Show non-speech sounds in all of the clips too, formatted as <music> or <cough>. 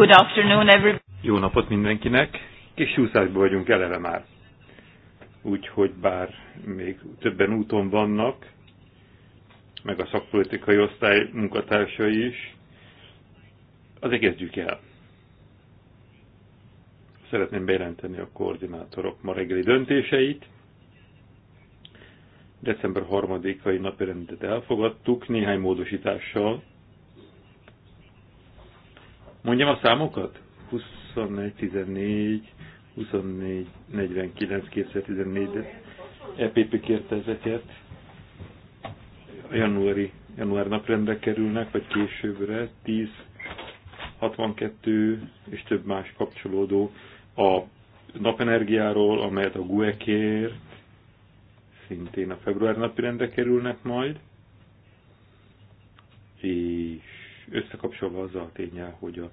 Good afternoon, everybody. Jó napot mindenkinek. Kis csúszásban vagyunk eleve már. Úgyhogy bár még többen úton vannak, meg a szakpolitikai osztály munkatársai is, azért kezdjük el. Szeretném bejelenteni a koordinátorok ma reggeli döntéseit. December 3-ai napirendet elfogadtuk néhány módosítással, Mondjam a számokat? 24, 14, 24, 49, 2014, de EPP kérte ezeket. A januári, január naprendre kerülnek, vagy későbbre, 10, 62 és több más kapcsolódó a napenergiáról, amelyet a GUE kér, szintén a február rendre kerülnek majd, és összekapcsolva azzal a tényel, hogy a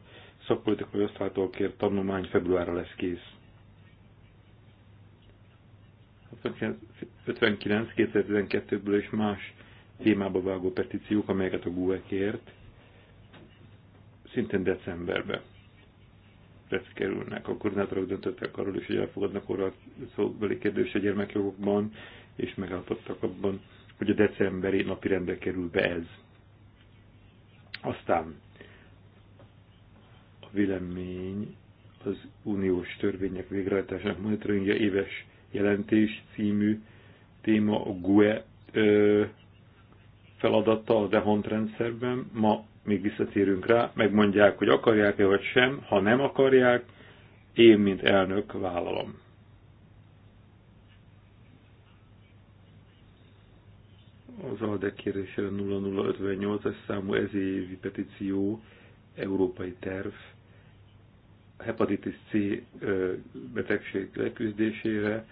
szakpolitikai osztálytól kért tanulmány februárra lesz kész. 59-2012-ből hát és más témába vágó petíciók, amelyeket a GUE kért, szintén decemberbe lesz kerülnek. A koordinátorok döntöttek arról is, hogy elfogadnak a szóbeli kérdés a gyermekjogokban, és megállapodtak abban, hogy a decemberi napi rendre kerül be ez. Aztán a vélemény az uniós törvények végrehajtásának monitoringja éves jelentés című téma a GUE ö, feladata a DEHONT rendszerben. Ma még visszatérünk rá, megmondják, hogy akarják-e vagy sem. Ha nem akarják, én, mint elnök vállalom. az ALDE kérdésére 0058 es számú ez évi petíció, európai terv, hepatitis C betegség leküzdésére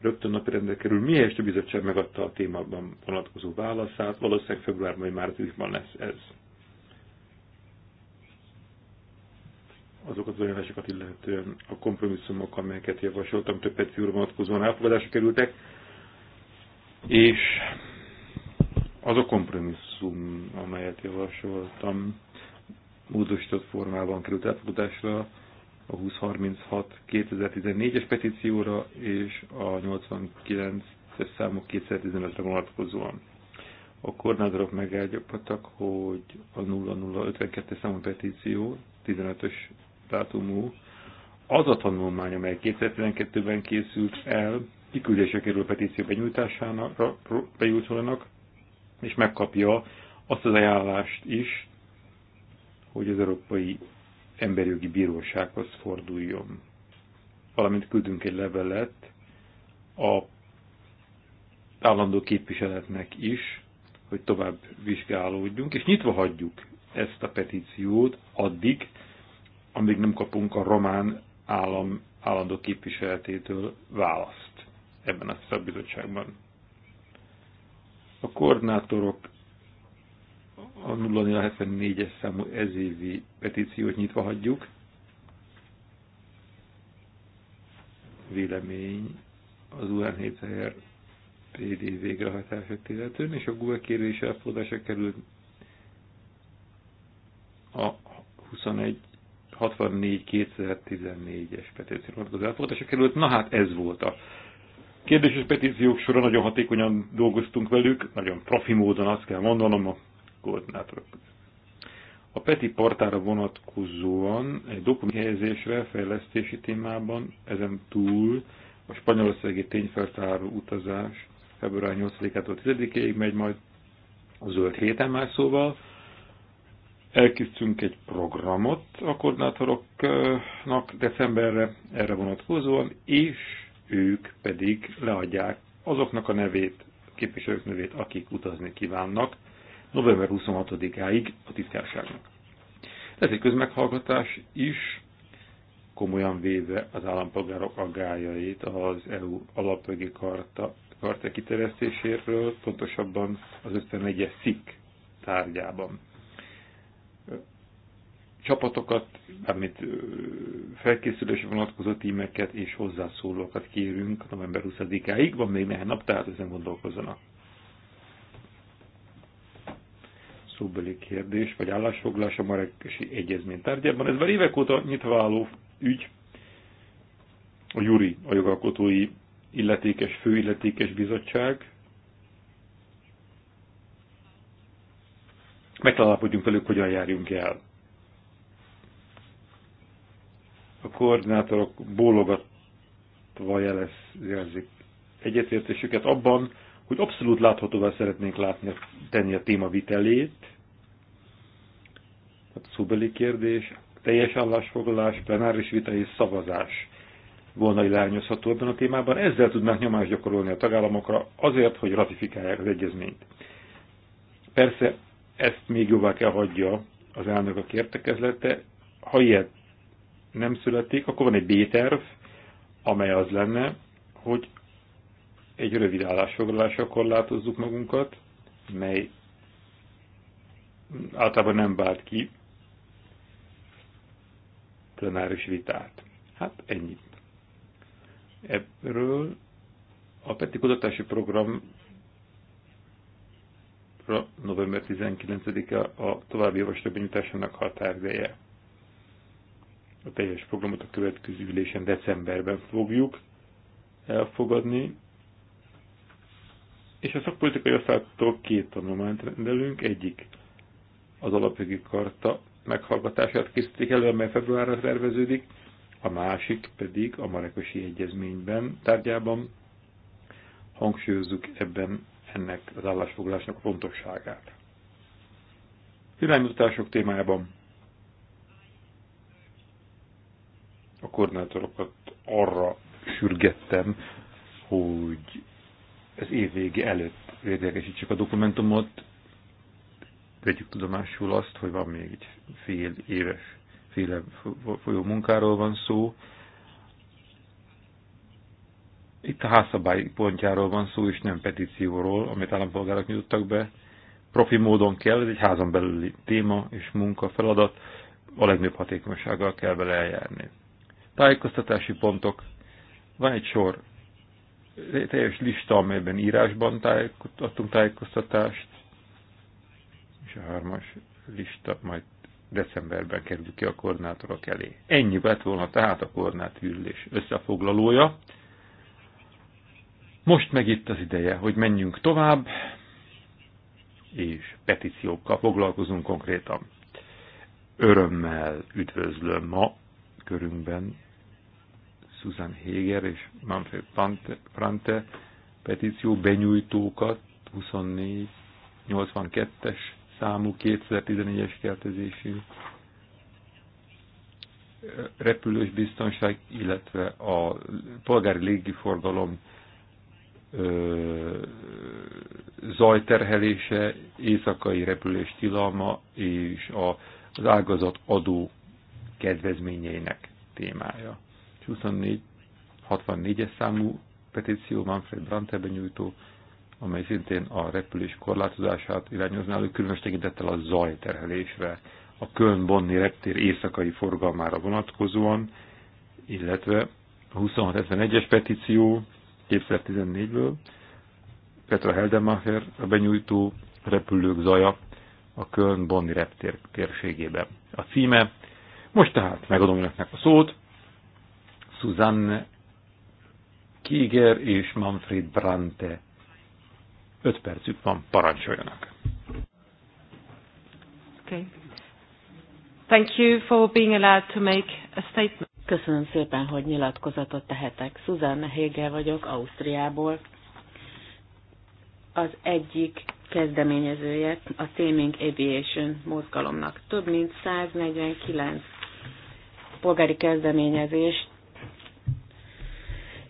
rögtön napirendre kerül. Miért a bizottság megadta a témában vonatkozó válaszát? Valószínűleg február vagy márciusban lesz ez. azokat az ajánlásokat illetően a kompromisszumok, amelyeket javasoltam, több egyszerűre vonatkozóan elfogadásra kerültek, és az a kompromisszum, amelyet javasoltam, módosított formában került elfogadásra a 2036 2014-es petícióra és a 89-es számok 2015-re vonatkozóan. A koordinátorok megállapodtak, hogy a 0052 számú petíció 15-ös dátumú az a tanulmány, amely 2012-ben készült el, kiküldése kerül a petíció benyújtásának, és megkapja azt az ajánlást is, hogy az Európai Emberjogi Bírósághoz forduljon. Valamint küldünk egy levelet a állandó képviseletnek is, hogy tovább vizsgálódjunk, és nyitva hagyjuk ezt a petíciót addig, amíg nem kapunk a román állam állandó képviseletétől választ ebben a szabbizottságban. A koordinátorok a 074-es számú ezévi petíciót nyitva hagyjuk. Vélemény az UN7 PD végrehajtását illetően, és a Google kérés elfogadása került a 21 64 2014-es petíció az elfogadása került. Na hát ez volt a kérdéses petíciók során nagyon hatékonyan dolgoztunk velük, nagyon profi módon azt kell mondanom a koordinátorok. A PETI partára vonatkozóan egy dokumenthelyezésre fejlesztési témában, ezen túl a spanyolországi tényfeltáró utazás február 8-ától 10-ig megy majd a zöld héten már szóval. Elkészítünk egy programot a koordinátoroknak decemberre erre vonatkozóan, és ők pedig leadják azoknak a nevét, a képviselők nevét, akik utazni kívánnak, november 26-áig a titkárságnak. Ez egy közmeghallgatás is, komolyan véve az állampolgárok aggájait az EU alapjogi karta, karta kiterjesztéséről, pontosabban az 51-es szik tárgyában csapatokat, amit felkészülésre vonatkozó tímeket és hozzászólókat kérünk november 20-áig, van még néhány nap, tehát ezen gondolkozzanak. Szóbeli kérdés, vagy állásfoglás a marekesi egyezmény tárgyában. Ez már évek óta nyitva álló ügy. A Juri, a jogalkotói illetékes, főilletékes bizottság, Megtalálkozunk velük, hogyan járjunk el. a koordinátorok bólogatva jelez, jelzik egyetértésüket abban, hogy abszolút láthatóvá szeretnénk látni, tenni a téma vitelét, hát a szóbeli kérdés, teljes állásfoglalás, plenáris vita és szavazás volna irányozható ebben a témában. Ezzel tudnánk nyomást gyakorolni a tagállamokra azért, hogy ratifikálják az egyezményt. Persze ezt még jobbá kell hagyja az a kértekezlete. ha ilyet nem születik, akkor van egy B-terv, amely az lenne, hogy egy rövid állásfoglalásra korlátozzuk magunkat, mely általában nem vált ki plenáris vitát. Hát ennyit. Ebből a PETI kutatási program november 19-e a további javaslatbenyújtásának határideje. A teljes programot a következő ülésen decemberben fogjuk elfogadni, és a szakpolitikai osztálytól két tanulmányt rendelünk, egyik az alapjogi karta meghallgatását készítik elő, amely februárra terveződik, a másik pedig a Marekosi Egyezményben tárgyában hangsúlyozzuk ebben ennek az állásfoglalásnak a fontosságát. Iránymutatások témájában a koordinátorokat arra sürgettem, hogy az év vége előtt véglegesítsük a dokumentumot, vegyük tudomásul azt, hogy van még egy fél éves, fél folyó munkáról van szó. Itt a házszabály pontjáról van szó, és nem petícióról, amit állampolgárok nyújtottak be. Profi módon kell, ez egy házon belüli téma és munka, feladat, a legnagyobb hatékonysággal kell vele eljárni. Tájékoztatási pontok. Van egy sor, teljes lista, amelyben írásban adtunk tájékoztatást, és a hármas lista majd decemberben kerül ki a koordinátorok elé. Ennyi lett volna tehát a koordinátűrülés összefoglalója. Most meg itt az ideje, hogy menjünk tovább, és petíciókkal foglalkozunk konkrétan. Örömmel üdvözlöm ma körünkben Susan Heger és Manfred Prante petíció benyújtókat 82 es számú 2014-es keltezésű repülős biztonság, illetve a polgári légiforgalom zajterhelése, éjszakai repülés tilalma és a, az ágazat adó kedvezményeinek témája. 24, 64-es számú petíció Manfred Brantebe nyújtó, amely szintén a repülés korlátozását irányozná elő, különös tekintettel a zajterhelésre, a Köln-Bonni reptér éjszakai forgalmára vonatkozóan, illetve a 2671-es petíció 2014-ből, Petra Heldemacher, a benyújtó repülők zaja a Köln-Bonni reptér térségében. A címe, most tehát megadom önöknek a szót, Suzanne Kiger és Manfred Brante. Öt percük van, parancsoljanak. Okay. Thank you for being allowed to make a statement. Köszönöm szépen, hogy nyilatkozatot tehetek. Suzanne Hegel vagyok, Ausztriából. Az egyik kezdeményezője a Taming Aviation mozgalomnak. Több mint 149 polgári kezdeményezést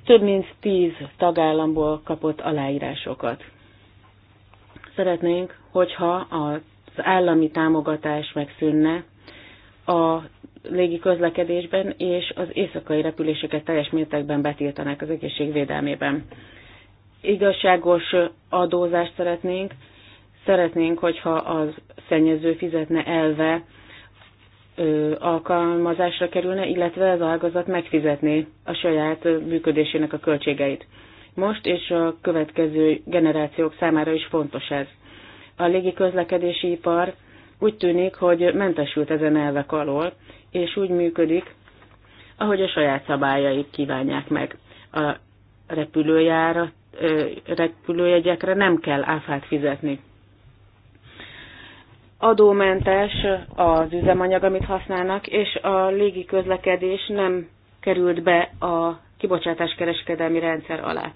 több mint tíz tagállamból kapott aláírásokat. Szeretnénk, hogyha az állami támogatás megszűnne a légi közlekedésben, és az éjszakai repüléseket teljes mértékben betiltanák az védelmében. Igazságos adózást szeretnénk, szeretnénk, hogyha az szennyező fizetne elve alkalmazásra kerülne, illetve az ágazat megfizetné a saját működésének a költségeit. Most és a következő generációk számára is fontos ez. A légiközlekedési ipar úgy tűnik, hogy mentesült ezen elvek alól, és úgy működik, ahogy a saját szabályaik kívánják meg. A repülőjára, repülőjegyekre nem kell áfát fizetni adómentes az üzemanyag, amit használnak, és a légi közlekedés nem került be a kereskedelmi rendszer alá.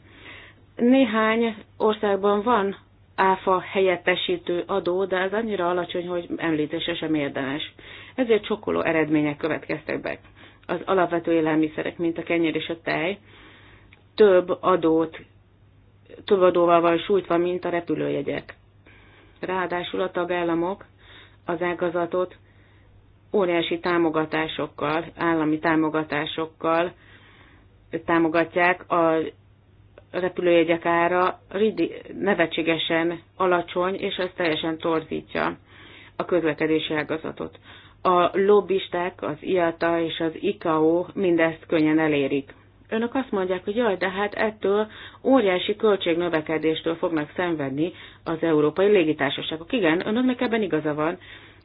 Néhány országban van áfa helyettesítő adó, de ez annyira alacsony, hogy említése sem érdemes. Ezért sokkoló eredmények következtek be. Az alapvető élelmiszerek, mint a kenyér és a tej, több adót, több adóval van sújtva, mint a repülőjegyek. Ráadásul a tagállamok az ágazatot óriási támogatásokkal, állami támogatásokkal támogatják a repülőjegyek ára nevetségesen alacsony, és ez teljesen torzítja a közlekedési ágazatot. A lobbisták, az IATA és az ICAO mindezt könnyen elérik önök azt mondják, hogy jaj, de hát ettől óriási költségnövekedéstől fognak szenvedni az európai légitársaságok. Igen, önöknek ebben igaza van,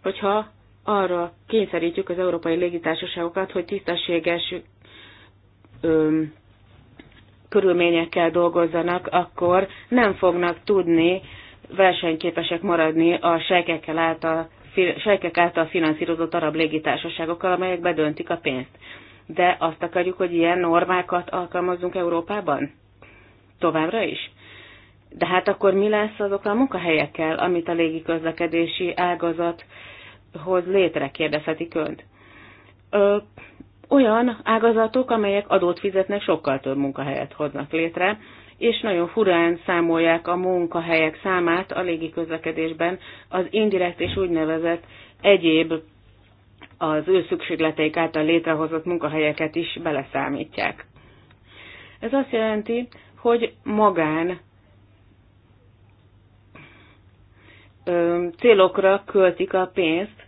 hogyha arra kényszerítjük az európai légitársaságokat, hogy tisztességes öm, körülményekkel dolgozzanak, akkor nem fognak tudni versenyképesek maradni a sejkekkel által sejkek által finanszírozott arab légitársaságokkal, amelyek bedöntik a pénzt de azt akarjuk, hogy ilyen normákat alkalmazzunk Európában? Továbbra is? De hát akkor mi lesz azokkal a munkahelyekkel, amit a légiközlekedési ágazathoz létre kérdezhetik önt? Ö, olyan ágazatok, amelyek adót fizetnek, sokkal több munkahelyet hoznak létre, és nagyon furán számolják a munkahelyek számát a légiközlekedésben az indirekt és úgynevezett egyéb az ő szükségleteik által létrehozott munkahelyeket is beleszámítják. Ez azt jelenti, hogy magán célokra költik a pénzt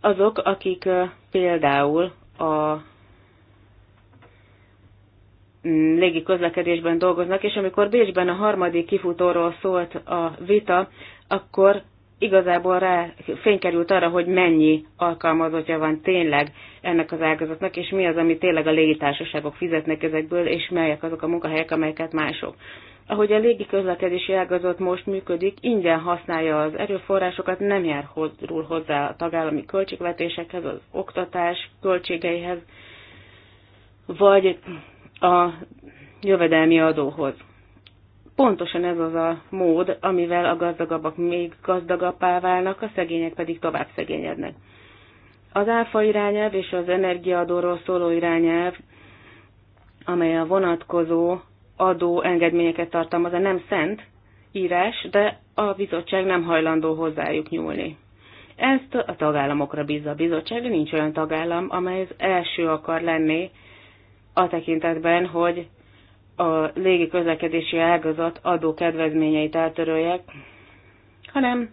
azok, akik például a légi közlekedésben dolgoznak, és amikor Bécsben a harmadik kifutóról szólt a vita, akkor igazából rá fénykerült arra, hogy mennyi alkalmazottja van tényleg ennek az ágazatnak, és mi az, ami tényleg a légitársaságok fizetnek ezekből, és melyek azok a munkahelyek, amelyeket mások. Ahogy a légi közlekedési ágazat most működik, ingyen használja az erőforrásokat, nem jár hozzá a tagállami költségvetésekhez, az oktatás költségeihez, vagy a jövedelmi adóhoz pontosan ez az a mód, amivel a gazdagabbak még gazdagabbá válnak, a szegények pedig tovább szegényednek. Az áfa irányelv és az energiaadóról szóló irányelv, amely a vonatkozó adó engedményeket tartalmaz, nem szent írás, de a bizottság nem hajlandó hozzájuk nyúlni. Ezt a tagállamokra bízza a bizottság, nincs olyan tagállam, amely az első akar lenni a tekintetben, hogy a légi közlekedési ágazat adó kedvezményeit eltörölják, hanem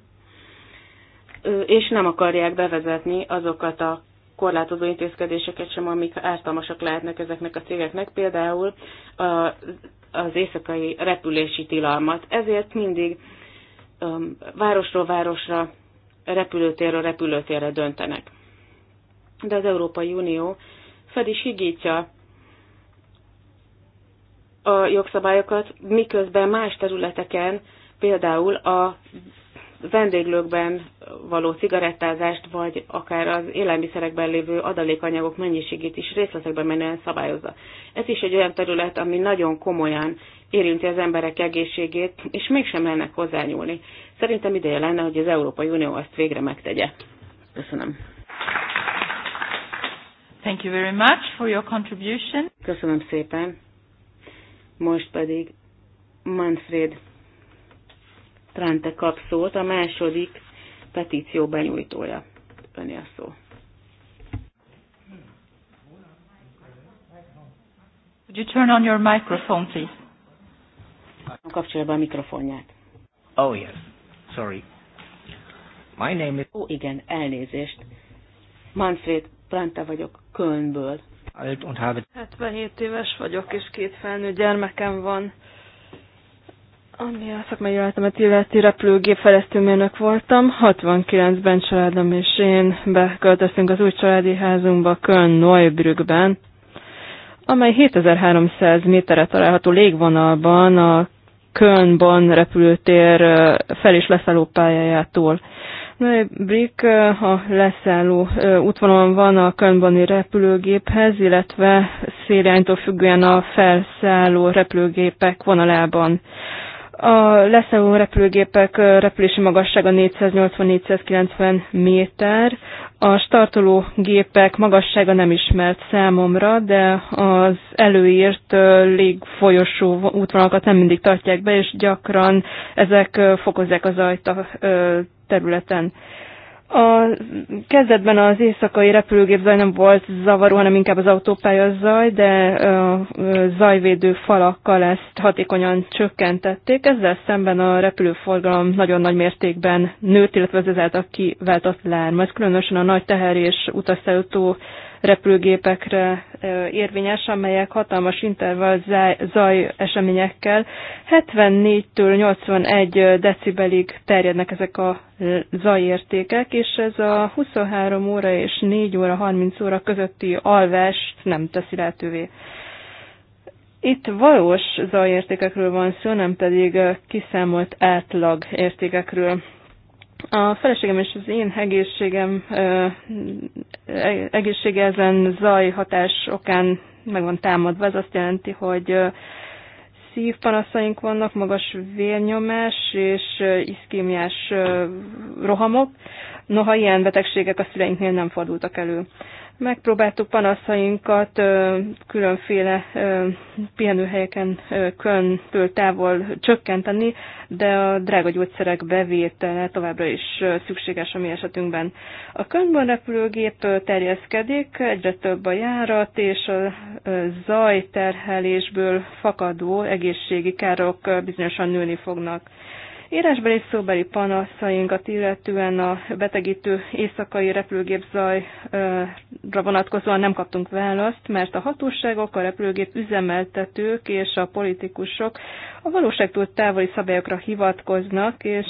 és nem akarják bevezetni azokat a korlátozó intézkedéseket sem, amik ártalmasak lehetnek ezeknek a cégeknek, például az éjszakai repülési tilalmat. Ezért mindig városról városra, repülőtérről repülőtérre döntenek. De az Európai Unió fel is higítja a jogszabályokat, miközben más területeken, például a vendéglőkben való cigarettázást, vagy akár az élelmiszerekben lévő adalékanyagok mennyiségét is részletekben menően szabályozza. Ez is egy olyan terület, ami nagyon komolyan érinti az emberek egészségét, és mégsem lennek hozzányúlni. Szerintem ideje lenne, hogy az Európai Unió ezt végre megtegye. Köszönöm. Thank you very much for your contribution. Köszönöm szépen most pedig Manfred Trante kap szót, a második petíció benyújtója. Öné a szó. Would you turn on your microphone, please? Kapcsolja be a mikrofonját. Oh, yes. Sorry. My name is... Ó, igen, elnézést. Manfred Planta vagyok, Kölnből alt und habe... 77 éves vagyok, és két felnőtt gyermekem van. Ami a szakmai életemet illeti repülőgép felesztőmérnök voltam, 69-ben családom és én beköltöztünk az új családi házunkba Köln Neubrückben, amely 7300 méterre található légvonalban a Kölnban repülőtér fel- és leszálló pályájától. Brik a leszálló útvonalon van a Kölnbani repülőgéphez, illetve széliránytól függően a felszálló repülőgépek vonalában. A leszálló repülőgépek repülési magassága 480-490 méter. A startoló gépek magassága nem ismert számomra, de az előírt légfolyosó útvonalakat nem mindig tartják be, és gyakran ezek fokozzák az ajta területen. A kezdetben az éjszakai repülőgép zaj nem volt zavaró, hanem inkább az autópálya zaj, de a zajvédő falakkal ezt hatékonyan csökkentették. Ezzel szemben a repülőforgalom nagyon nagy mértékben nőtt, illetve ez ezáltal kiváltott lárma. Ez különösen a nagy teher és utasszállító repülőgépekre érvényes, amelyek hatalmas intervall zaj eseményekkel 74-től 81 decibelig terjednek ezek a zajértékek, és ez a 23 óra és 4 óra 30 óra közötti alvást nem teszi lehetővé. Itt valós zajértékekről van szó, nem pedig kiszámolt átlag értékekről. A feleségem és az én egészségem e, egészsége ezen zaj hatás okán meg van támadva. Ez azt jelenti, hogy szívpanaszaink vannak, magas vérnyomás és iszkémiás rohamok. Noha ilyen betegségek a szüleinknél nem fordultak elő. Megpróbáltuk panaszainkat különféle pihenőhelyeken köntől távol csökkenteni, de a drága gyógyszerek bevétele továbbra is szükséges a mi esetünkben. A könyvben repülőgép terjeszkedik, egyre több a járat, és a zajterhelésből fakadó egészségi károk bizonyosan nőni fognak. Írásbeli és szóbeli panaszainkat illetően a betegítő éjszakai repülőgép zajra vonatkozóan nem kaptunk választ, mert a hatóságok, a repülőgép üzemeltetők és a politikusok a valóságtól távoli szabályokra hivatkoznak, és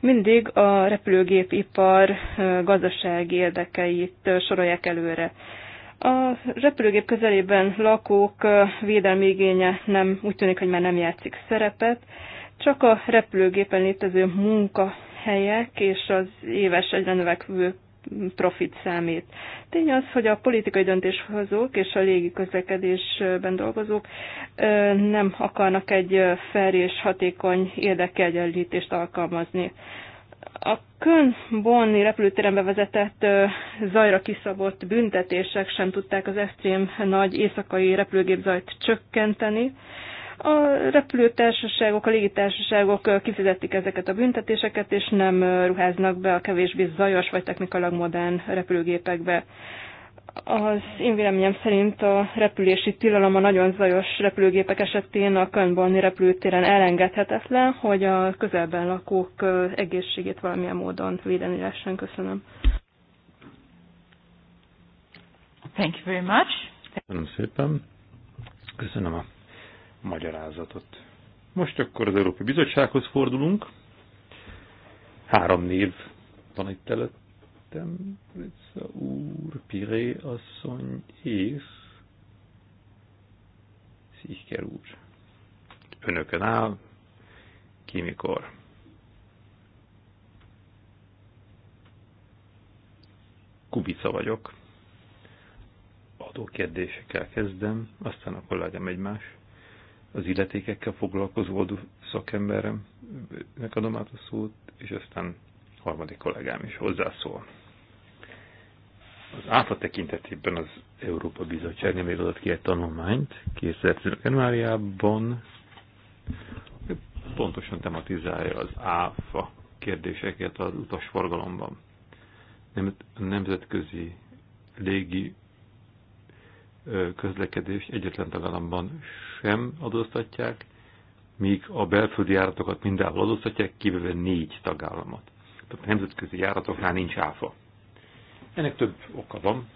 mindig a repülőgépipar gazdasági érdekeit sorolják előre. A repülőgép közelében lakók védelmi igénye nem, úgy tűnik, hogy már nem játszik szerepet, csak a repülőgépen létező munkahelyek és az éves egyre növekvő profit számít. Tény az, hogy a politikai döntéshozók és a légi közlekedésben dolgozók nem akarnak egy fair és hatékony érdekegyenlítést alkalmazni. A kön bonni repülőterembe vezetett zajra kiszabott büntetések sem tudták az extrém nagy éjszakai repülőgép zajt csökkenteni, a repülőtársaságok, a légitársaságok kifizetik ezeket a büntetéseket, és nem ruháznak be a kevésbé zajos vagy technikailag modern repülőgépekbe. Az én véleményem szerint a repülési tilalom a nagyon zajos repülőgépek esetén a Könbonni repülőtéren elengedhetetlen, hogy a közelben lakók egészségét valamilyen módon védeni lehessen. Köszönöm. Thank you very much. Köszönöm szépen. Köszönöm a magyarázatot. Most akkor az Európai Bizottsághoz fordulunk. Három név van itt előttem. Ritza úr, Piré asszony és Szíker úr. Önökön áll, ki mikor. Kubica vagyok. Adó kérdésekkel kezdem, aztán a kollégám egymás az illetékekkel foglalkozó oldó szakemberemnek adom át a szót, és aztán harmadik kollégám is hozzászól. Az áfa tekintetében az Európa Bizottság nem adott ki egy tanulmányt, készült januárjában, pontosan tematizálja az áfa kérdéseket az utasforgalomban. Nem, nemzetközi légi közlekedés egyetlen tagállamban sem adóztatják, míg a belföldi járatokat mindenhol adóztatják, kivéve négy tagállamot. Tehát nemzetközi járatoknál nincs áfa. Ennek több oka van.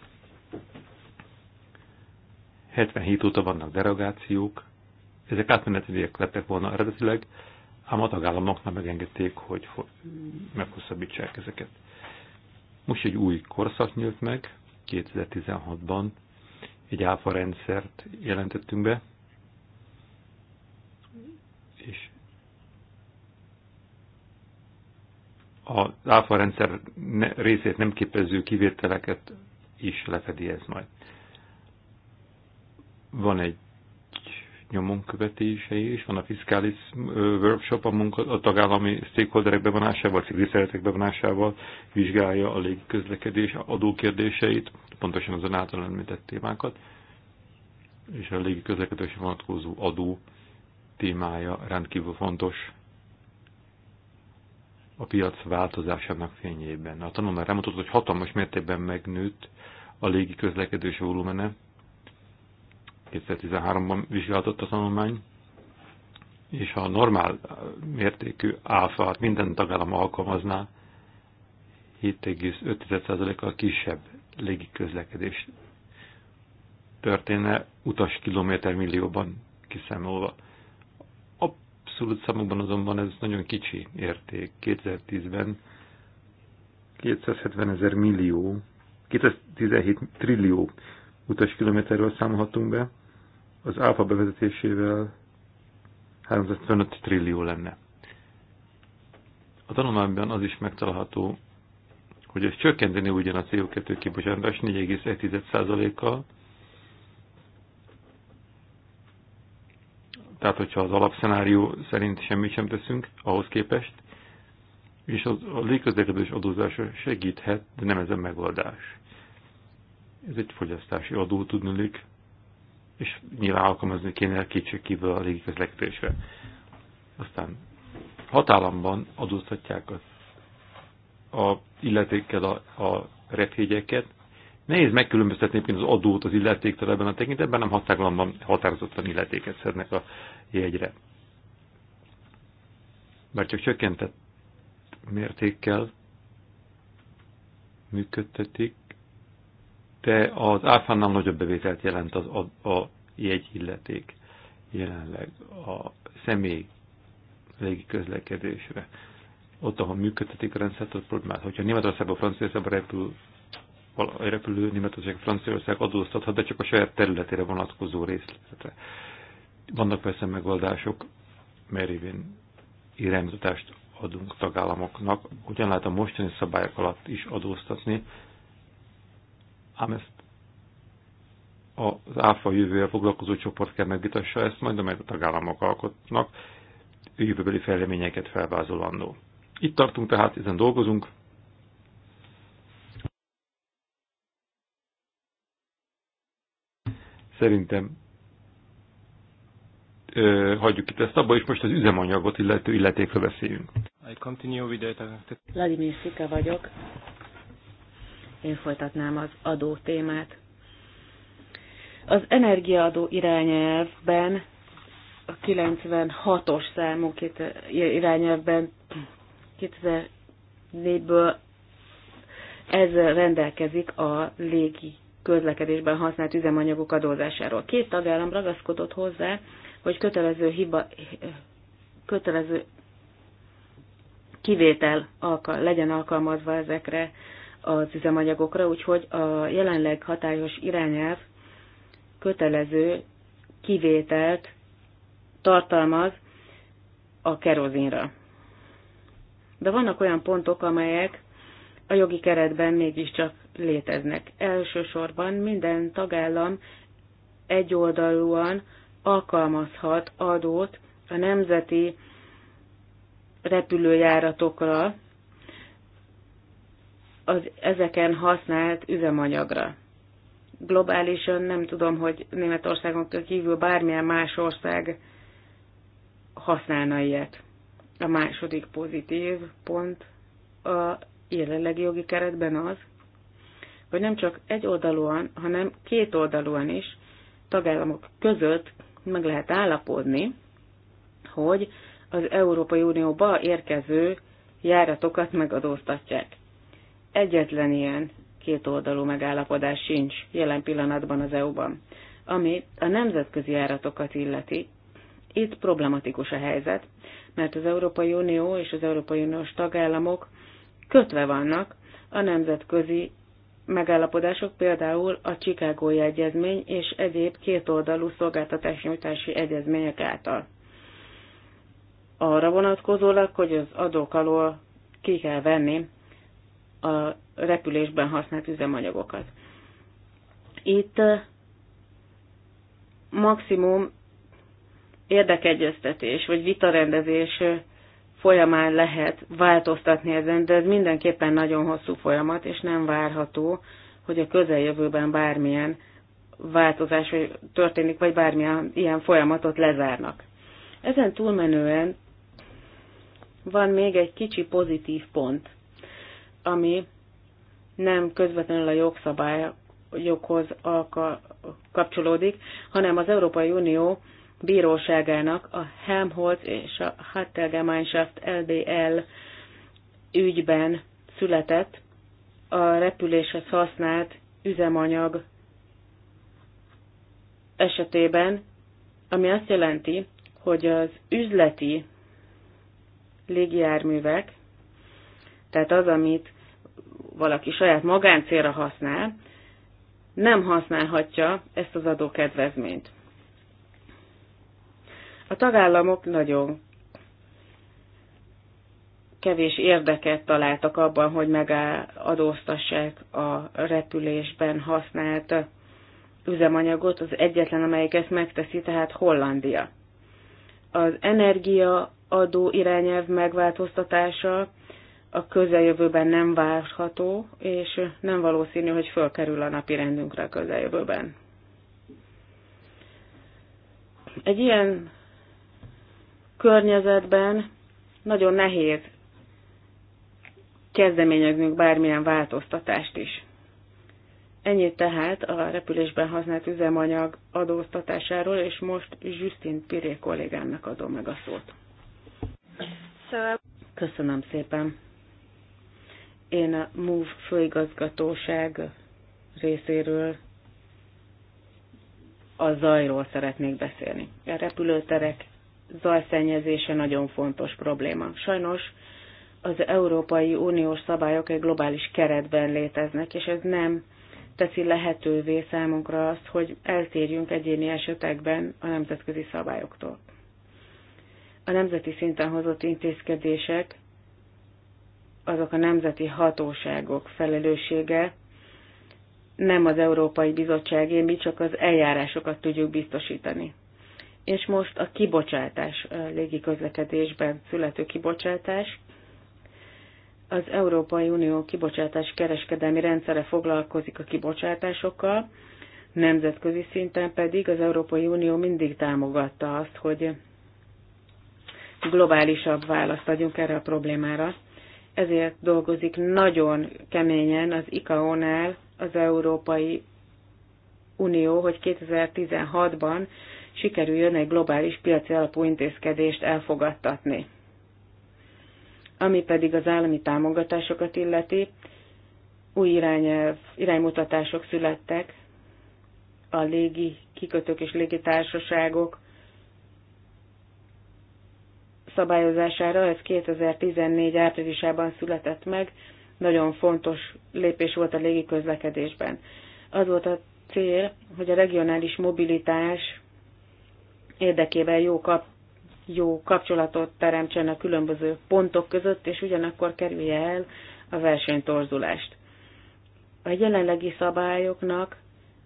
77 óta vannak derogációk, ezek átmenetiek lettek volna eredetileg, ám a tagállamoknak megengedték, hogy meghosszabbítsák ezeket. Most egy új korszak nyílt meg, 2016-ban egy áfa rendszert jelentettünk be, az áfa rendszer részét nem képező kivételeket is lefedi ez majd. Van egy nyomonkövetése is, van a fiskális workshop a, munka, a tagállami stakeholderek bevonásával, civil szeretek bevonásával vizsgálja a légiközlekedés adókérdéseit, pontosan azon által említett témákat, és a légiközlekedésre vonatkozó adó témája rendkívül fontos a piac változásának fényében. A tanulmány rámutatott, hogy hatalmas mértékben megnőtt a légi közlekedés volumene. 2013-ban vizsgáltott a tanulmány, és ha a normál mértékű áfát minden tagállam alkalmazná, 7,5%-kal kisebb légi közlekedés történne utas kilométer millióban kiszámolva. Abszolút számokban azonban ez nagyon kicsi érték. 2010-ben 270 ezer millió, 217 trillió utaskilométerről számolhatunk be, az áfa bevezetésével 325 trillió lenne. A tanulmányban az is megtalálható, hogy ez csökkenteni ugyan a CO2 kibocsátás 4,1%-kal, tehát hogyha az alapszenárió szerint semmit sem teszünk ahhoz képest, és az, a légközlekedés adózása segíthet, de nem ez a megoldás. Ez egy fogyasztási adó tudnulik, és nyilván alkalmazni kéne kétségkívül a légiközlekedésre. Aztán hatállamban adóztatják az a illetékkel a, a repjegyeket, Nehéz megkülönböztetni az adót az illetéktől ebben a tekintetben, nem hatáglanban határozottan illetéket szednek a jegyre. Bár csak csökkentett mértékkel működtetik, de az áfánnál nagyobb bevételt jelent az a, a illeték jelenleg a személy légi közlekedésre. Ott, ahol működtetik a rendszert, ott problémát. Hogyha Németországban, Franciaországban repül egy repülő Németország, Franciaország adóztathat, de csak a saját területére vonatkozó részletre. Vannak persze megoldások, mert évén irányzatást adunk tagállamoknak, Ugyan lehet a mostani szabályok alatt is adóztatni, ám ezt az ÁFA jövővel foglalkozó csoport kell megvitassa ezt majd, amelyet a tagállamok alkotnak, jövőbeli fejleményeket felvázolandó. Itt tartunk tehát, ezen dolgozunk, Szerintem ö, hagyjuk itt ezt abba, és most az üzemanyagot illető illetékről beszéljünk. I continue Vladimir Szika vagyok. Én folytatnám az adó témát. Az energiaadó irányelvben, a 96-os számú irányelvben 2004-ből ez rendelkezik a légi közlekedésben használt üzemanyagok adózásáról. Két tagállam ragaszkodott hozzá, hogy kötelező hiba, kötelező kivétel alkal, legyen alkalmazva ezekre az üzemanyagokra, úgyhogy a jelenleg hatályos irányelv kötelező kivételt tartalmaz a kerozinra. De vannak olyan pontok, amelyek a jogi keretben mégiscsak léteznek. Elsősorban minden tagállam egyoldalúan alkalmazhat adót a nemzeti repülőjáratokra, az ezeken használt üzemanyagra. Globálisan nem tudom, hogy Németországon kívül bármilyen más ország használna ilyet. A második pozitív pont a jelenlegi jogi keretben az, hogy nem csak egy oldalúan, hanem két oldalúan is tagállamok között meg lehet állapodni, hogy az Európai Unióba érkező járatokat megadóztatják. Egyetlen ilyen kétoldalú megállapodás sincs jelen pillanatban az EU-ban. Ami a nemzetközi járatokat illeti, itt problematikus a helyzet, mert az Európai Unió és az Európai Uniós tagállamok kötve vannak a nemzetközi megállapodások, például a Csikágói Egyezmény és egyéb kétoldalú szolgáltatásnyújtási egyezmények által. Arra vonatkozólag, hogy az adók alól ki kell venni a repülésben használt üzemanyagokat. Itt eh, maximum érdekegyeztetés vagy vitarendezés eh, folyamán lehet változtatni ezen, de ez mindenképpen nagyon hosszú folyamat, és nem várható, hogy a közeljövőben bármilyen változás történik, vagy bármilyen ilyen folyamatot lezárnak. Ezen túlmenően van még egy kicsi pozitív pont, ami nem közvetlenül a jogszabályokhoz kapcsolódik, hanem az Európai Unió bíróságának a Helmholtz és a Hattelgemeinschaft LBL ügyben született a repüléshez használt üzemanyag esetében, ami azt jelenti, hogy az üzleti légijárművek, tehát az, amit valaki saját magáncélra használ, nem használhatja ezt az adókedvezményt. A tagállamok nagyon kevés érdeket találtak abban, hogy megadóztassák a repülésben használt üzemanyagot, az egyetlen, amelyik ezt megteszi, tehát Hollandia. Az energiaadó irányelv megváltoztatása a közeljövőben nem várható, és nem valószínű, hogy fölkerül a napi rendünkre a közeljövőben. Egy ilyen környezetben nagyon nehéz kezdeményeznünk bármilyen változtatást is. Ennyit tehát a repülésben használt üzemanyag adóztatásáról, és most Justin Piré kollégámnak adom meg a szót. Uh, Köszönöm szépen. Én a MOVE főigazgatóság részéről a zajról szeretnék beszélni. A repülőterek zajszennyezése nagyon fontos probléma. Sajnos az Európai Uniós szabályok egy globális keretben léteznek, és ez nem teszi lehetővé számunkra azt, hogy eltérjünk egyéni esetekben a nemzetközi szabályoktól. A nemzeti szinten hozott intézkedések azok a nemzeti hatóságok felelőssége, nem az Európai Bizottságé, mi csak az eljárásokat tudjuk biztosítani és most a kibocsátás légiközlekedésben születő kibocsátás. Az Európai Unió kibocsátás kereskedelmi rendszere foglalkozik a kibocsátásokkal, nemzetközi szinten pedig az Európai Unió mindig támogatta azt, hogy globálisabb választ adjunk erre a problémára. Ezért dolgozik nagyon keményen az ICAO-nál az Európai Unió, hogy 2016-ban sikerüljön egy globális piaci alapú intézkedést elfogadtatni. Ami pedig az állami támogatásokat illeti, új irányelv, iránymutatások születtek a légi kikötők és légitársaságok szabályozására. Ez 2014 áprilisában született meg, nagyon fontos lépés volt a légi közlekedésben. Az volt a cél, hogy a regionális mobilitás érdekében jó, kap, jó kapcsolatot teremtsen a különböző pontok között, és ugyanakkor kerülje el a versenytorzulást. A jelenlegi szabályoknak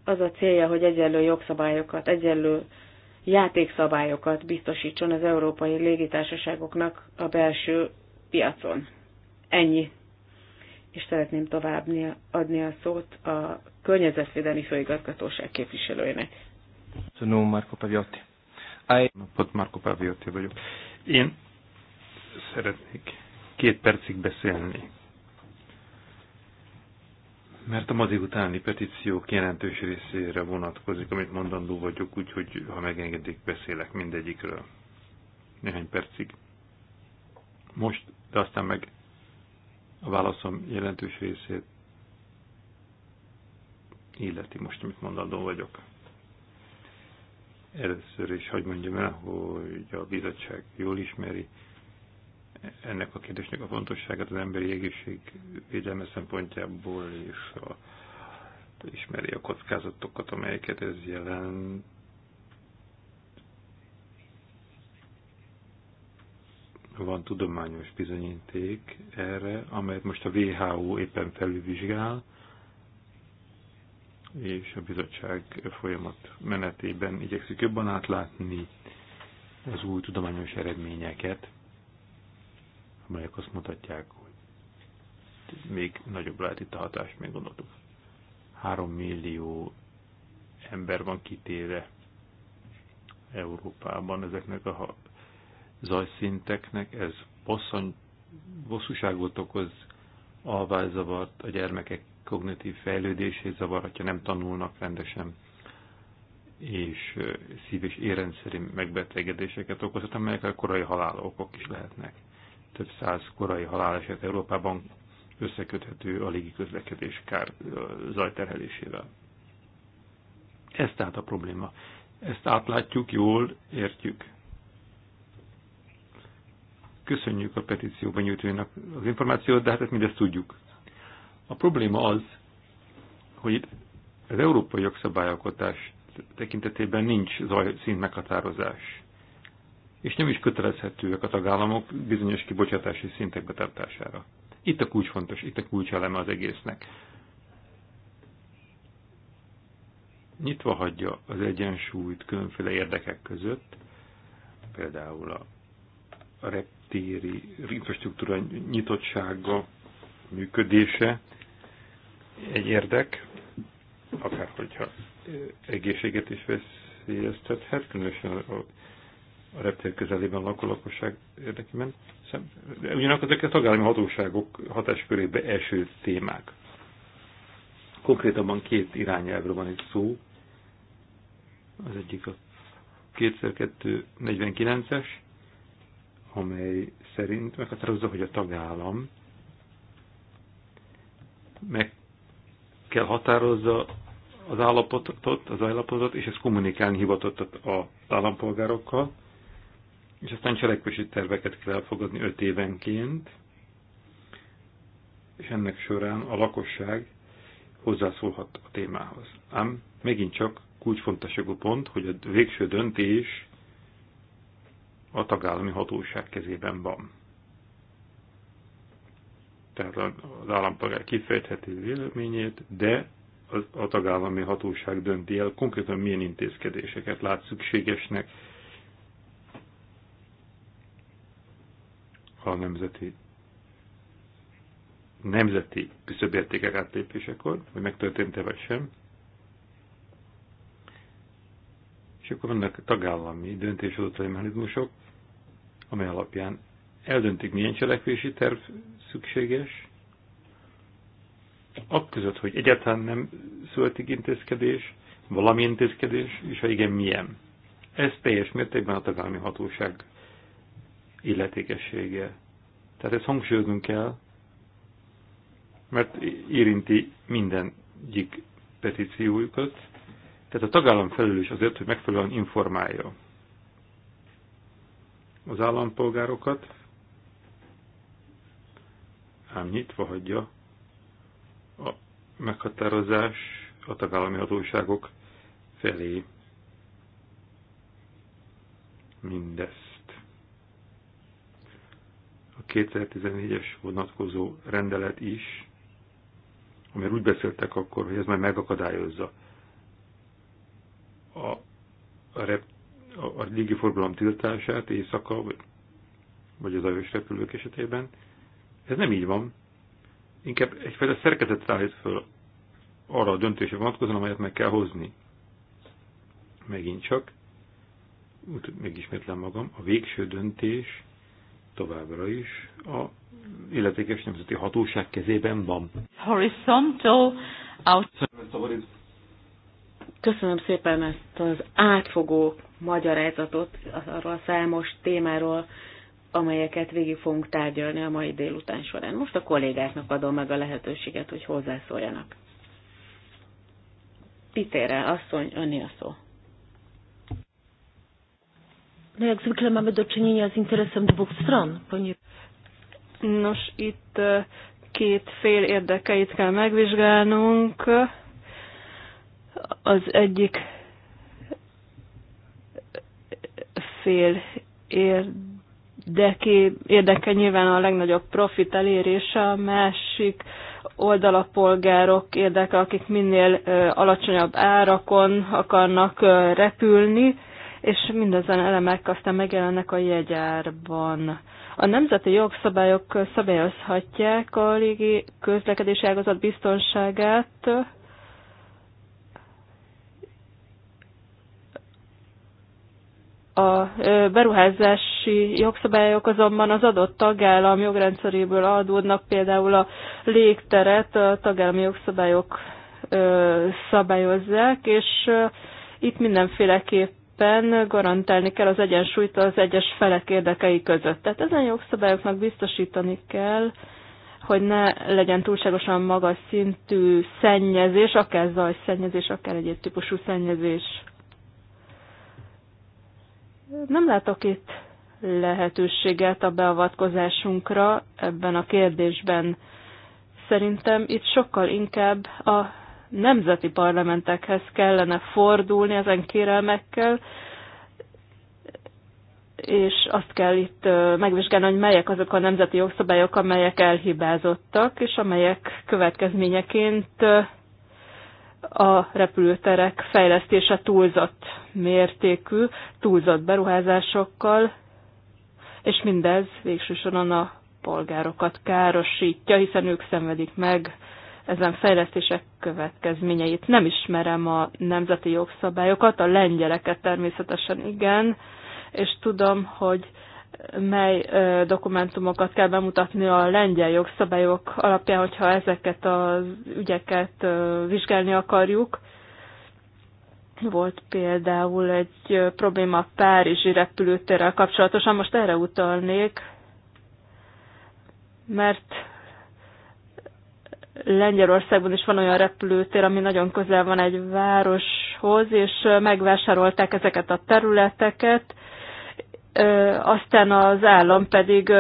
az a célja, hogy egyenlő jogszabályokat, egyenlő játékszabályokat biztosítson az európai légitársaságoknak a belső piacon. Ennyi. És szeretném tovább adni a szót a Környezetvédelmi Főigazgatóság képviselőjének. Tudom, Marco Paviotti. I... Napot, Marko Páviotti vagyok. Én szeretnék két percig beszélni. Mert a ma utáni petíciók jelentős részére vonatkozik, amit mondandó vagyok, úgyhogy ha megengedik, beszélek mindegyikről. Néhány percig. Most, de aztán meg a válaszom jelentős részét illeti most, amit mondandó vagyok. Először is hagyd mondjam el, hogy a bizottság jól ismeri ennek a kérdésnek a fontosságát az emberi egészség védelme szempontjából, és a, ismeri a kockázatokat, amelyeket ez jelent. Van tudományos bizonyíték erre, amelyet most a WHO éppen felülvizsgál, és a bizottság folyamat menetében igyekszik jobban átlátni az új tudományos eredményeket, amelyek azt mutatják, hogy még nagyobb lehet itt a hatás, még gondoltuk. Három millió ember van kitéve Európában ezeknek a zajszinteknek, ez bosszúságot okoz, alvázavart a gyermekek kognitív fejlődését zavarhatja, nem tanulnak rendesen, és szív- és érrendszeri megbetegedéseket okozhat, a korai halálokok is lehetnek. Több száz korai haláleset Európában összeköthető a légiközlekedés kár zajterhelésével. Ez tehát a probléma. Ezt átlátjuk, jól értjük. Köszönjük a petícióban nyújtójának az információt, de hát ezt mindezt tudjuk. A probléma az, hogy itt az európai jogszabályalkotás tekintetében nincs zajszint meghatározás, és nem is kötelezhetőek a tagállamok bizonyos kibocsátási szintek betartására. Itt a kulcs fontos, itt a kulcs eleme az egésznek. Nyitva hagyja az egyensúlyt különféle érdekek között, például a reptéri infrastruktúra nyitottsága, működése, egy érdek, akár hogyha egészséget is veszélyeztethet, különösen a, a reptér közelében lakó lakosság érdekében. Szóval ugyanakkor ezek a tagállami hatóságok hatáskörébe eső témák. Konkrétabban két irányelvről van itt szó. Az egyik a 2249 49 es amely szerint meghatározza, hogy a tagállam meg kell határozza az állapotot, az állapotot, és ezt kommunikálni hivatott az állampolgárokkal, és aztán cselekvési terveket kell elfogadni öt évenként, és ennek során a lakosság hozzászólhat a témához. Ám megint csak kulcsfontosságú pont, hogy a végső döntés a tagállami hatóság kezében van tehát az állampolgár kifejtheti véleményét, de az, a tagállami hatóság dönti el konkrétan milyen intézkedéseket lát szükségesnek a nemzeti nemzeti küszöbértékek átlépésekor, hogy megtörtént-e vagy sem. És akkor vannak tagállami döntéshozatai mechanizmusok, amely alapján eldöntik, milyen cselekvési terv szükséges, között, hogy egyáltalán nem születik intézkedés, valami intézkedés, és ha igen, milyen. Ez teljes mértékben a tagállami hatóság illetékessége. Tehát ezt hangsúlyoznunk kell, mert érinti minden egyik petíciójukat. Tehát a tagállam felelős azért, hogy megfelelően informálja az állampolgárokat, ám nyitva hagyja a meghatározás a tagállami hatóságok felé mindezt. A 2014-es vonatkozó rendelet is, amiről úgy beszéltek akkor, hogy ez majd megakadályozza a, a, rep, a, a légiforgalom tiltását éjszaka, vagy, vagy az ajós repülők esetében, ez nem így van. Inkább egyfajta szerkezet állít föl arra a döntésre vonatkozóan, amelyet meg kell hozni. Megint csak, megismétlem magam, a végső döntés továbbra is a illetékes nemzeti hatóság kezében van. Horizontal out. Köszönöm szépen ezt az átfogó magyarázatot arról a számos témáról, amelyeket végig fogunk tárgyalni a mai délután során. Most a kollégáknak adom meg a lehetőséget, hogy hozzászóljanak. Pitére, asszony, önni a szó. No, jak zwykle mamy do czynienia z interesem dwóch stron. Nos, itt e, két fél érdekeit kell megvizsgálnunk. Az egyik fél érdeke de ki érdeke nyilván a legnagyobb profit elérése, a másik oldal a polgárok érdeke, akik minél alacsonyabb árakon akarnak repülni, és mindezen elemek aztán megjelennek a jegyárban. A nemzeti jogszabályok szabályozhatják a légi közlekedési ágazat biztonságát, A beruházási jogszabályok azonban az adott tagállam jogrendszeréből adódnak, például a légteret a tagállami jogszabályok szabályozzák, és itt mindenféleképpen garantálni kell az egyensúlyt az egyes felek érdekei között. Tehát ezen jogszabályoknak biztosítani kell, hogy ne legyen túlságosan magas szintű szennyezés, akár zajszennyezés, akár egyéb típusú szennyezés. Nem látok itt lehetőséget a beavatkozásunkra ebben a kérdésben. Szerintem itt sokkal inkább a nemzeti parlamentekhez kellene fordulni ezen kérelmekkel, és azt kell itt megvizsgálni, hogy melyek azok a nemzeti jogszabályok, amelyek elhibázottak, és amelyek következményeként a repülőterek fejlesztése túlzott mértékű, túlzott beruházásokkal, és mindez végsősoron a polgárokat károsítja, hiszen ők szenvedik meg ezen fejlesztések következményeit. Nem ismerem a nemzeti jogszabályokat, a lengyeleket természetesen igen, és tudom, hogy mely dokumentumokat kell bemutatni a lengyel jogszabályok alapján, hogyha ezeket az ügyeket vizsgálni akarjuk. Volt például egy probléma a Párizsi repülőtérrel kapcsolatosan, most erre utalnék, mert Lengyelországban is van olyan repülőtér, ami nagyon közel van egy városhoz, és megvásárolták ezeket a területeket, aztán az állam pedig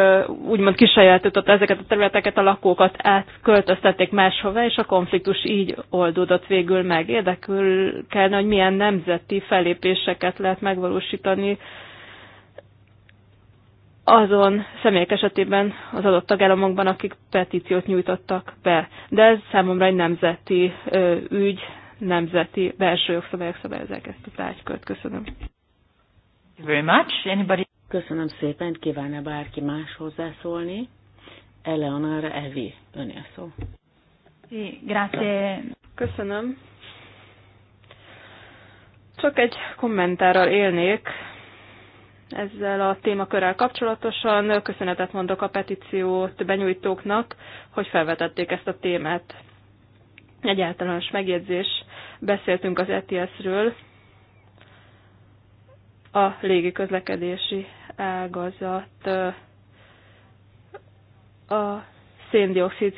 úgymond kisajátította ezeket a területeket, a lakókat átköltöztették máshova, és a konfliktus így oldódott végül meg. Érdekül kellene, hogy milyen nemzeti felépéseket lehet megvalósítani azon személyek esetében az adott tagállamokban, akik petíciót nyújtottak be. De ez számomra egy nemzeti ügy, nemzeti belső jogszabályok szabályozzák ezt a tárgykört. Köszönöm very much. Anybody? Köszönöm szépen, kíván-e bárki más hozzászólni? Eleonora Evi, öné a szó. grazie. Köszönöm. Csak egy kommentárral élnék ezzel a témakörrel kapcsolatosan. Köszönetet mondok a petíciót benyújtóknak, hogy felvetették ezt a témát. Egy általános megjegyzés. Beszéltünk az ETS-ről, a légi közlekedési ágazat a széndiokszid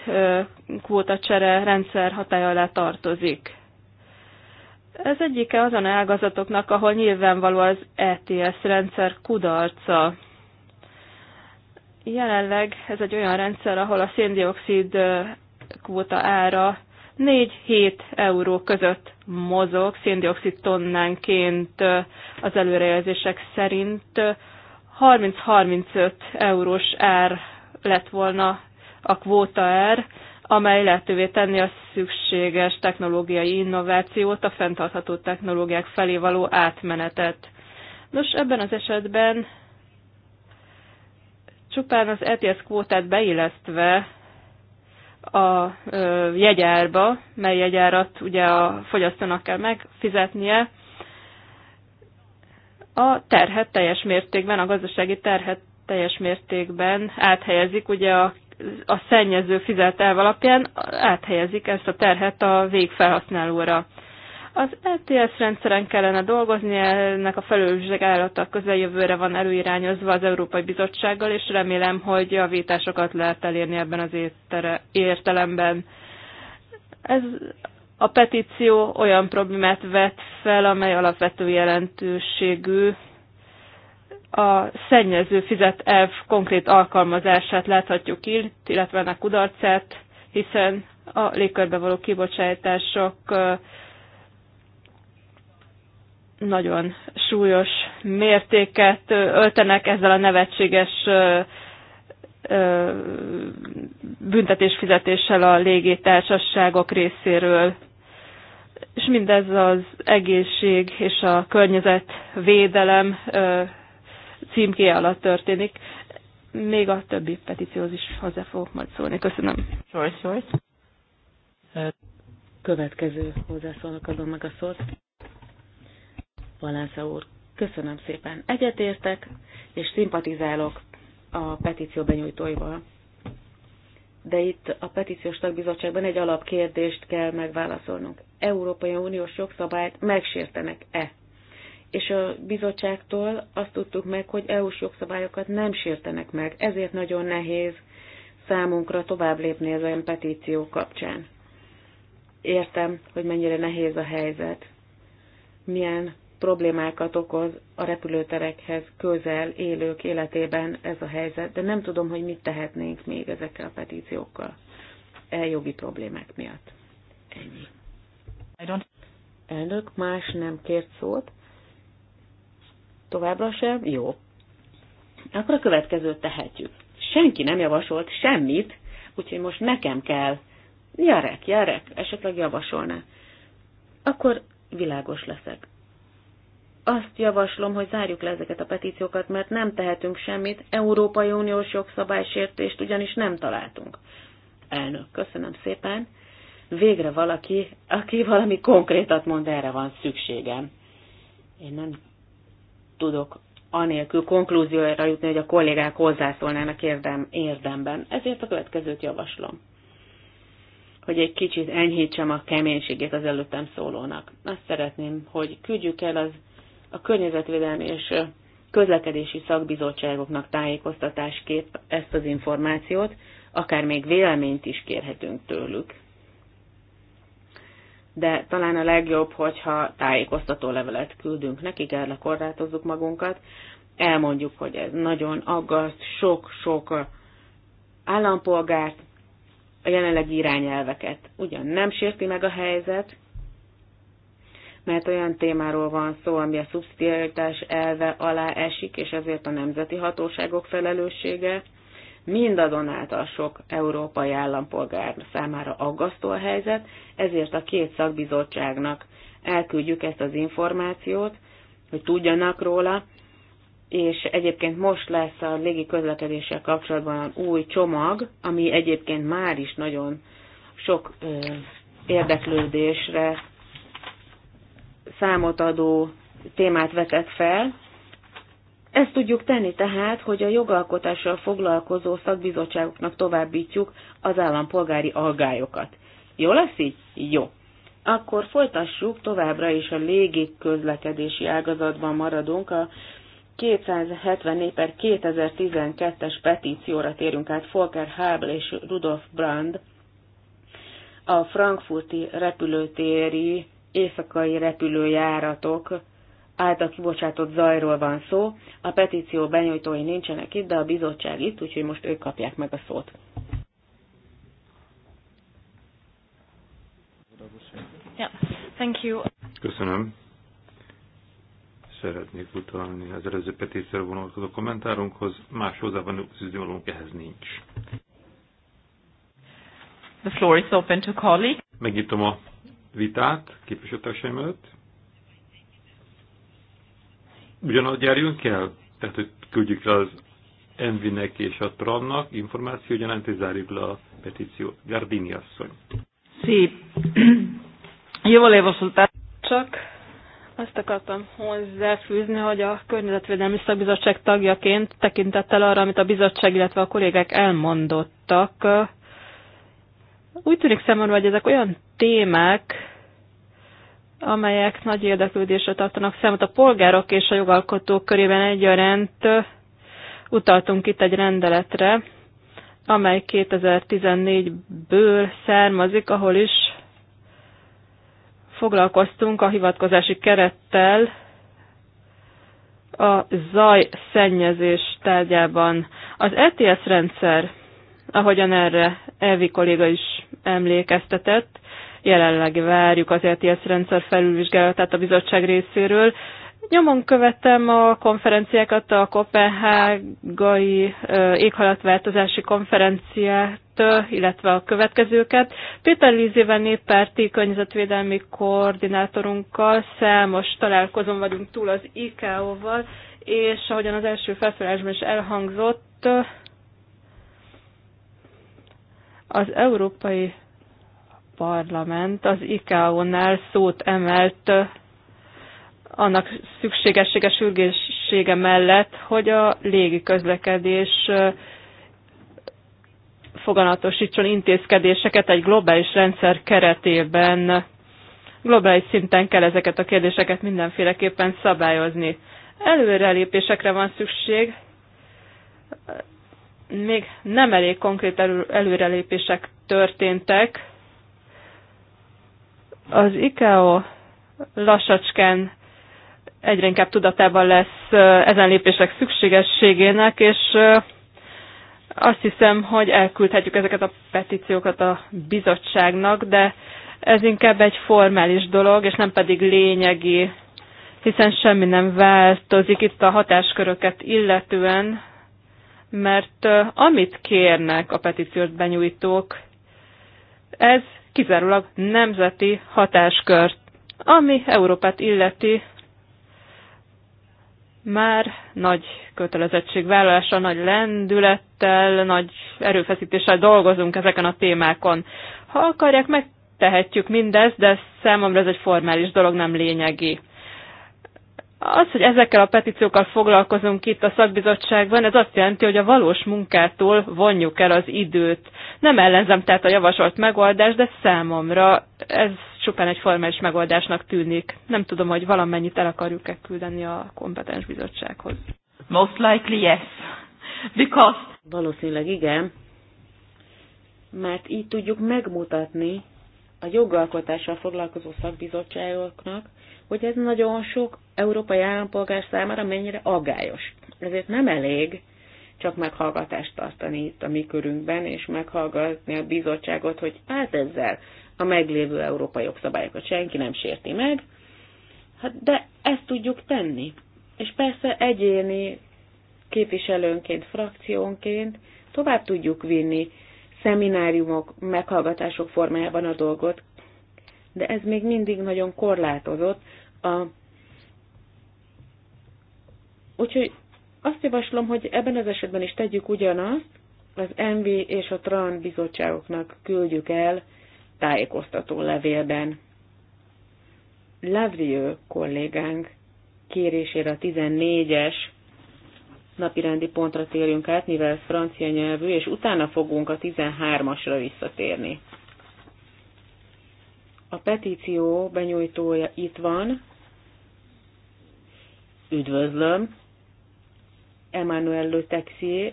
kvótacsere rendszer hatája alá tartozik. Ez egyike azon ágazatoknak, ahol nyilvánvaló az ETS rendszer kudarca. Jelenleg ez egy olyan rendszer, ahol a széndiokszid kvóta ára 4-7 euró között mozog széndiokszid tonnánként az előrejelzések szerint. 30-35 eurós ár lett volna a kvóta ár, amely lehetővé tenni a szükséges technológiai innovációt, a fenntartható technológiák felé való átmenetet. Nos, ebben az esetben csupán az ETS kvótát beillesztve a jegyárba, mely jegyárat ugye a fogyasztónak kell megfizetnie, a terhet teljes mértékben, a gazdasági terhet teljes mértékben áthelyezik, ugye a, a szennyező fizet elv alapján áthelyezik ezt a terhet a végfelhasználóra. Az ETS rendszeren kellene dolgozni, ennek a felülvizsgálata közeljövőre van előirányozva az Európai Bizottsággal, és remélem, hogy javításokat lehet elérni ebben az értelemben. Ez a petíció olyan problémát vet fel, amely alapvető jelentőségű. A szennyező fizet elv konkrét alkalmazását láthatjuk itt, illetve ennek kudarcát, hiszen a légkörbe való kibocsátások nagyon súlyos mértéket öltenek ezzel a nevetséges büntetésfizetéssel a légitársaságok részéről. És mindez az egészség és a környezetvédelem címké alatt történik. Még a többi petícióhoz is hozzá fogok majd szólni. Köszönöm. Sajsz, sajsz. Következő hozzászólnak adom meg a szót. Valensza úr, köszönöm szépen. Egyetértek, és szimpatizálok a petíció benyújtóival. De itt a petíciós tagbizottságban egy alapkérdést kell megválaszolnunk. Európai Uniós jogszabályt megsértenek-e? És a bizottságtól azt tudtuk meg, hogy EU-s jogszabályokat nem sértenek meg, ezért nagyon nehéz számunkra tovább lépni ezen petíció kapcsán. Értem, hogy mennyire nehéz a helyzet, milyen problémákat okoz a repülőterekhez közel élők életében ez a helyzet, de nem tudom, hogy mit tehetnénk még ezekkel a petíciókkal eljogi problémák miatt. Ennyi. Elnök más nem kért szót. Továbbra sem? Jó. Akkor a következőt tehetjük. Senki nem javasolt semmit, úgyhogy most nekem kell. Jarek, Jarek, esetleg javasolná. Akkor világos leszek azt javaslom, hogy zárjuk le ezeket a petíciókat, mert nem tehetünk semmit, Európai Uniós jogszabálysértést ugyanis nem találtunk. Elnök, köszönöm szépen. Végre valaki, aki valami konkrétat mond, erre van szükségem. Én nem tudok anélkül konklúzióra jutni, hogy a kollégák hozzászólnának érdem, érdemben. Ezért a következőt javaslom hogy egy kicsit enyhítsem a keménységét az előttem szólónak. Azt szeretném, hogy küldjük el az a környezetvédelmi és közlekedési szakbizottságoknak tájékoztatásképp ezt az információt, akár még véleményt is kérhetünk tőlük. De talán a legjobb, hogyha tájékoztató levelet küldünk nekik, erre korlátozzuk magunkat, elmondjuk, hogy ez nagyon aggaszt sok-sok állampolgárt, a jelenlegi irányelveket ugyan nem sérti meg a helyzet, mert olyan témáról van szó, ami a szubszidiaritás elve alá esik, és ezért a nemzeti hatóságok felelőssége. Mindazonáltal sok európai állampolgár számára aggasztó a helyzet, ezért a két szakbizottságnak elküldjük ezt az információt, hogy tudjanak róla, és egyébként most lesz a légi közlekedéssel kapcsolatban új csomag, ami egyébként már is nagyon sok ö, érdeklődésre számot adó témát vetek fel. Ezt tudjuk tenni tehát, hogy a jogalkotással foglalkozó szakbizottságoknak továbbítjuk az állampolgári algályokat. Jó lesz így? Jó. Akkor folytassuk, továbbra is a légi közlekedési ágazatban maradunk. A 274 per 2012-es petícióra térünk át Volker Hábel és Rudolf Brand a frankfurti repülőtéri éjszakai repülőjáratok által kibocsátott zajról van szó. A petíció benyújtói nincsenek itt, de a bizottság itt, úgyhogy most ők kapják meg a szót. Thank you. Köszönöm. Szeretnék utalni az előző petícióra vonatkozó kommentárunkhoz, más hozzában fűzőlónk ehhez nincs. The floor is open to colleagues. Megnyitom a vitát képviselőtársaim előtt. Ugyanazt járjunk el, tehát hogy küldjük az Envinek és a Trannak információ, ugyanánt és zárjuk le a petíciót. Gardini asszony. Szép. Jó volevo Csak azt akartam hozzáfűzni, hogy a Környezetvédelmi Szakbizottság tagjaként tekintettel arra, amit a bizottság, illetve a kollégák elmondottak, úgy tűnik számomra, hogy ezek olyan témák, amelyek nagy érdeklődésre tartanak számot a polgárok és a jogalkotók körében egyaránt. Utaltunk itt egy rendeletre, amely 2014-ből származik, ahol is foglalkoztunk a hivatkozási kerettel a zajszennyezés tárgyában. Az ETS rendszer Ahogyan erre Elvi kolléga is emlékeztetett, jelenleg várjuk az ETS rendszer felülvizsgálatát a bizottság részéről. Nyomon követtem a konferenciákat, a kopenhágai éghalatváltozási konferenciát, illetve a következőket. Péter Lízével néppárti környezetvédelmi koordinátorunkkal számos találkozón vagyunk túl az iko val és ahogyan az első felszólásban is elhangzott, az Európai Parlament az ICAO-nál szót emelt annak szükségessége, sürgéssége mellett, hogy a légi közlekedés foganatosítson intézkedéseket egy globális rendszer keretében. Globális szinten kell ezeket a kérdéseket mindenféleképpen szabályozni. Előrelépésekre van szükség, még nem elég konkrét előrelépések történtek. Az ICAO lassacskán egyre inkább tudatában lesz ezen lépések szükségességének, és azt hiszem, hogy elküldhetjük ezeket a petíciókat a bizottságnak, de ez inkább egy formális dolog, és nem pedig lényegi, hiszen semmi nem változik itt a hatásköröket illetően, mert amit kérnek a petíciót benyújtók, ez kizárólag nemzeti hatáskört, ami Európát illeti, már nagy kötelezettségvállalással, nagy lendülettel, nagy erőfeszítéssel dolgozunk ezeken a témákon. Ha akarják, megtehetjük mindezt, de számomra ez egy formális dolog, nem lényegi. Az, hogy ezekkel a petíciókkal foglalkozunk itt a szakbizottságban, ez azt jelenti, hogy a valós munkától vonjuk el az időt. Nem ellenzem tehát a javasolt megoldást, de számomra ez csupán egy formális megoldásnak tűnik. Nem tudom, hogy valamennyit el akarjuk-e küldeni a kompetens bizottsághoz. Most likely yes. Because... Valószínűleg igen, mert így tudjuk megmutatni, a jogalkotással foglalkozó szakbizottságoknak, hogy ez nagyon sok európai állampolgár számára mennyire aggályos. Ezért nem elég csak meghallgatást tartani itt a mi körünkben, és meghallgatni a bizottságot, hogy hát ezzel a meglévő európai jogszabályokat senki nem sérti meg, hát de ezt tudjuk tenni. És persze egyéni képviselőnként, frakciónként tovább tudjuk vinni szemináriumok, meghallgatások formájában a dolgot, de ez még mindig nagyon korlátozott. A... Úgyhogy azt javaslom, hogy ebben az esetben is tegyük ugyanazt, az MV és a TRAN bizottságoknak küldjük el tájékoztató levélben. Lavrieux kollégánk kérésére a 14-es napirendi pontra térjünk át, mivel ez francia nyelvű, és utána fogunk a 13-asra visszatérni. A petíció benyújtója itt van. Üdvözlöm! Emmanuel Le Texier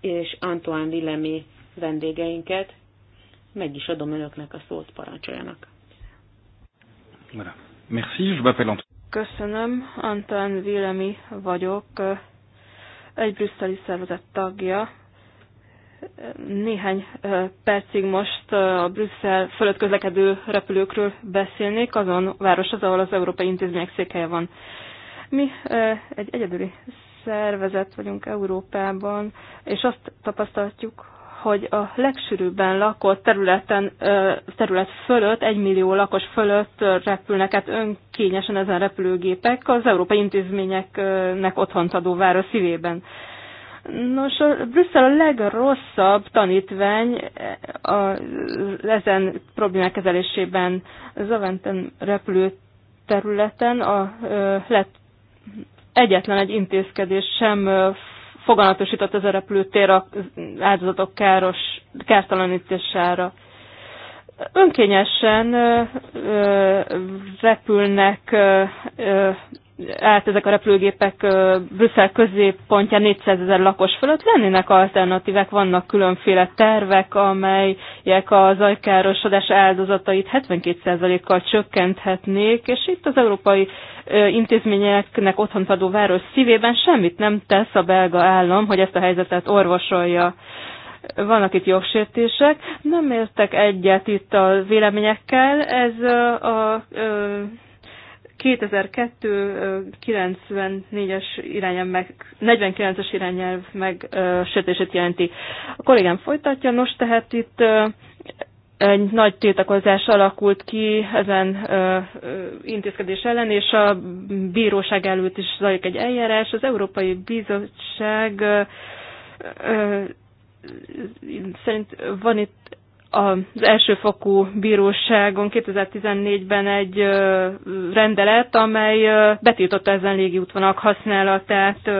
és Antoine Villemi vendégeinket. Meg is adom önöknek a szót, parancsoljanak. Merci, je m'appelle Antoine. Köszönöm, Antoine Villemi vagyok, egy brüsszeli szervezet tagja. Néhány percig most a Brüsszel fölött közlekedő repülőkről beszélnék, azon város az, ahol az Európai Intézmények székhelye van. Mi egy egyedüli szervezet vagyunk Európában, és azt tapasztaltjuk, hogy a legsűrűbben lakott területen, terület fölött, egy millió lakos fölött repülnek hát önkényesen ezen repülőgépek az európai intézményeknek otthont adó város szívében. Nos, a Brüsszel a legrosszabb tanítvány a, ezen problémák kezelésében repülő repülőterületen a, lett egyetlen egy intézkedés sem foganatosított ez a repülőtér az áldozatok káros, kártalanítására. Önkényesen repülnek át ezek a repülőgépek Brüsszel középpontja 400 ezer lakos fölött lennének alternatívek, vannak különféle tervek, amelyek a zajkárosodás áldozatait 72%-kal csökkenthetnék, és itt az európai intézményeknek otthont adó város szívében semmit nem tesz a belga állam, hogy ezt a helyzetet orvosolja vannak itt jogsértések. Nem értek egyet itt a véleményekkel. Ez a, a, a 2002-94-es irányelv meg, 49-es irányelv meg sértését jelenti. A kollégám folytatja, nos tehát itt egy nagy tiltakozás alakult ki ezen ö, ö, intézkedés ellen, és a bíróság előtt is zajlik egy eljárás. Az Európai Bizottság ö, ö, szerint van itt az elsőfokú bíróságon 2014-ben egy rendelet, amely betiltotta ezen légi útvonalak használatát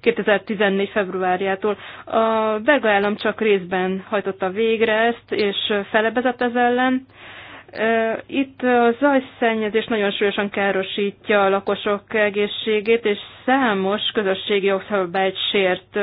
2014. februárjától. A belga állam csak részben hajtotta végre ezt, és felebezett ez ellen. Itt a zajszennyezés nagyon súlyosan károsítja a lakosok egészségét, és számos közösségi jogszabályt sért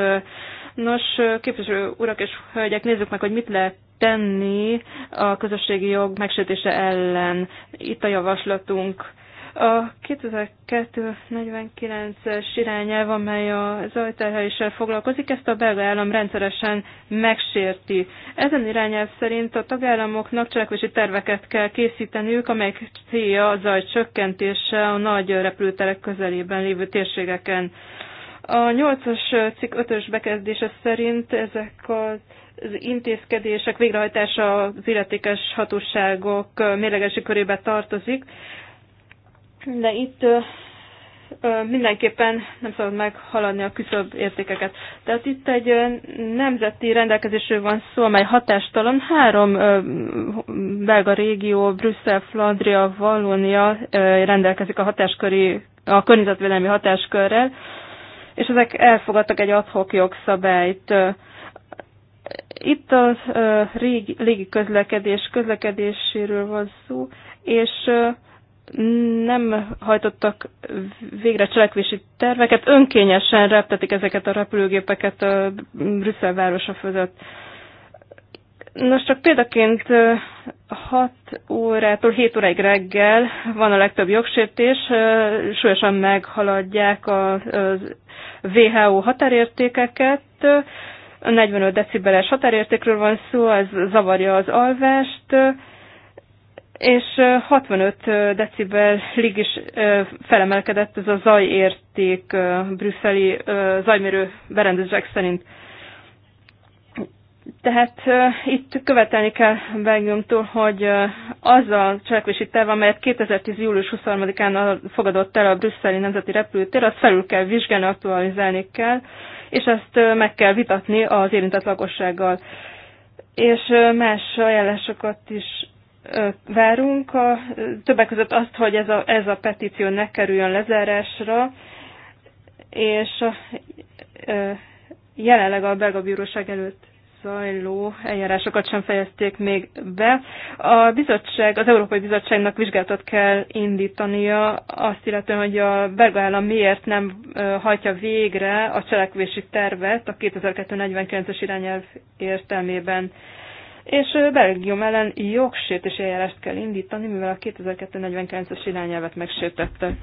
Nos, képviselő urak és hölgyek, nézzük meg, hogy mit lehet tenni a közösségi jog megsértése ellen. Itt a javaslatunk. A 2249-es irányelv, amely a zajterheléssel foglalkozik, ezt a belga állam rendszeresen megsérti. Ezen irányelv szerint a tagállamoknak cselekvési terveket kell készíteniük, amelyek célja a zaj csökkentése a nagy repülőterek közelében lévő térségeken. A nyolcas cikk ötös bekezdése szerint ezek az intézkedések végrehajtása az illetékes hatóságok mérlegesi körébe tartozik, de itt mindenképpen nem szabad meghaladni a küszöbb értékeket. Tehát itt egy nemzeti rendelkezésről van szó, amely hatástalan. Három belga régió, Brüsszel, Flandria, Vallónia rendelkezik a hatásköri, a környezetvédelmi hatáskörrel és ezek elfogadtak egy adhok jogszabályt. Itt a régi, légi közlekedés közlekedéséről van szó, és nem hajtottak végre cselekvési terveket, önkényesen reptetik ezeket a repülőgépeket a Brüsszel városa fölött. Nos, csak példaként 6 órától 7 óráig reggel van a legtöbb jogsértés, súlyosan meghaladják az WHO határértékeket, 45 decibeles határértékről van szó, ez zavarja az alvást, és 65 decibelig is felemelkedett ez a zajérték brüsszeli zajmérő berendezések szerint. Tehát uh, itt követelni kell Belgiumtól, hogy uh, az a cselekvési terv, amelyet 2010. július 23-án fogadott el a brüsszeli nemzeti repülőtér, azt felül kell vizsgálni, aktualizálni kell, és ezt uh, meg kell vitatni az érintett lakossággal. És uh, más ajánlásokat is uh, várunk, a, többek között azt, hogy ez a, ez a petíció ne kerüljön lezárásra, és uh, jelenleg a belga bíróság előtt zajló eljárásokat sem fejezték még be. A bizottság, az Európai Bizottságnak vizsgálatot kell indítania azt illetően, hogy a belga állam miért nem hajtja végre a cselekvési tervet a 2249-es irányelv értelmében. És Belgium ellen jogsértési eljárást kell indítani, mivel a 2249-es irányelvet megsértette.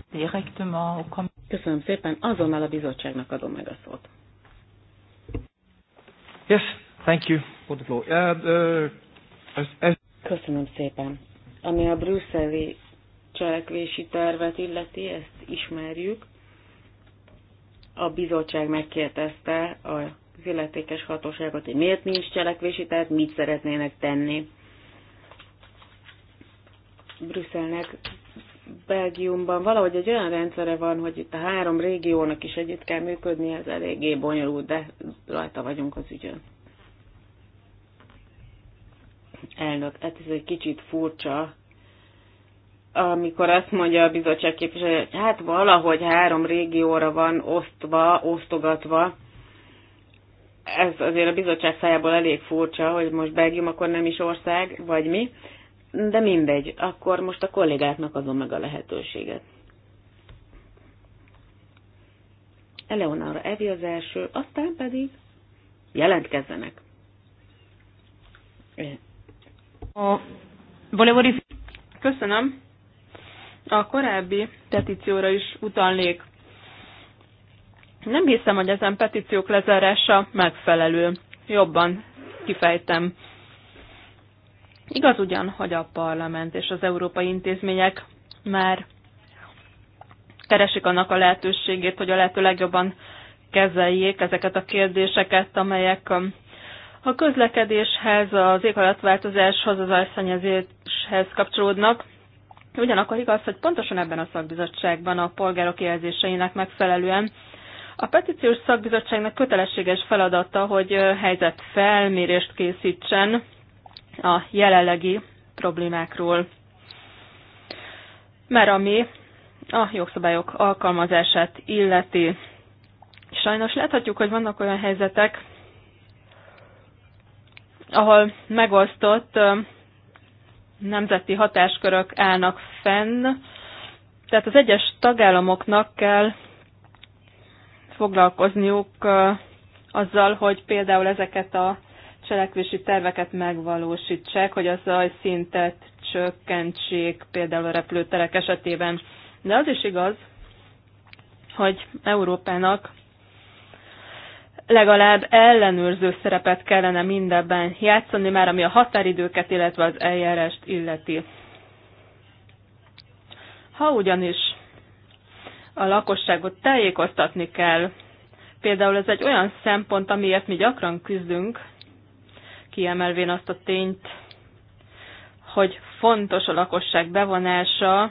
Köszönöm szépen, azonnal a bizottságnak adom meg a szót. Yes, Thank you for the floor. Uh, uh, as, as... Köszönöm szépen. Ami a brüsszeli cselekvési tervet illeti, ezt ismerjük. A bizottság megkérdezte a illetékes hatóságot, hogy miért nincs cselekvési terv, mit szeretnének tenni. Brüsszelnek Belgiumban valahogy egy olyan rendszere van, hogy itt a három régiónak is együtt kell működni, ez eléggé bonyolult, de rajta vagyunk az ügyön. Elnök, hát ez egy kicsit furcsa, amikor azt mondja a bizottság képviselő, hogy hát valahogy három régióra van osztva, osztogatva, ez azért a bizottság szájából elég furcsa, hogy most Belgium akkor nem is ország, vagy mi, de mindegy, akkor most a kollégáknak adom meg a lehetőséget. Eleonora Evi az első, aztán pedig jelentkezzenek. Köszönöm. A korábbi petícióra is utalnék. Nem hiszem, hogy ezen petíciók lezárása megfelelő. Jobban kifejtem. Igaz ugyan, hogy a parlament és az európai intézmények már keresik annak a lehetőségét, hogy a lehető legjobban kezeljék ezeket a kérdéseket, amelyek um, a közlekedéshez, az éghajlatváltozáshoz, az ajszanyezéshez kapcsolódnak. Ugyanakkor igaz, hogy pontosan ebben a szakbizottságban a polgárok jelzéseinek megfelelően a petíciós szakbizottságnak kötelességes feladata, hogy helyzet felmérést készítsen a jelenlegi problémákról. Mert ami a jogszabályok alkalmazását illeti. Sajnos láthatjuk, hogy vannak olyan helyzetek, ahol megosztott nemzeti hatáskörök állnak fenn, tehát az egyes tagállamoknak kell foglalkozniuk azzal, hogy például ezeket a cselekvési terveket megvalósítsák, hogy a zajszintet csökkentsék például a repülőterek esetében. De az is igaz, hogy Európának legalább ellenőrző szerepet kellene mindebben játszani, már ami a határidőket, illetve az eljárást illeti. Ha ugyanis a lakosságot tájékoztatni kell, például ez egy olyan szempont, amiért mi gyakran küzdünk, kiemelvén azt a tényt, hogy fontos a lakosság bevonása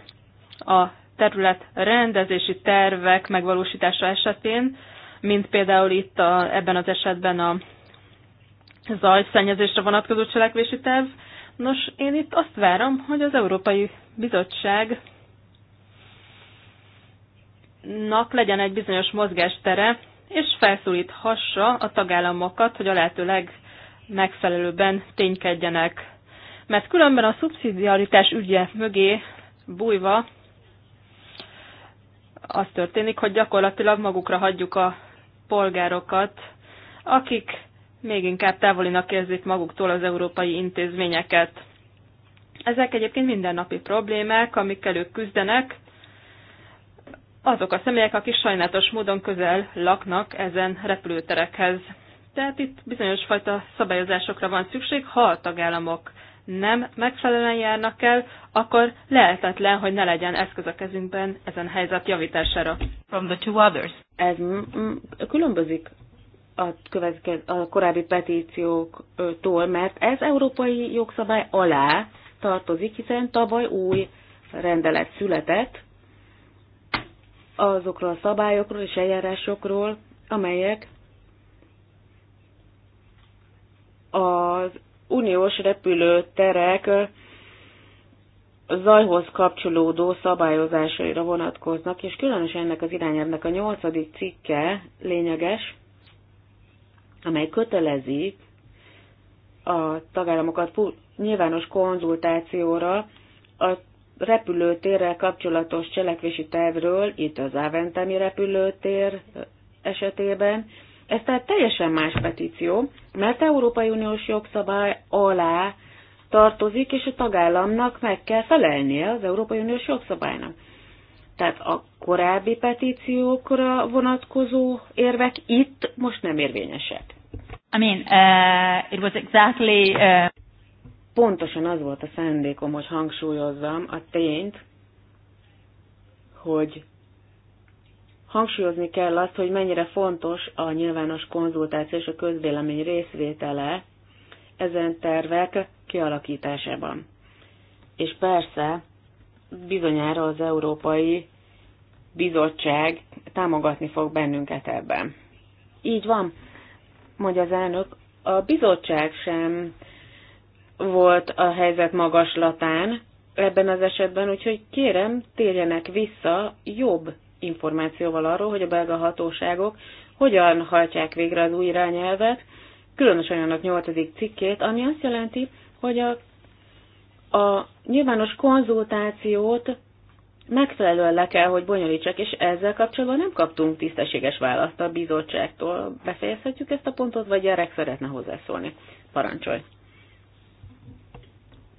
a terület rendezési tervek megvalósítása esetén, mint például itt a, ebben az esetben a zajszennyezésre vonatkozó cselekvési terv. Nos, én itt azt várom, hogy az Európai Bizottság nak legyen egy bizonyos mozgástere, és felszólíthassa a tagállamokat, hogy a lehető legmegfelelőbben ténykedjenek. Mert különben a szubszidiaritás ügye mögé bújva az történik, hogy gyakorlatilag magukra hagyjuk a polgárokat, akik még inkább távolinak érzik maguktól az európai intézményeket. Ezek egyébként mindennapi problémák, amikkel ők küzdenek, azok a személyek, akik sajnálatos módon közel laknak ezen repülőterekhez. Tehát itt bizonyos fajta szabályozásokra van szükség, ha a tagállamok nem megfelelően járnak el, akkor lehetetlen, hogy ne legyen eszköz a kezünkben ezen helyzet javítására. From the two others. Ez különbözik a, következ, a korábbi petícióktól, mert ez európai jogszabály alá tartozik, hiszen tavaly új rendelet született azokról a szabályokról és eljárásokról, amelyek az uniós repülőterek zajhoz kapcsolódó szabályozásaira vonatkoznak, és különösen ennek az irányelvnek a nyolcadik cikke lényeges, amely kötelezi a tagállamokat nyilvános konzultációra a repülőtérrel kapcsolatos cselekvési tervről, itt az Áventemi repülőtér esetében, ez tehát teljesen más petíció, mert Európai Uniós jogszabály alá tartozik, és a tagállamnak meg kell felelnie az Európai Uniós jogszabálynak. Tehát a korábbi petíciókra vonatkozó érvek itt most nem érvényesek. I mean, uh, it was exactly... Uh... Pontosan az volt a szándékom, hogy hangsúlyozzam a tényt, hogy hangsúlyozni kell azt, hogy mennyire fontos a nyilvános konzultáció és a közvélemény részvétele ezen tervek kialakításában. És persze bizonyára az Európai Bizottság támogatni fog bennünket ebben. Így van, mondja az elnök, a bizottság sem volt a helyzet magaslatán ebben az esetben, úgyhogy kérem, térjenek vissza jobb információval arról, hogy a belga hatóságok hogyan hajtják végre az új irányelvet, különösen annak 8. cikkét, ami azt jelenti, hogy a, a nyilvános konzultációt megfelelően le kell, hogy bonyolítsak, és ezzel kapcsolatban nem kaptunk tisztességes választ a bizottságtól. Befejezhetjük ezt a pontot, vagy gyerek szeretne hozzászólni? Parancsolj!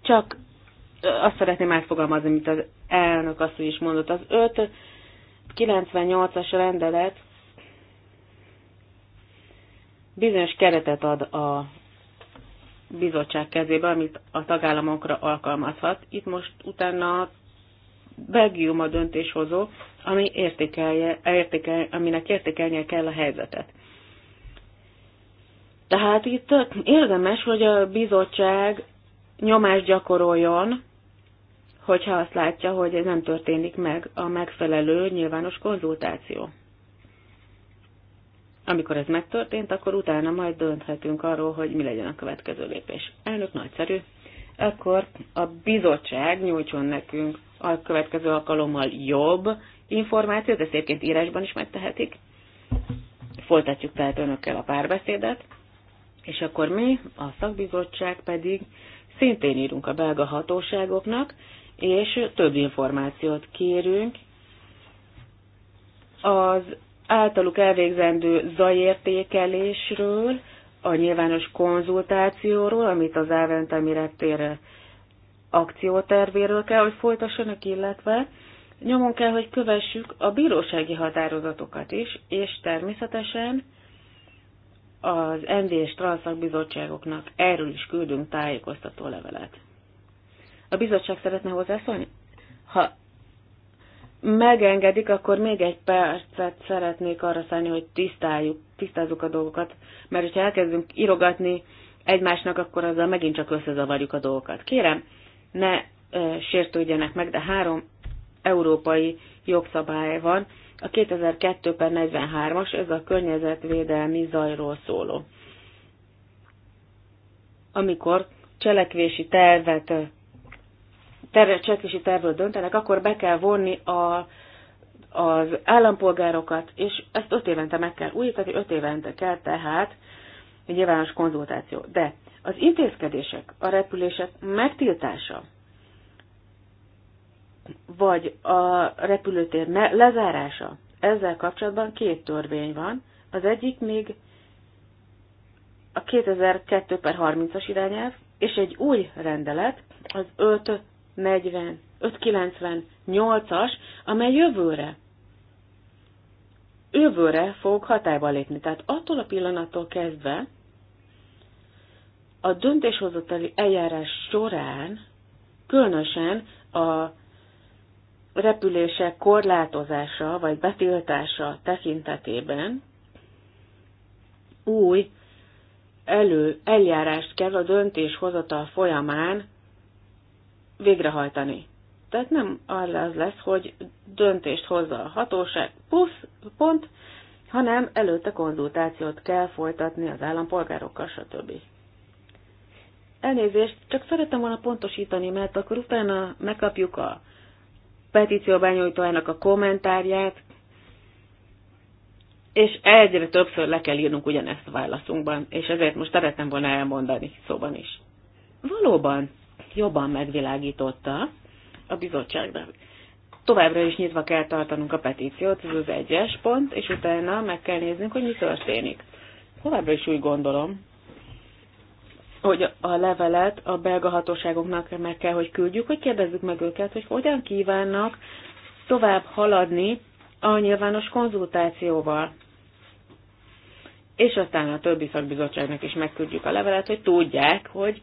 Csak azt szeretném átfogalmazni, amit az elnök azt is mondott. Az öt 98-as rendelet bizonyos keretet ad a bizottság kezébe, amit a tagállamokra alkalmazhat. Itt most utána Belgium a döntéshozó, ami értékelje, értékel, aminek értékelnie kell a helyzetet. Tehát itt érdemes, hogy a bizottság nyomást gyakoroljon hogyha azt látja, hogy ez nem történik meg a megfelelő nyilvános konzultáció. Amikor ez megtörtént, akkor utána majd dönthetünk arról, hogy mi legyen a következő lépés. Elnök nagyszerű. Akkor a bizottság nyújtson nekünk a következő alkalommal jobb információt, ezt egyébként írásban is megtehetik. Folytatjuk tehát önökkel a párbeszédet, és akkor mi, a szakbizottság pedig szintén írunk a belga hatóságoknak, és több információt kérünk az általuk elvégzendő zajértékelésről, a nyilvános konzultációról, amit az Ávente Reptér akciótervéről kell, hogy folytassanak, illetve nyomon kell, hogy kövessük a bírósági határozatokat is, és természetesen az MD és Transzak bizottságoknak erről is küldünk tájékoztató levelet. A bizottság szeretne hozzászólni? Ha megengedik, akkor még egy percet szeretnék arra szállni, hogy tisztáljuk, tisztázzuk a dolgokat, mert hogyha elkezdünk irogatni egymásnak, akkor azzal megint csak összezavarjuk a dolgokat. Kérem, ne e, sértődjenek meg, de három európai jogszabály van, a 2002 per 43-as, ez a környezetvédelmi zajról szóló. Amikor cselekvési tervet terve, cselekvési tervről döntenek, akkor be kell vonni a, az állampolgárokat, és ezt öt évente meg kell újítani, öt évente kell tehát egy nyilvános konzultáció. De az intézkedések, a repülések megtiltása, vagy a repülőtér lezárása, ezzel kapcsolatban két törvény van. Az egyik még a 2002 per 30-as irányelv, és egy új rendelet, az 5 40, 598-as, amely jövőre jövőre fog hatályba lépni. Tehát attól a pillanattól kezdve a döntéshozatali eljárás során, különösen a repülések korlátozása vagy betiltása tekintetében új elő, eljárást kell a döntéshozatal folyamán végrehajtani. Tehát nem arra az lesz, hogy döntést hozza a hatóság, pusz, pont, hanem előtte konzultációt kell folytatni az állampolgárokkal, stb. Elnézést, csak szerettem volna pontosítani, mert akkor utána megkapjuk a petíció a kommentárját, és egyre többször le kell írnunk ugyanezt a válaszunkban, és ezért most szerettem volna elmondani szóban is. Valóban, jobban megvilágította a bizottságnak. Továbbra is nyitva kell tartanunk a petíciót, ez az egyes pont, és utána meg kell néznünk, hogy mi történik. Továbbra is úgy gondolom, hogy a levelet a belga hatóságoknak meg kell, hogy küldjük, hogy kérdezzük meg őket, hogy hogyan kívánnak tovább haladni a nyilvános konzultációval. És aztán a többi szakbizottságnak is megküldjük a levelet, hogy tudják, hogy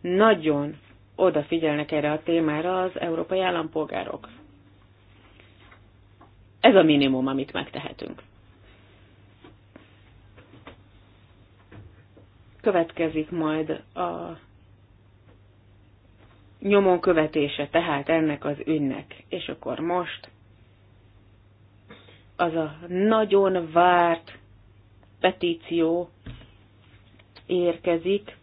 nagyon odafigyelnek erre a témára az európai állampolgárok. Ez a minimum, amit megtehetünk. Következik majd a nyomon követése tehát ennek az ünnek. És akkor most az a nagyon várt petíció érkezik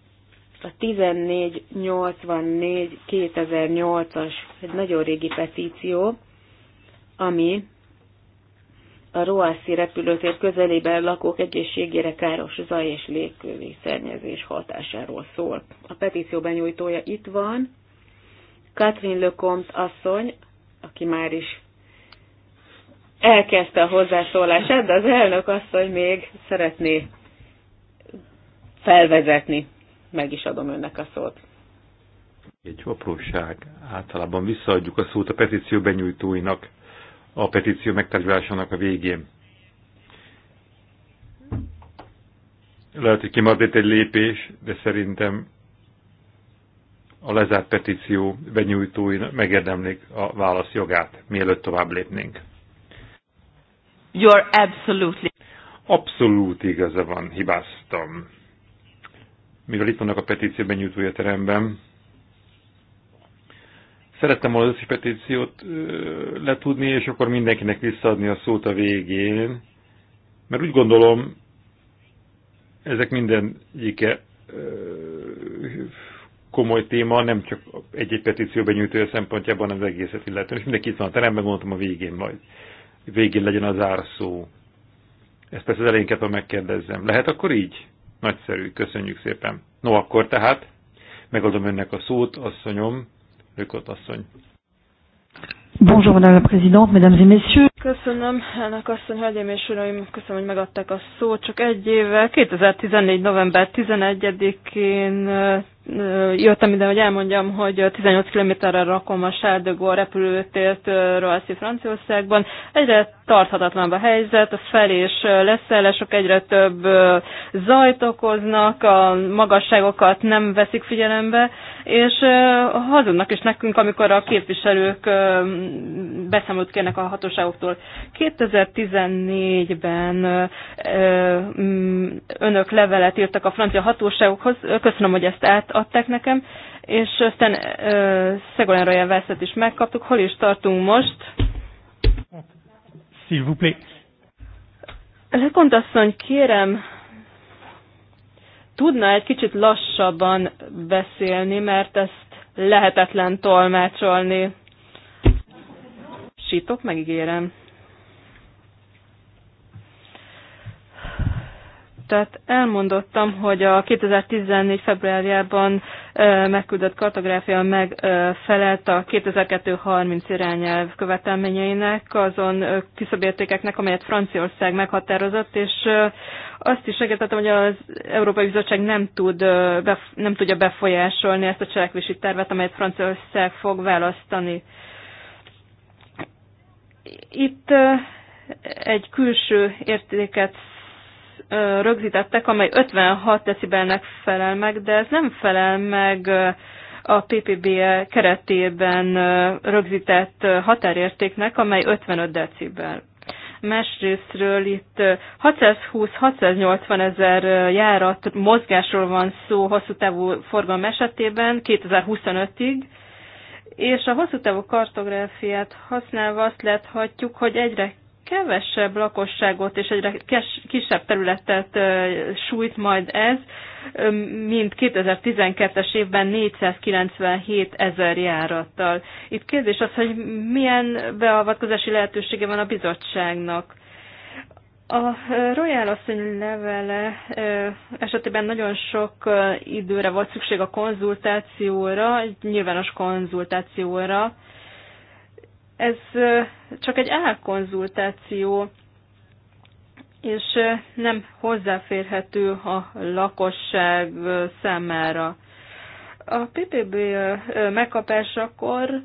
a 1484-2008-as, egy nagyon régi petíció, ami a Roassi repülőtér közelében lakók egészségére káros zaj és légkövi szennyezés hatásáról szól. A petíció benyújtója itt van, Katrin Lökomt asszony, aki már is elkezdte a hozzászólását, de az elnök asszony még szeretné felvezetni meg is adom önnek a szót. Egy apróság. Általában visszaadjuk a szót a petíció benyújtóinak, a petíció megtárgyalásának a végén. Lehet, hogy kimaradt egy lépés, de szerintem a lezárt petíció benyújtói megérdemlik a válasz jogát, mielőtt tovább lépnénk. You're absolutely. Abszolút igaza van, hibáztam mivel itt vannak a petícióben nyújtója teremben. Szerettem volna az összes petíciót letudni, és akkor mindenkinek visszaadni a szót a végén, mert úgy gondolom, ezek egyike komoly téma, nem csak egy-egy petíció benyújtója szempontjában, hanem az egészet illetően. És mindenki itt van a teremben, gondoltam a végén majd. Végén legyen az árszó. Ezt persze az elején kell megkérdezzem. Lehet akkor így? Nagyszerű, köszönjük szépen. No, akkor tehát megadom önnek a szót, asszonyom, Lökot asszony. Bonjour, Madame la Présidente, Mesdames et Messieurs. Köszönöm, elnök asszony, hölgyeim és uraim, köszönöm, hogy megadták a szót. Csak egy évvel, 2014. november 11-én jöttem ide, hogy elmondjam, hogy 18 kilométerre rakom a Sárdögó repülőtértől Franciaországban. Egyre tarthatatlanabb a helyzet, a fel- és leszállások egyre több zajt okoznak, a magasságokat nem veszik figyelembe, és hazudnak is nekünk, amikor a képviselők beszámolt kérnek a hatóságoktól. 2014-ben önök levelet írtak a francia hatóságokhoz, köszönöm, hogy ezt át adták nekem, és aztán uh, Szegolán Royal Velszet is megkaptuk. Hol is tartunk most? S'il vous plaît. Lekont asszony, kérem, tudna egy kicsit lassabban beszélni, mert ezt lehetetlen tolmácsolni. Sítok, megígérem. Tehát elmondottam, hogy a 2014. februárjában megküldött kartográfia megfelelt a 2230 irányelv követelményeinek, azon küszöbértékeknek, amelyet Franciaország meghatározott, és azt is segítettem, hogy az Európai Bizottság nem, tud, nem tudja befolyásolni ezt a cselekvési tervet, amelyet Franciaország fog választani. Itt egy külső értéket rögzítettek, amely 56 decibelnek felel meg, de ez nem felel meg a PPB keretében rögzített határértéknek, amely 55 decibel. Másrésztről itt 620-680 ezer járat mozgásról van szó hosszú távú forgalom esetében 2025-ig, és a hosszú távú kartográfiát használva azt láthatjuk, hogy egyre kevesebb lakosságot és egyre kisebb területet sújt majd ez, mint 2012-es évben 497 ezer járattal. Itt kérdés az, hogy milyen beavatkozási lehetősége van a bizottságnak. A Royal asszony levele esetében nagyon sok időre volt szükség a konzultációra, egy nyilvános konzultációra, ez csak egy elkonzultáció, és nem hozzáférhető a lakosság számára. A PPB megkapásakor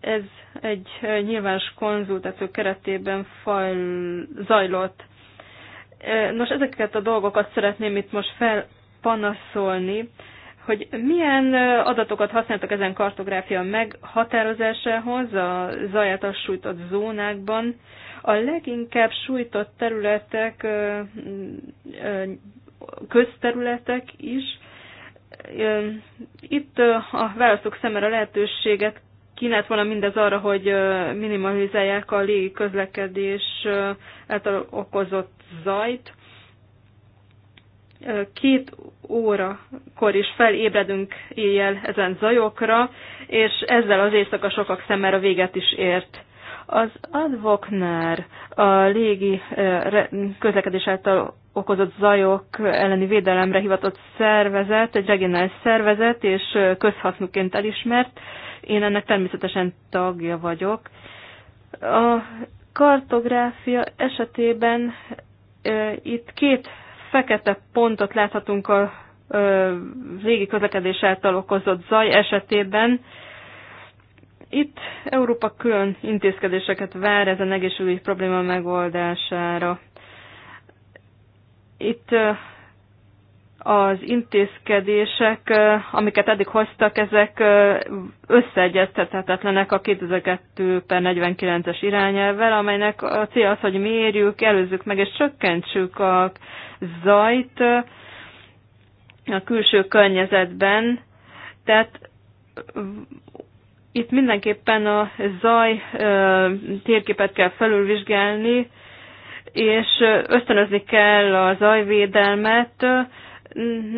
ez egy nyilvános konzultáció keretében fajl, zajlott. Nos, ezeket a dolgokat szeretném itt most felpanaszolni, hogy milyen adatokat használtak ezen kartográfia meghatározásához a zaját sújtott zónákban. A leginkább sújtott területek, közterületek is. Itt a választók szemére lehetőséget kínált volna mindez arra, hogy minimalizálják a légi közlekedés által okozott zajt két órakor is felébredünk éjjel ezen zajokra, és ezzel az éjszaka sokak szemmel a véget is ért. Az advoknár a légi eh, közlekedés által okozott zajok elleni védelemre hivatott szervezet, egy regionális szervezet, és eh, közhasznúként elismert. Én ennek természetesen tagja vagyok. A kartográfia esetében eh, itt két fekete pontot láthatunk a régi közlekedés által okozott zaj esetében. Itt Európa külön intézkedéseket vár ezen egészségügyi probléma megoldására. Itt az intézkedések, amiket eddig hoztak, ezek összeegyeztethetetlenek a 2002 per 49-es irányelvvel, amelynek a cél az, hogy mérjük, előzzük meg és csökkentsük a zajt a külső környezetben. Tehát itt mindenképpen a zaj térképet kell felülvizsgálni, és ösztönözni kell a zajvédelmet,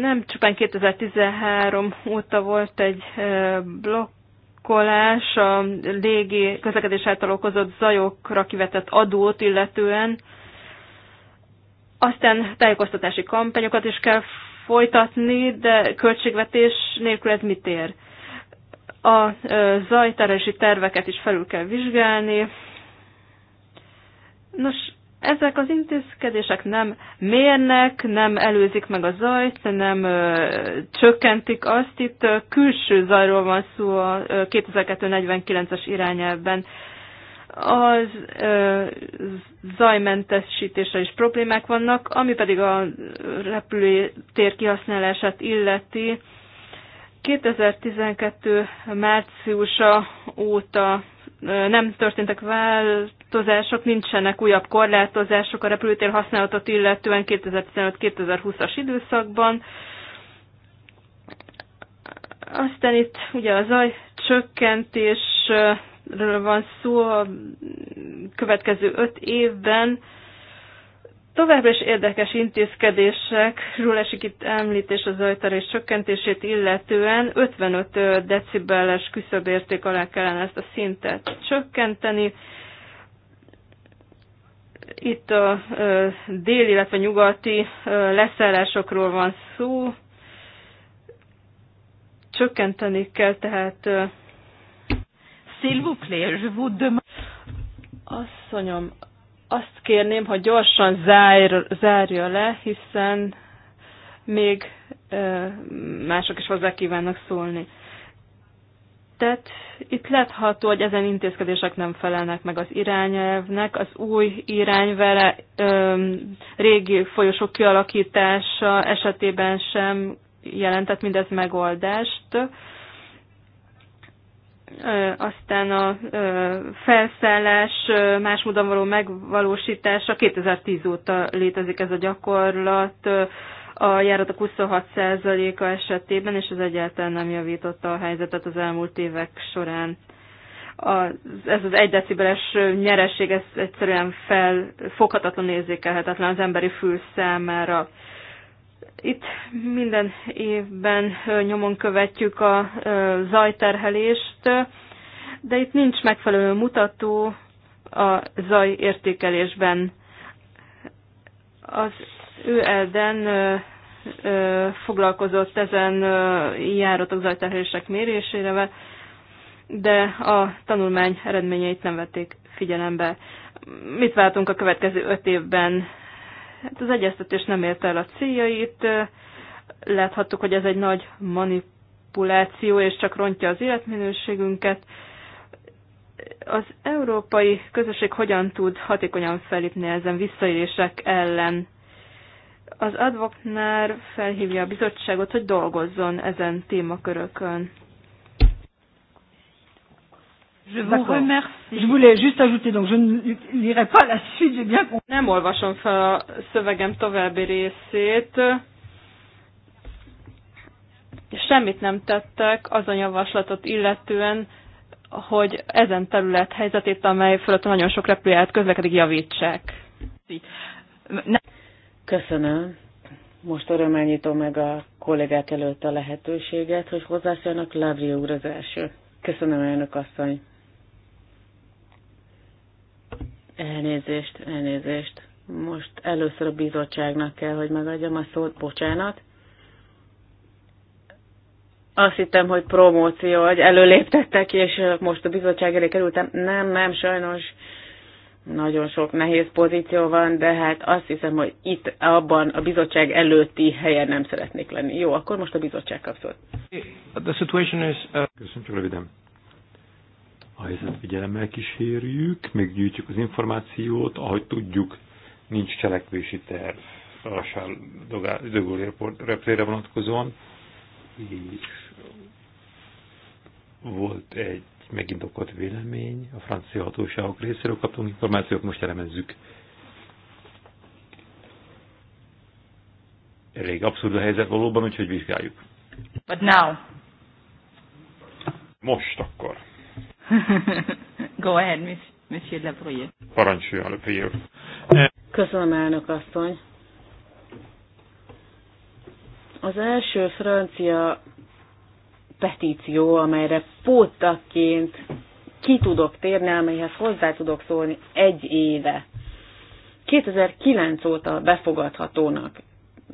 nem csupán 2013 óta volt egy blokkolás a légi közlekedés által okozott zajokra kivetett adót illetően, aztán tájékoztatási kampányokat is kell folytatni, de költségvetés nélkül ez mit ér? A zajtárási terveket is felül kell vizsgálni. Nos, ezek az intézkedések nem mérnek, nem előzik meg a zajt, nem ö, csökkentik azt. Itt ö, külső zajról van szó a 2249-es irányelvben. Az ö, zajmentesítése is problémák vannak, ami pedig a repülőtér kihasználását illeti. 2012. márciusa óta nem történtek korlátozások, nincsenek újabb korlátozások a repülőtér használatot illetően 2015-2020-as időszakban. Aztán itt ugye a zajcsökkentésről van szó a következő öt évben. Továbbra is érdekes intézkedésekről esik itt említés a zajtarés csökkentését illetően 55 decibeles küszöbérték alá kellene ezt a szintet csökkenteni. Itt a déli, illetve nyugati leszállásokról van szó. Csökkenteni kell tehát. S'il Asszonyom, azt kérném, hogy gyorsan zár, zárja le, hiszen még mások is hozzá kívánnak szólni. Tehát itt látható, hogy ezen intézkedések nem felelnek meg az irányelvnek. Az új irányvele ö, régi folyosók kialakítása esetében sem jelentett mindez megoldást. Ö, aztán a ö, felszállás más módon való megvalósítása 2010 óta létezik ez a gyakorlat. Ö, a járatok 26%-a esetében, és ez egyáltalán nem javította a helyzetet az elmúlt évek során. A, ez az egy decibeles nyeresség, ez egyszerűen felfoghatatlan érzékelhetetlen az emberi fül számára. Itt minden évben nyomon követjük a zajterhelést, de itt nincs megfelelő mutató a zajértékelésben. Az ő Elden foglalkozott ezen járatok zajterhelések mérésével, de a tanulmány eredményeit nem vették figyelembe. Mit váltunk a következő öt évben? Hát az egyeztetés nem érte el a céljait, láthattuk, hogy ez egy nagy manipuláció, és csak rontja az életminőségünket. Az európai közösség hogyan tud hatékonyan felépni ezen visszaélések ellen? Az advoknár felhívja a bizottságot, hogy dolgozzon ezen témakörökön. Je vous remercie. Je voulais juste ajouter, donc je ne lirai pas la suite, j'ai bien compris. Nem olvasom fel a szövegem további részét. Semmit nem tettek az a javaslatot illetően, hogy ezen terület helyzetét, amely fölött nagyon sok repülőjárat közlekedik, javítsák. Nem. Köszönöm. Most örömmel nyitom meg a kollégák előtt a lehetőséget, hogy hozzászólnak. Lavri úr az első. Köszönöm, elnök asszony. Elnézést, elnézést. Most először a bizottságnak kell, hogy megadjam a szót. Bocsánat. Azt hittem, hogy promóció, hogy előléptettek, és most a bizottság elé kerültem. Nem, nem, sajnos nagyon sok nehéz pozíció van, de hát azt hiszem, hogy itt abban a bizottság előtti helyen nem szeretnék lenni. Jó, akkor most a bizottság kapszol. The situation is... Uh... Köszönöm, csak röviden. A helyzet figyelemmel kísérjük, meggyűjtjük az információt, ahogy tudjuk, nincs cselekvési terv a Sáll reptére vonatkozóan, és volt egy okot vélemény, a francia hatóságok részéről kaptunk információt, most elemezzük. Elég abszurd a helyzet valóban, úgyhogy vizsgáljuk. But now. Most akkor. <laughs> Go ahead, Miss, Monsieur Lebrouille. Parancsoljon, Lebrouille. Köszönöm, elnök asszony. Az első francia petíció, amelyre pótaként ki tudok térni, amelyhez hozzá tudok szólni egy éve. 2009 óta befogadhatónak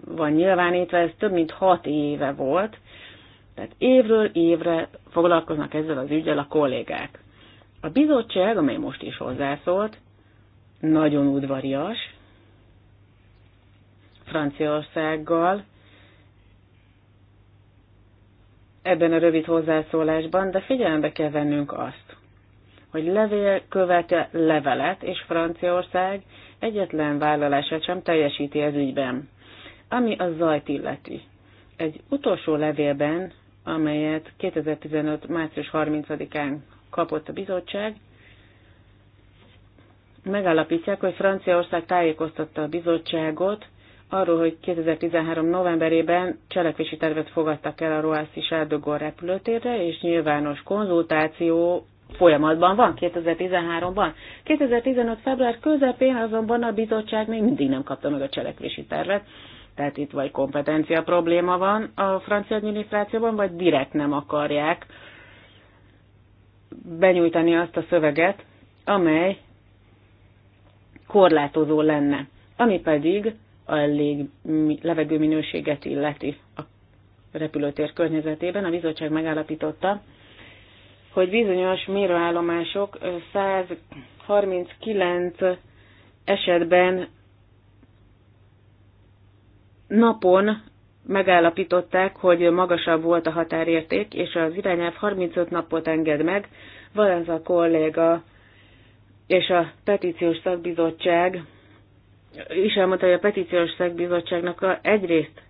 van nyilvánítva, ez több mint hat éve volt, tehát évről évre foglalkoznak ezzel az ügyel a kollégák. A bizottság, amely most is hozzászólt, nagyon udvarias, Franciaországgal ebben a rövid hozzászólásban, de figyelembe kell vennünk azt, hogy levél követe levelet, és Franciaország egyetlen vállalását sem teljesíti ez ügyben, ami a zajt illeti. Egy utolsó levélben, amelyet 2015. március 30-án kapott a bizottság, megállapítják, hogy Franciaország tájékoztatta a bizottságot arról, hogy 2013. novemberében cselekvési tervet fogadtak el a Roászi Sárdogor repülőtérre, és nyilvános konzultáció folyamatban van 2013-ban. 2015. február közepén azonban a bizottság még mindig nem kapta meg a cselekvési tervet, tehát itt vagy kompetencia probléma van a francia adminisztrációban, vagy direkt nem akarják benyújtani azt a szöveget, amely korlátozó lenne, ami pedig elég levegőminőséget illeti a repülőtér környezetében. A bizottság megállapította, hogy bizonyos mérőállomások 139 esetben napon megállapították, hogy magasabb volt a határérték, és az irányelv 35 napot enged meg. Valenza kolléga és a petíciós szakbizottság is elmondta, hogy a petíciós szakbizottságnak egyrészt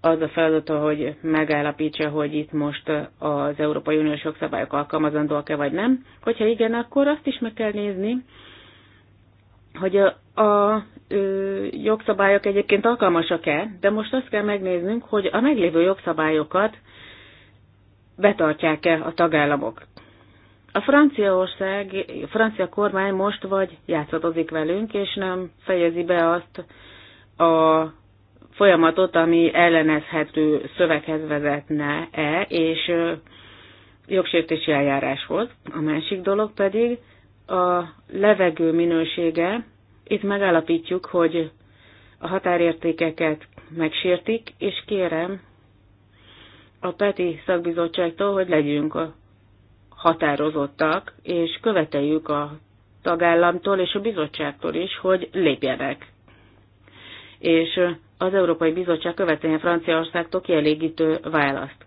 az a feladata, hogy megállapítsa, hogy itt most az Európai Uniós jogszabályok alkalmazandóak-e vagy nem. Hogyha igen, akkor azt is meg kell nézni, hogy a, a ö, jogszabályok egyébként alkalmasak-e, de most azt kell megnéznünk, hogy a meglévő jogszabályokat betartják-e a tagállamok. A Franciaország, a francia kormány most vagy játszadozik velünk, és nem fejezi be azt a folyamatot, ami ellenezhető szöveghez vezetne-e, és jogsértési eljáráshoz. A másik dolog pedig a levegő minősége. Itt megállapítjuk, hogy a határértékeket megsértik, és kérem a PETI szakbizottságtól, hogy legyünk a határozottak, és követeljük a tagállamtól és a bizottságtól is, hogy lépjenek. És az Európai Bizottság követeljen Franciaországtól kielégítő választ.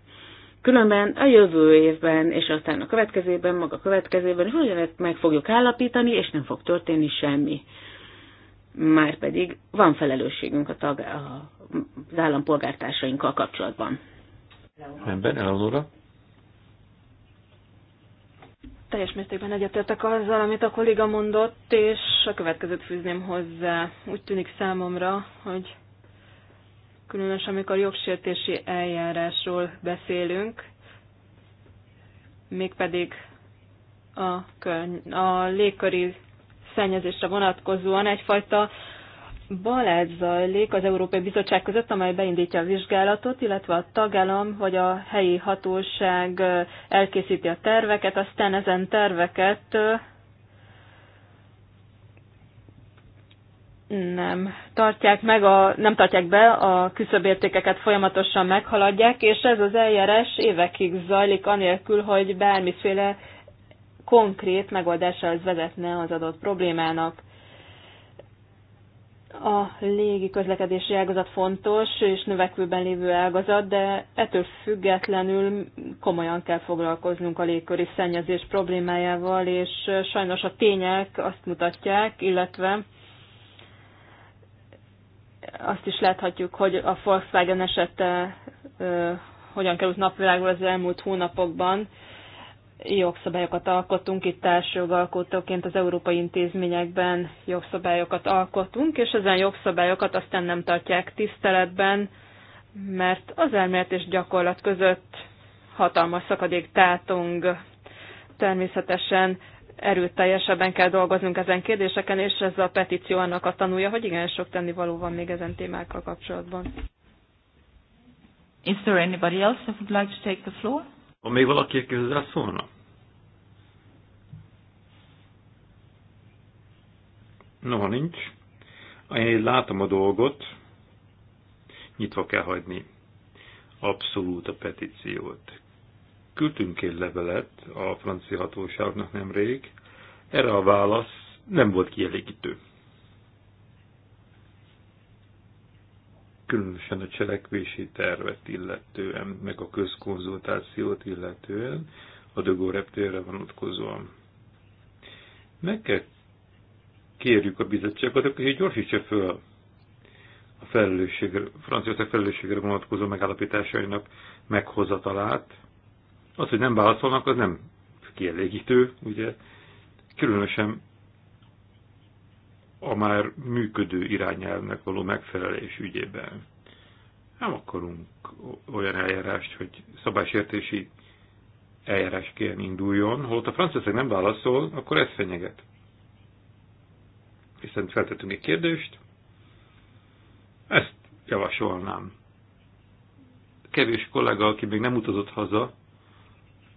Különben a jövő évben, és aztán a következőben, maga a következőben, hogy ugyanezt meg fogjuk állapítani, és nem fog történni semmi. Márpedig van felelősségünk a tag, a, az állampolgártársainkkal kapcsolatban. Ember, Eleonora. Teljes mértékben egyetértek azzal, amit a kolléga mondott, és a következőt fűzném hozzá. Úgy tűnik számomra, hogy különösen amikor jogsértési eljárásról beszélünk, mégpedig a, körny- a légköri szennyezésre vonatkozóan egyfajta Balázs zajlik az Európai Bizottság között, amely beindítja a vizsgálatot, illetve a tagállam vagy a helyi hatóság elkészíti a terveket, aztán ezen terveket nem tartják, meg a, nem tartják be, a küszöbértékeket folyamatosan meghaladják, és ez az eljárás évekig zajlik, anélkül, hogy bármiféle konkrét megoldásához vezetne az adott problémának a légi közlekedési ágazat fontos és növekvőben lévő ágazat, de ettől függetlenül komolyan kell foglalkoznunk a légköri szennyezés problémájával, és sajnos a tények azt mutatják, illetve azt is láthatjuk, hogy a Volkswagen esete hogyan került napvilágra az elmúlt hónapokban jogszabályokat alkotunk, itt társjogalkotóként az európai intézményekben jogszabályokat alkotunk, és ezen jogszabályokat aztán nem tartják tiszteletben, mert az elmélet és gyakorlat között hatalmas szakadék tátong. Természetesen erőteljesebben kell dolgoznunk ezen kérdéseken, és ez a petíció annak a tanulja, hogy igen sok tennivaló van még ezen témákkal kapcsolatban. Is there anybody else who would like to take the floor? Van még valaki, aki hozzászólna? Noha nincs. Én látom a dolgot, nyitva kell hagyni abszolút a petíciót. Küldtünk egy levelet a francia hatóságnak nemrég, erre a válasz nem volt kielégítő. különösen a cselekvési tervet illetően, meg a közkonzultációt illetően, a Dögó reptérre vonatkozóan. Meg kell kérjük a bizottságot, hogy gyorsítsa föl a felelősségre, Franciaország felelősségre vonatkozó megállapításainak meghozatalát. Az, hogy nem válaszolnak, az nem kielégítő, ugye? Különösen a már működő irányelvnek való megfelelés ügyében. Nem akarunk olyan eljárást, hogy szabálysértési eljárás induljon, holott a franciaország nem válaszol, akkor ez fenyeget. Hiszen feltettünk egy kérdést, ezt javasolnám. Kevés kollega, aki még nem utazott haza,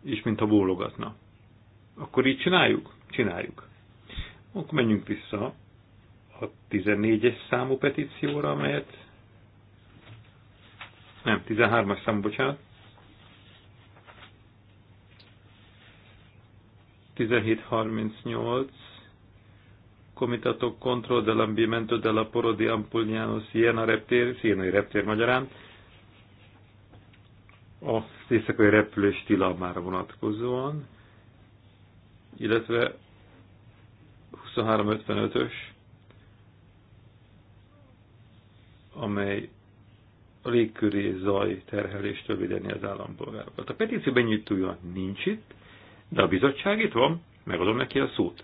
és mintha bólogatna. Akkor így csináljuk? Csináljuk. Akkor menjünk vissza a 14-es számú petícióra, amelyet nem, 13-as számú, bocsánat. 1738 Comitato contro dell'ambimento della poro di Ampugnano Siena reptér, Sienai reptér magyarán, a éjszakai repülés tilalmára vonatkozóan, illetve 2355-ös amely a légköré zaj terhelést tövideni az állampolgárokat. A petíció benyújtója nincs itt, de a bizottság itt van, megadom neki a szót.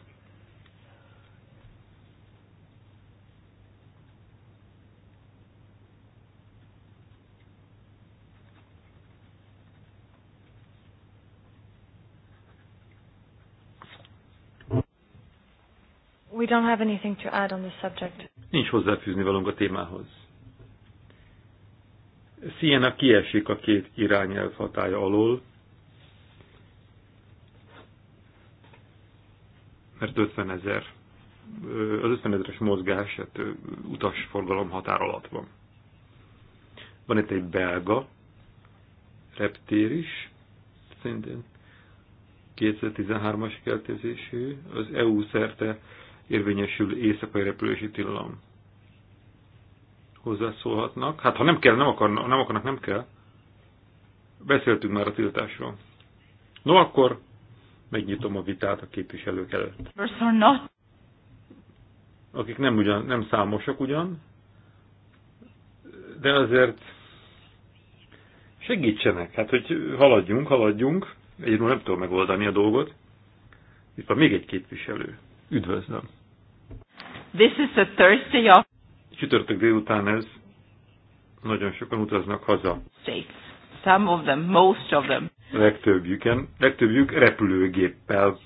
We don't have anything to add on the subject. Nincs hozzáfűzni valónk a témához. Siena kiesik a két irányelv hatája alól, mert 50 ezer, az 50 ezeres mozgás hát, utasforgalom határ alatt van. Van itt egy belga reptér is, szintén 2013-as keltezésű, az EU szerte érvényesül éjszakai repülési tilalom hozzászólhatnak. Hát ha nem kell, nem, akarnak, nem akarnak, nem kell. Beszéltünk már a tiltásról. No akkor megnyitom a vitát a képviselők előtt. Akik nem, ugyan, nem számosak ugyan, de azért segítsenek. Hát, hogy haladjunk, haladjunk. Egyedül nem tudom megoldani a dolgot. Itt van még egy képviselő. Üdvözlöm. This is a Thursday of Csütörtök délután ez, nagyon sokan utaznak haza. States. Some of them, most of them. Legtöbbjüken, legtöbbjük repülőgéppel.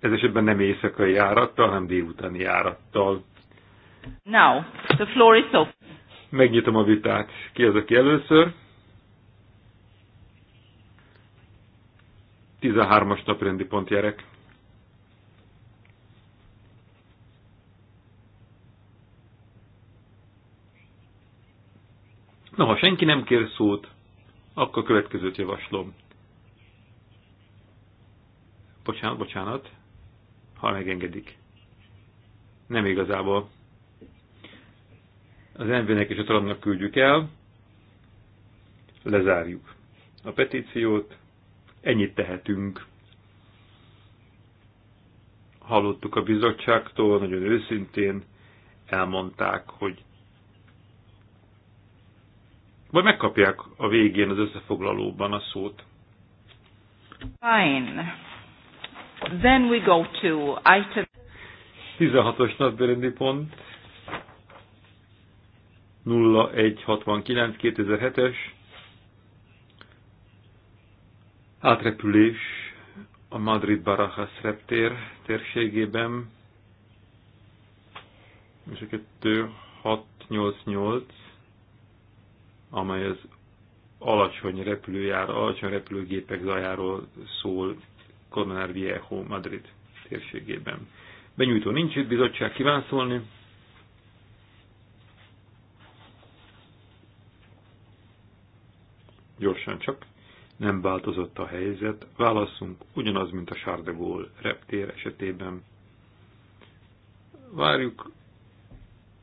Ez esetben nem éjszakai járattal, hanem délutáni járattal. Now, the floor is open. Megnyitom a vitát. Ki az, aki először? 13-as naprendi pont Na, ha senki nem kér szót, akkor következőt javaslom. Bocsánat, bocsánat, ha megengedik. Nem igazából. Az envének és a talamnak küldjük el, lezárjuk a petíciót, ennyit tehetünk. Hallottuk a bizottságtól, nagyon őszintén elmondták, hogy vagy megkapják a végén az összefoglalóban a szót. Fine. Then we go to item... 16-os napberendi pont. 0169 2007-es. Átrepülés a Madrid Barajas reptér térségében. És a 2688. 688 amely az alacsony repülőjár, alacsony repülőgépek zajáról szól Colmenar Viejo Madrid térségében. Benyújtó nincs itt, bizottság kíván szólni. Gyorsan csak. Nem változott a helyzet. Válaszunk ugyanaz, mint a Sardegol reptér esetében. Várjuk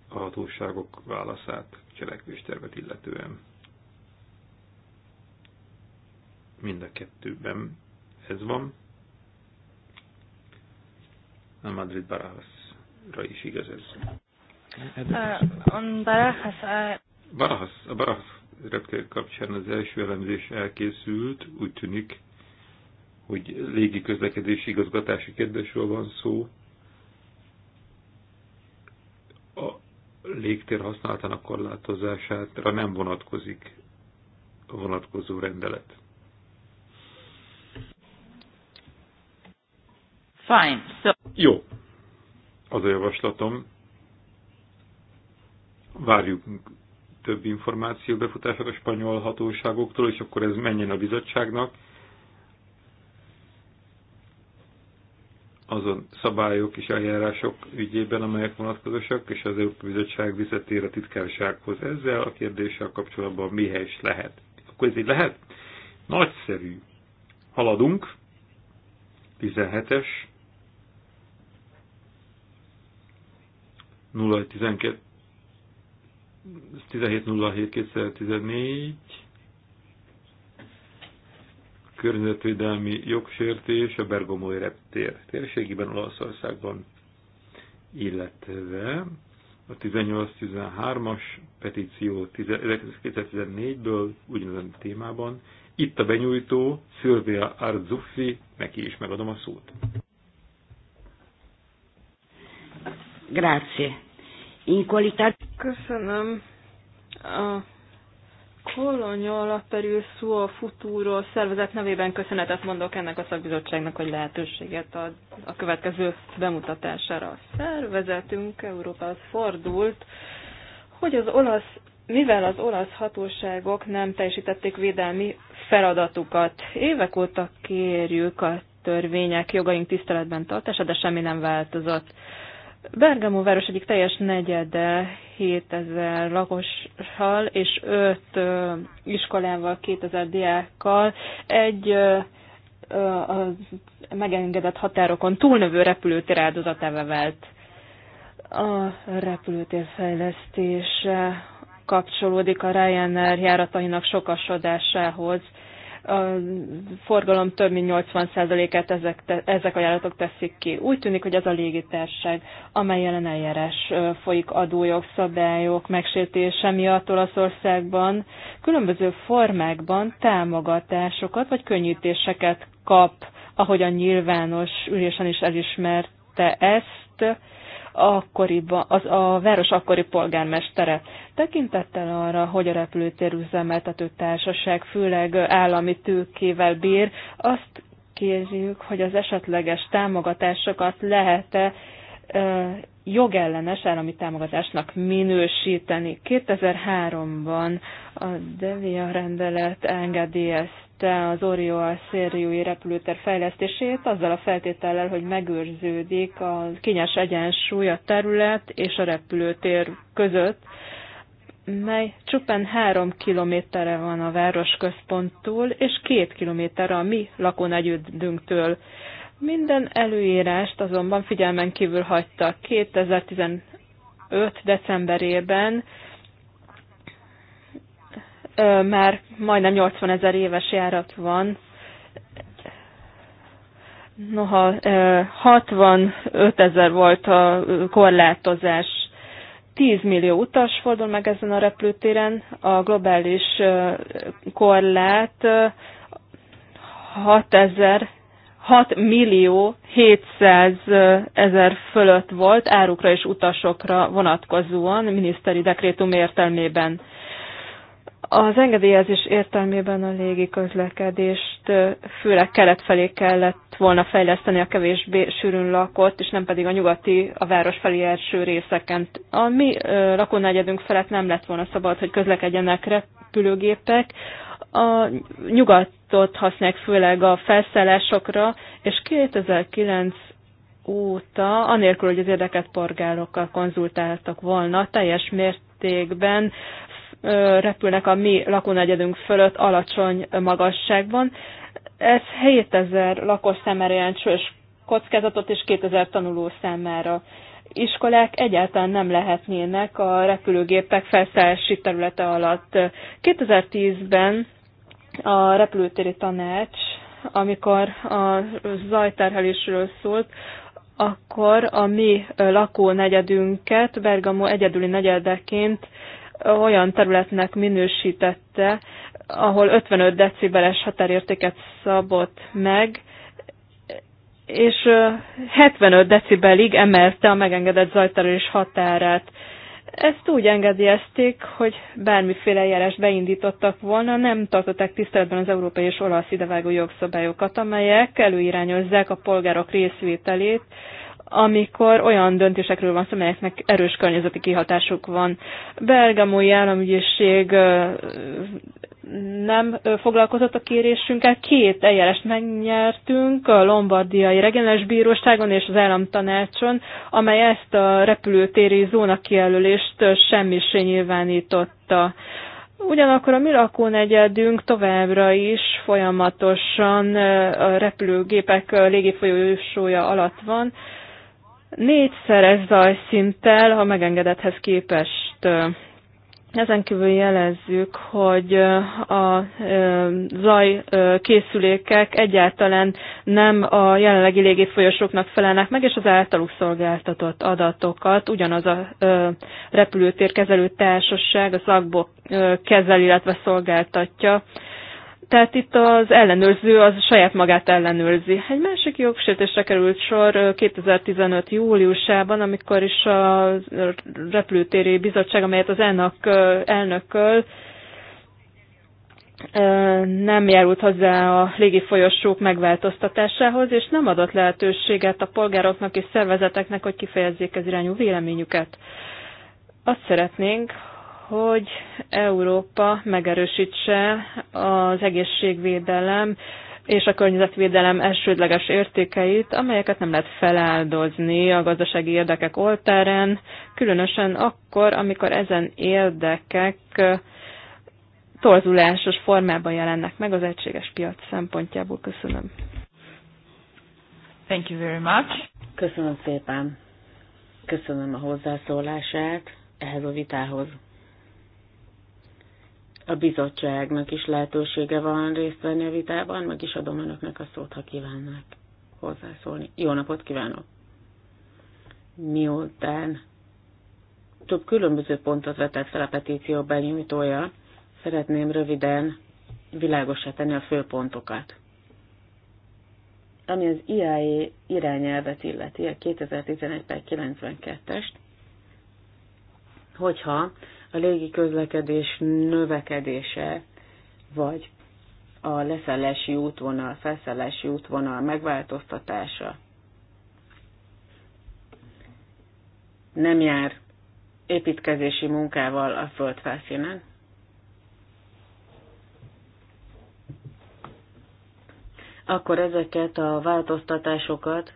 a hatóságok válaszát cselekvéstervet illetően. Mind a kettőben ez van. A Madrid Barajasra is igaz ez. Uh, Barajas, uh, Barajas, a Barajas reptér kapcsán az első elemzés elkészült, úgy tűnik, hogy légi közlekedési igazgatási kérdésről van szó, légtér használatának korlátozására nem vonatkozik a vonatkozó rendelet. Fine. So... Jó. Az a javaslatom. Várjuk több információ befutását a spanyol hatóságoktól, és akkor ez menjen a bizottságnak, azon szabályok és eljárások ügyében, amelyek vonatkozósak, és az Európai Bizottság visszatér a titkársághoz ezzel a kérdéssel kapcsolatban mi is lehet. Akkor ez így lehet? Nagyszerű. Haladunk. 17-es. 012 1707 2014 környezetvédelmi jogsértés a Bergomói reptér térségében Olaszországban, illetve a 18-13-as petíció 2014-ből ugyanezen témában. Itt a benyújtó, Szilvia Arzuffi, neki is megadom a szót. Grazie. In qualità... Köszönöm. A Polonyola per szó a futuro szervezet nevében köszönetet mondok ennek a szakbizottságnak, hogy lehetőséget ad a következő bemutatására. A szervezetünk Európához fordult, hogy az olasz, mivel az olasz hatóságok nem teljesítették védelmi feladatukat. Évek óta kérjük a törvények, jogaink tiszteletben tartását, de semmi nem változott. Bergamo város egyik teljes negyede 7000 lakossal és 5 iskolával, 2000 diákkal egy a megengedett határokon túlnövő repülőtér áldozatává vált. A repülőtér fejlesztése kapcsolódik a Ryanair járatainak sokasodásához, a forgalom több mint 80%-át ezek, te, ezek ajánlatok teszik ki. Úgy tűnik, hogy az a légitárság, amely jelen eljárás folyik adójog, szabályok megsértése miatt Olaszországban, különböző formákban támogatásokat vagy könnyítéseket kap, ahogyan nyilvános ülésen is elismerte ezt, akkoriban, az a város akkori polgármestere. Tekintettel arra, hogy a repülőtér üzemeltető társaság főleg állami tőkével bír, azt kérjük, hogy az esetleges támogatásokat lehet-e jogellenes állami támogatásnak minősíteni. 2003-ban a Devia rendelet engedélyezte az Orio szériói repülőter fejlesztését azzal a feltétellel, hogy megőrződik a kényes egyensúly a terület és a repülőtér között, mely csupán három kilométerre van a városközponttól, és két kilométerre a mi lakónegyüdünktől. Minden előírást azonban figyelmen kívül hagyta 2015. decemberében már majdnem 80 ezer éves járat van. Noha 65 ezer volt a korlátozás. 10 millió utas fordul meg ezen a repülőtéren. A globális korlát 6 ezer 6 millió 700 ezer fölött volt árukra és utasokra vonatkozóan miniszteri dekrétum értelmében. Az engedélyezés értelmében a légi közlekedést főleg kelet felé kellett volna fejleszteni a kevésbé sűrűn lakott, és nem pedig a nyugati, a város felé első részeken. A mi lakónegyedünk felett nem lett volna szabad, hogy közlekedjenek repülőgépek, a nyugatot használják főleg a felszállásokra, és 2009 óta, anélkül, hogy az érdeket polgárokkal konzultáltak volna, teljes mértékben repülnek a mi lakónegyedünk fölött alacsony magasságban. Ez 7000 lakos számára jelent sős kockázatot, és 2000 tanuló számára. Iskolák egyáltalán nem lehetnének a repülőgépek felszállási területe alatt. 2010-ben a repülőtéri tanács, amikor a zajterhelésről szólt, akkor a mi negyedünket Bergamo egyedüli negyedeként olyan területnek minősítette, ahol 55 decibeles határértéket szabott meg, és 75 decibelig emelte a megengedett zajterülés határát. Ezt úgy engedélyezték, hogy bármiféle eljárás beindítottak volna, nem tartották tiszteletben az európai és olasz idevágó jogszabályokat, amelyek előirányozzák a polgárok részvételét, amikor olyan döntésekről van szó, amelyeknek erős környezeti kihatásuk van. Bergamói államügyészség nem foglalkozott a kérésünkkel. Két eljárást megnyertünk a Lombardiai Regionális Bíróságon és az Államtanácson, amely ezt a repülőtéri zóna kijelölést semmisé nyilvánította. Ugyanakkor a mi lakónegyedünk továbbra is folyamatosan a repülőgépek légifolyósója alatt van, ez zajszinttel a megengedethez képest ezen kívül jelezzük, hogy a zaj készülékek egyáltalán nem a jelenlegi légifolyosoknak felelnek meg, és az általuk szolgáltatott adatokat ugyanaz a repülőtér kezelő társaság, a szakbok kezel, illetve szolgáltatja. Tehát itt az ellenőrző az saját magát ellenőrzi. Egy másik jogsértésre került sor 2015. júliusában, amikor is a repülőtéri bizottság, amelyet az elnök, elnököl, nem járult hozzá a légifolyosók megváltoztatásához, és nem adott lehetőséget a polgároknak és szervezeteknek, hogy kifejezzék az irányú véleményüket. Azt szeretnénk, hogy Európa megerősítse az egészségvédelem és a környezetvédelem elsődleges értékeit, amelyeket nem lehet feláldozni a gazdasági érdekek oltárán, különösen akkor, amikor ezen érdekek torzulásos formában jelennek meg az egységes piac szempontjából. Köszönöm. Thank you very much. Köszönöm szépen. Köszönöm a hozzászólását ehhez a vitához a bizottságnak is lehetősége van részt venni a vitában, meg is adom önöknek a szót, ha kívánnak hozzászólni. Jó napot kívánok! Miután több különböző pontot vetett fel a petíció benyújtója, szeretném röviden világosá tenni a főpontokat. Ami az IAE irányelvet illeti, a 2011-92-est, hogyha a légi közlekedés növekedése, vagy a leszállási útvonal, felszállási útvonal megváltoztatása nem jár építkezési munkával a föld felszínen. Akkor ezeket a változtatásokat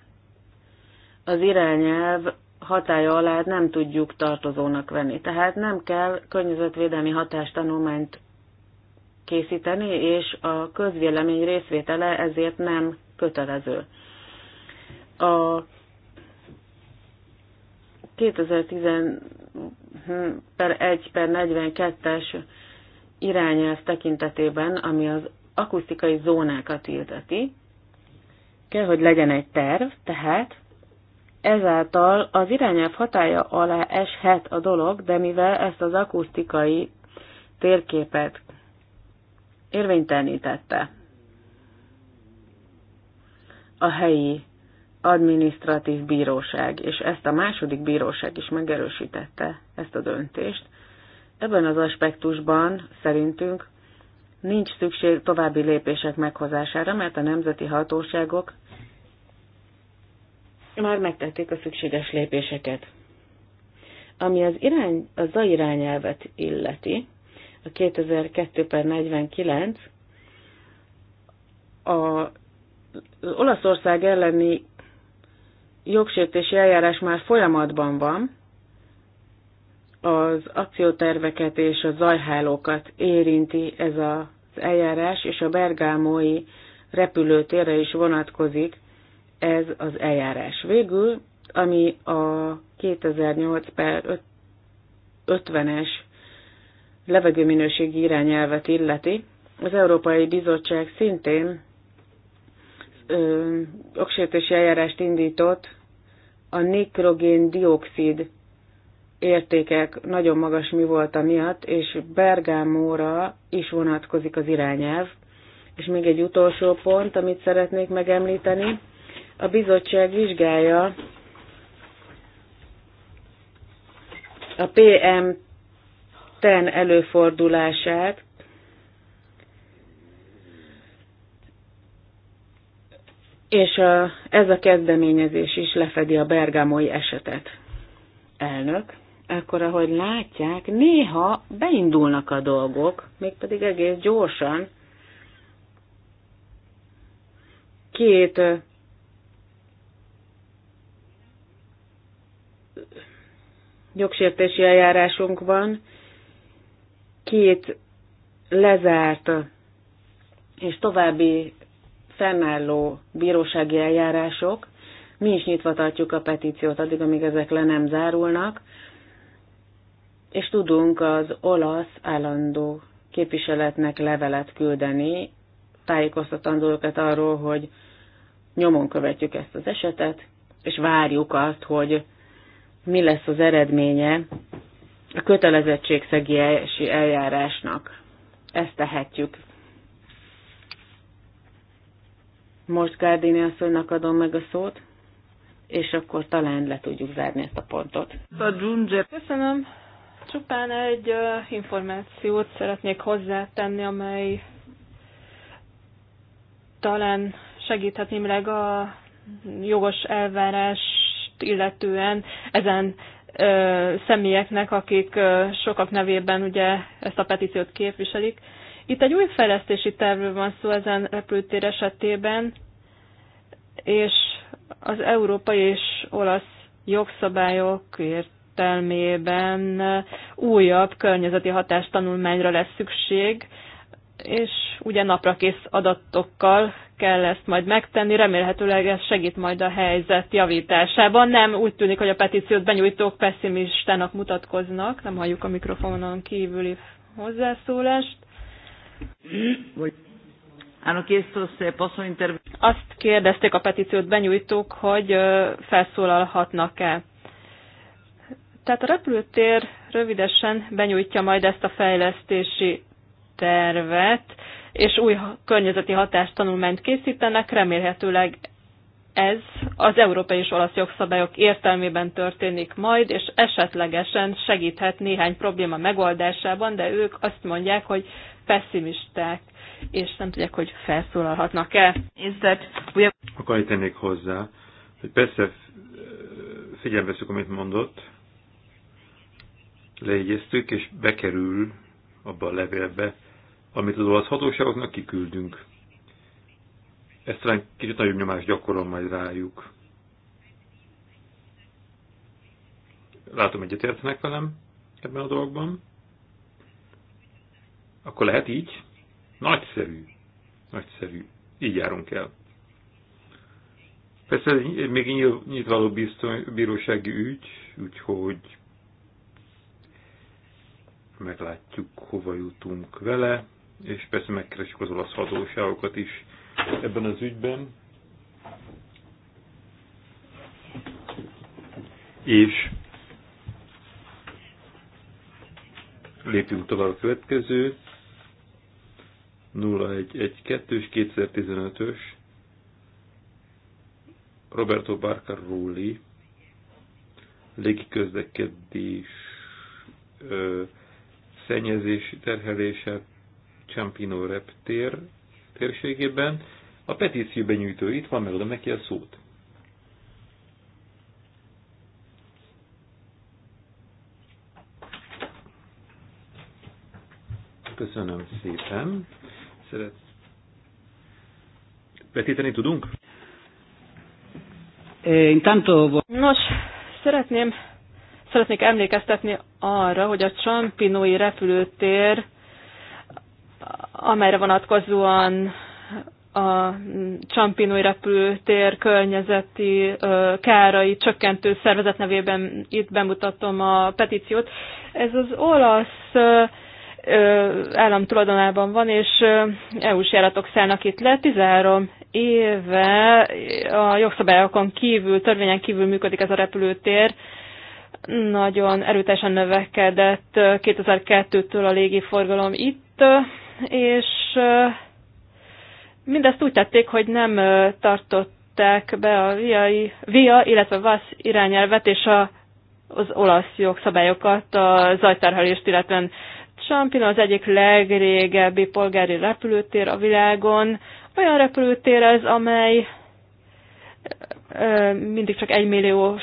az irányelv hatája alá nem tudjuk tartozónak venni. Tehát nem kell környezetvédelmi hatástanulmányt készíteni, és a közvélemény részvétele ezért nem kötelező. A 2010 per 1 per 42-es irányelv tekintetében, ami az akusztikai zónákat illeti, kell, hogy legyen egy terv, tehát ezáltal az irányelv hatája alá eshet a dolog, de mivel ezt az akusztikai térképet érvénytelenítette a helyi adminisztratív bíróság, és ezt a második bíróság is megerősítette ezt a döntést, ebben az aspektusban szerintünk nincs szükség további lépések meghozására, mert a nemzeti hatóságok már megtették a szükséges lépéseket. Ami az, irány, az a irányelvet illeti, a 2002 per 49, a Olaszország elleni jogsértési eljárás már folyamatban van, az akcióterveket és a zajhálókat érinti ez az eljárás, és a bergámói repülőtérre is vonatkozik ez az eljárás. Végül, ami a 2008 per 50-es levegőminőségi irányelvet illeti, az Európai Bizottság szintén ö, jogsértési eljárást indított a nitrogén-dioxid értékek nagyon magas mi volt a miatt, és Bergámóra is vonatkozik az irányelv. És még egy utolsó pont, amit szeretnék megemlíteni, a bizottság vizsgálja a PM10 előfordulását, és a, ez a kezdeményezés is lefedi a bergámoi esetet. Elnök, akkor ahogy látják, néha beindulnak a dolgok, mégpedig egész gyorsan. Két jogsértési eljárásunk van, két lezárt és további fennálló bírósági eljárások. Mi is nyitva tartjuk a petíciót addig, amíg ezek le nem zárulnak, és tudunk az olasz állandó képviseletnek levelet küldeni, tájékoztatandó őket arról, hogy nyomon követjük ezt az esetet, és várjuk azt, hogy mi lesz az eredménye a kötelezettségszegési eljárásnak. Ezt tehetjük. Most Gárdini asszonynak adom meg a szót, és akkor talán le tudjuk zárni ezt a pontot. Köszönöm. Csupán egy uh, információt szeretnék hozzátenni, amely talán segíthet némileg a jogos elvárás illetően ezen ö, személyeknek, akik ö, sokak nevében ugye ezt a petíciót képviselik. Itt egy új fejlesztési tervről van szó ezen repülőtér esetében, és az európai és olasz jogszabályok értelmében újabb környezeti hatástanulmányra lesz szükség, és ugye naprakész adatokkal kell ezt majd megtenni, remélhetőleg ez segít majd a helyzet javításában. Nem úgy tűnik, hogy a petíciót benyújtók pessimistának mutatkoznak, nem halljuk a mikrofonon kívüli hozzászólást. Azt kérdezték a petíciót benyújtók, hogy felszólalhatnak-e. Tehát a repülőtér rövidesen benyújtja majd ezt a fejlesztési tervet, és új környezeti hatástanulmányt készítenek, remélhetőleg ez az európai és olasz jogszabályok értelmében történik majd, és esetlegesen segíthet néhány probléma megoldásában, de ők azt mondják, hogy pessimisták, és nem tudják, hogy felszólalhatnak-e. Akkor itt tennék hozzá, hogy persze figyelmeztük, amit mondott, leegyeztük, és bekerül abba a levélbe, amit az olasz hatóságoknak kiküldünk. Ezt talán kicsit nagyobb nyomást gyakorol majd rájuk. Látom, egyetértenek velem ebben a dologban. Akkor lehet így? Nagyszerű. Nagyszerű. Így járunk el. Persze ez még nyitvaló bírósági ügy, úgyhogy meglátjuk, hova jutunk vele és persze megkeresik az olasz hatóságokat is ebben az ügyben. És lépjünk tovább a következő 0112-es 2015-ös Roberto Barca Rulli légiközlekedés ö, szennyezési terhelések Csampino reptér térségében. A petíció benyújtó itt van, megadom neki a szót. Köszönöm szépen. Szeret... Petíteni tudunk? Eh, Nos, szeretném, szeretnék emlékeztetni arra, hogy a Csampinói repülőtér amelyre vonatkozóan a Csampinói repülőtér környezeti kárai csökkentő szervezet nevében itt bemutatom a petíciót. Ez az olasz állam tulajdonában van, és EU-s járatok szállnak itt le. 13 éve a jogszabályokon kívül, törvényen kívül működik ez a repülőtér. Nagyon erőteljesen növekedett 2002-től a légiforgalom itt és mindezt úgy tették, hogy nem tartották be a VIA, illetve VASZ irányelvet és a, az olasz jogszabályokat, a zajterhelést, illetve Csampino az egyik legrégebbi polgári repülőtér a világon. Olyan repülőtér ez, amely mindig csak egymillió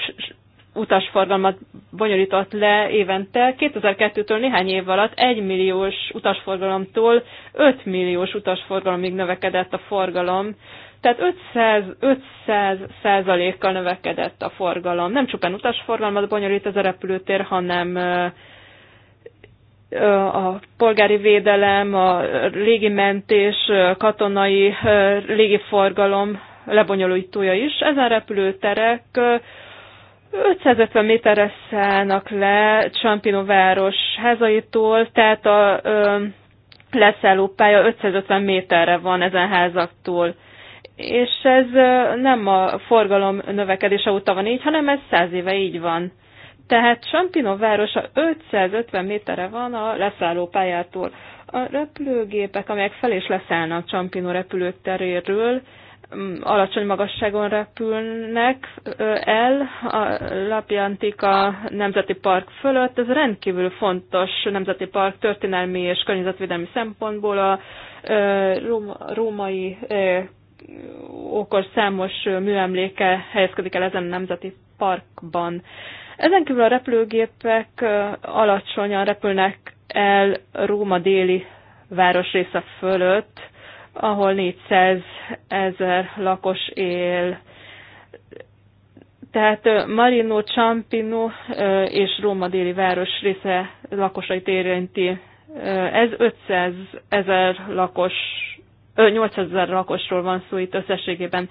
utasforgalmat bonyolított le évente. 2002-től néhány év alatt 1 milliós utasforgalomtól 5 milliós utasforgalomig növekedett a forgalom. Tehát 500, 500 százalékkal növekedett a forgalom. Nem csupán utasforgalmat bonyolít ez a repülőtér, hanem a polgári védelem, a légimentés, katonai légiforgalom lebonyolítója is. Ezen repülőterek 550 méterre szállnak le Csampino város házaitól, tehát a ö, leszálló pálya 550 méterre van ezen házaktól. És ez nem a forgalom növekedése óta van így, hanem ez száz éve így van. Tehát Csampino városa 550 méterre van a leszálló pályától. A repülőgépek, amelyek fel és leszállnak Csampino repülőteréről, Mm, alacsony magasságon repülnek el a Lapjantika Nemzeti Park fölött. Ez rendkívül fontos nemzeti park történelmi és környezetvédelmi szempontból a római ókor számos műemléke helyezkedik el ezen a nemzeti parkban. Ezen kívül a repülőgépek alacsonyan repülnek el Róma déli városrésze fölött, ahol 400 ezer lakos él. Tehát Marino, Ciampino és Róma déli város része lakosait érinti. Ez 500 ezer lakos, 800 ezer lakosról van szó itt összességében.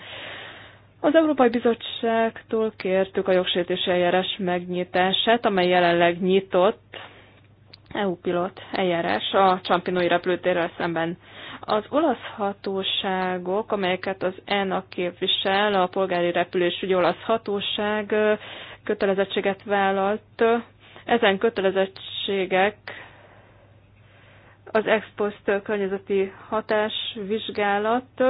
Az Európai Bizottságtól kértük a jogsértési eljárás megnyitását, amely jelenleg nyitott EU pilot eljárás a Csampinói repülőtérrel szemben. Az olasz hatóságok, amelyeket az ENA képvisel, a polgári repülésügyi olasz hatóság kötelezettséget vállalt. Ezen kötelezettségek az ex környezeti hatásvizsgálat,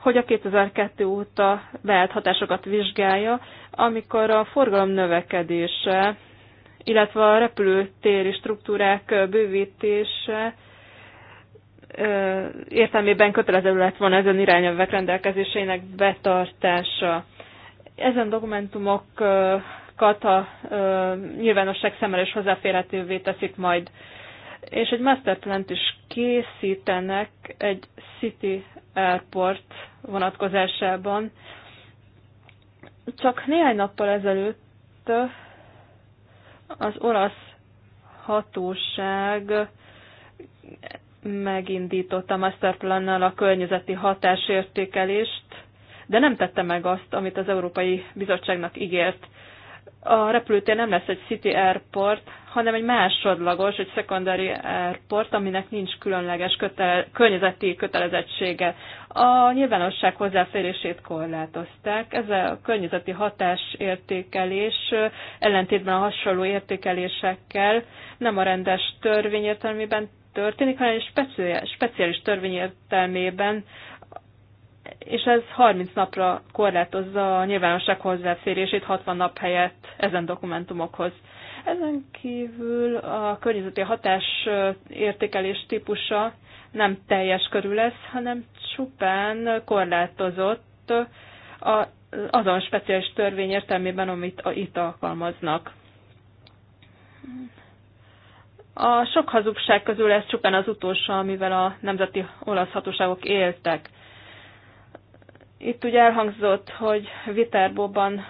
hogy a 2002 óta beállt hatásokat vizsgálja, amikor a forgalom növekedése, illetve a repülőtéri struktúrák bővítése értelmében kötelező lett volna ezen irányelvek rendelkezésének betartása. Ezen dokumentumokat a nyilvánosság szemmel is hozzáférhetővé teszik majd. És egy masterplant is készítenek egy City Airport vonatkozásában. Csak néhány nappal ezelőtt az olasz hatóság megindította a masterplannal a környezeti hatásértékelést, de nem tette meg azt, amit az Európai Bizottságnak ígért. A repülőtér nem lesz egy City Airport, hanem egy másodlagos, egy secondary airport, aminek nincs különleges kötele, környezeti kötelezettsége. A nyilvánosság hozzáférését korlátozták. Ez a környezeti hatásértékelés ellentétben a hasonló értékelésekkel nem a rendes törvény értelmében történik, hanem egy speciális, speciális törvény értelmében, és ez 30 napra korlátozza a nyilvánosság hozzáférését 60 nap helyett ezen dokumentumokhoz. Ezen kívül a környezeti hatás értékelés típusa nem teljes körül lesz, hanem csupán korlátozott azon speciális törvény értelmében, amit a, itt alkalmaznak. A sok hazugság közül ez csupán az utolsó, amivel a nemzeti olasz hatóságok éltek. Itt ugye elhangzott, hogy Viterbóban,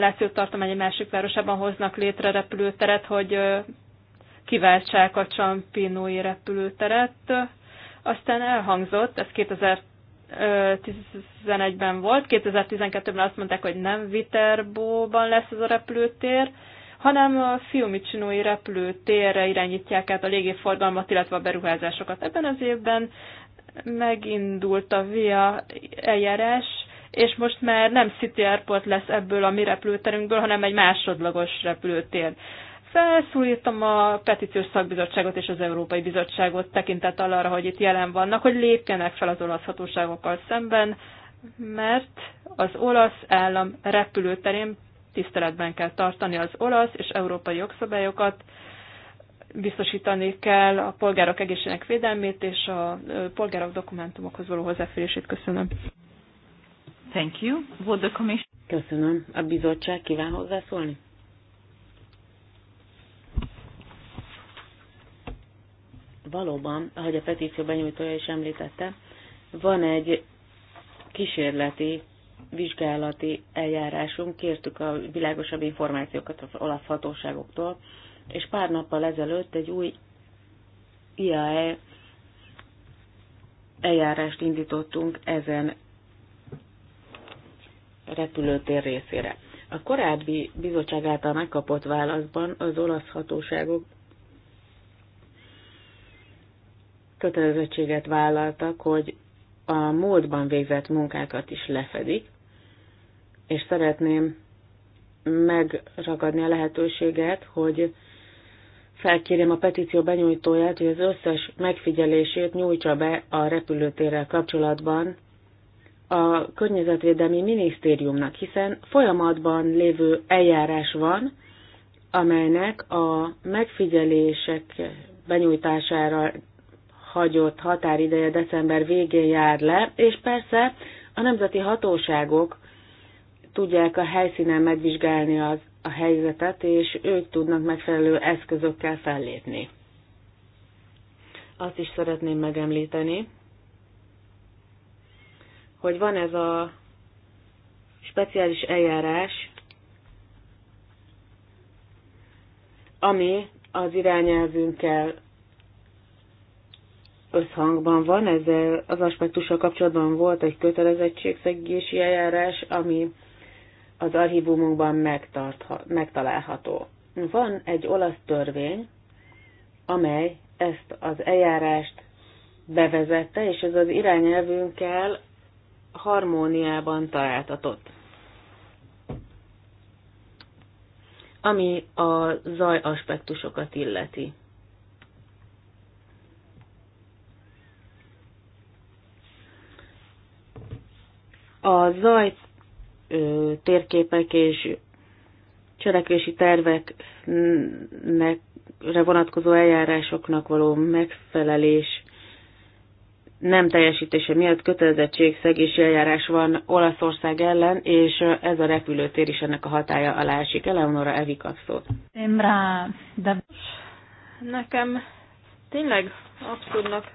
Láció tartomány egy másik városában hoznak létre repülőteret, hogy kiváltsák a Csampinói repülőteret. Aztán elhangzott, ez 2011-ben volt, 2012-ben azt mondták, hogy nem Viterbóban lesz ez a repülőtér, hanem a Fiumicinói repülőtérre irányítják át a légiforgalmat, illetve a beruházásokat. Ebben az évben megindult a VIA eljárás, és most már nem City Airport lesz ebből a mi repülőterünkből, hanem egy másodlagos repülőtér. Felszólítom a petíciós szakbizottságot és az Európai Bizottságot tekintettel arra, hogy itt jelen vannak, hogy lépjenek fel az olasz hatóságokkal szemben, mert az olasz állam repülőterén tiszteletben kell tartani az olasz és európai jogszabályokat, biztosítani kell a polgárok egészségének védelmét és a polgárok dokumentumokhoz való hozzáférését. Köszönöm. Thank you. Would the commission... Köszönöm. A bizottság kíván hozzászólni? Valóban, ahogy a petíció benyújtója is említette, van egy kísérleti vizsgálati eljárásunk, kértük a világosabb információkat az olasz hatóságoktól, és pár nappal ezelőtt egy új IAE eljárást indítottunk ezen repülőtér részére. A korábbi bizottság által megkapott válaszban az olasz hatóságok kötelezettséget vállaltak, hogy a múltban végzett munkákat is lefedik, és szeretném megragadni a lehetőséget, hogy felkérjem a petíció benyújtóját, hogy az összes megfigyelését nyújtsa be a repülőtérrel kapcsolatban a Környezetvédelmi Minisztériumnak, hiszen folyamatban lévő eljárás van, amelynek a megfigyelések benyújtására hagyott határideje december végén jár le, és persze a nemzeti hatóságok tudják a helyszínen megvizsgálni az, a helyzetet, és ők tudnak megfelelő eszközökkel fellépni. Azt is szeretném megemlíteni, hogy van ez a speciális eljárás, ami az irányelvünkkel összhangban van, ezzel az aspektussal kapcsolatban volt egy kötelezettségszegési eljárás, ami az archívumunkban megtalálható. Van egy olasz törvény, amely ezt az eljárást bevezette, és ez az irányelvünkkel harmóniában találtatott. Ami a zaj aspektusokat illeti. A zajt ö, térképek és cselekvési terveknek vonatkozó eljárásoknak való megfelelés nem teljesítése miatt kötelezettségszegési eljárás van Olaszország ellen, és ez a repülőtér is ennek a hatája alá esik. Eleonora Evi kapszót. Nekem tényleg abszurdnak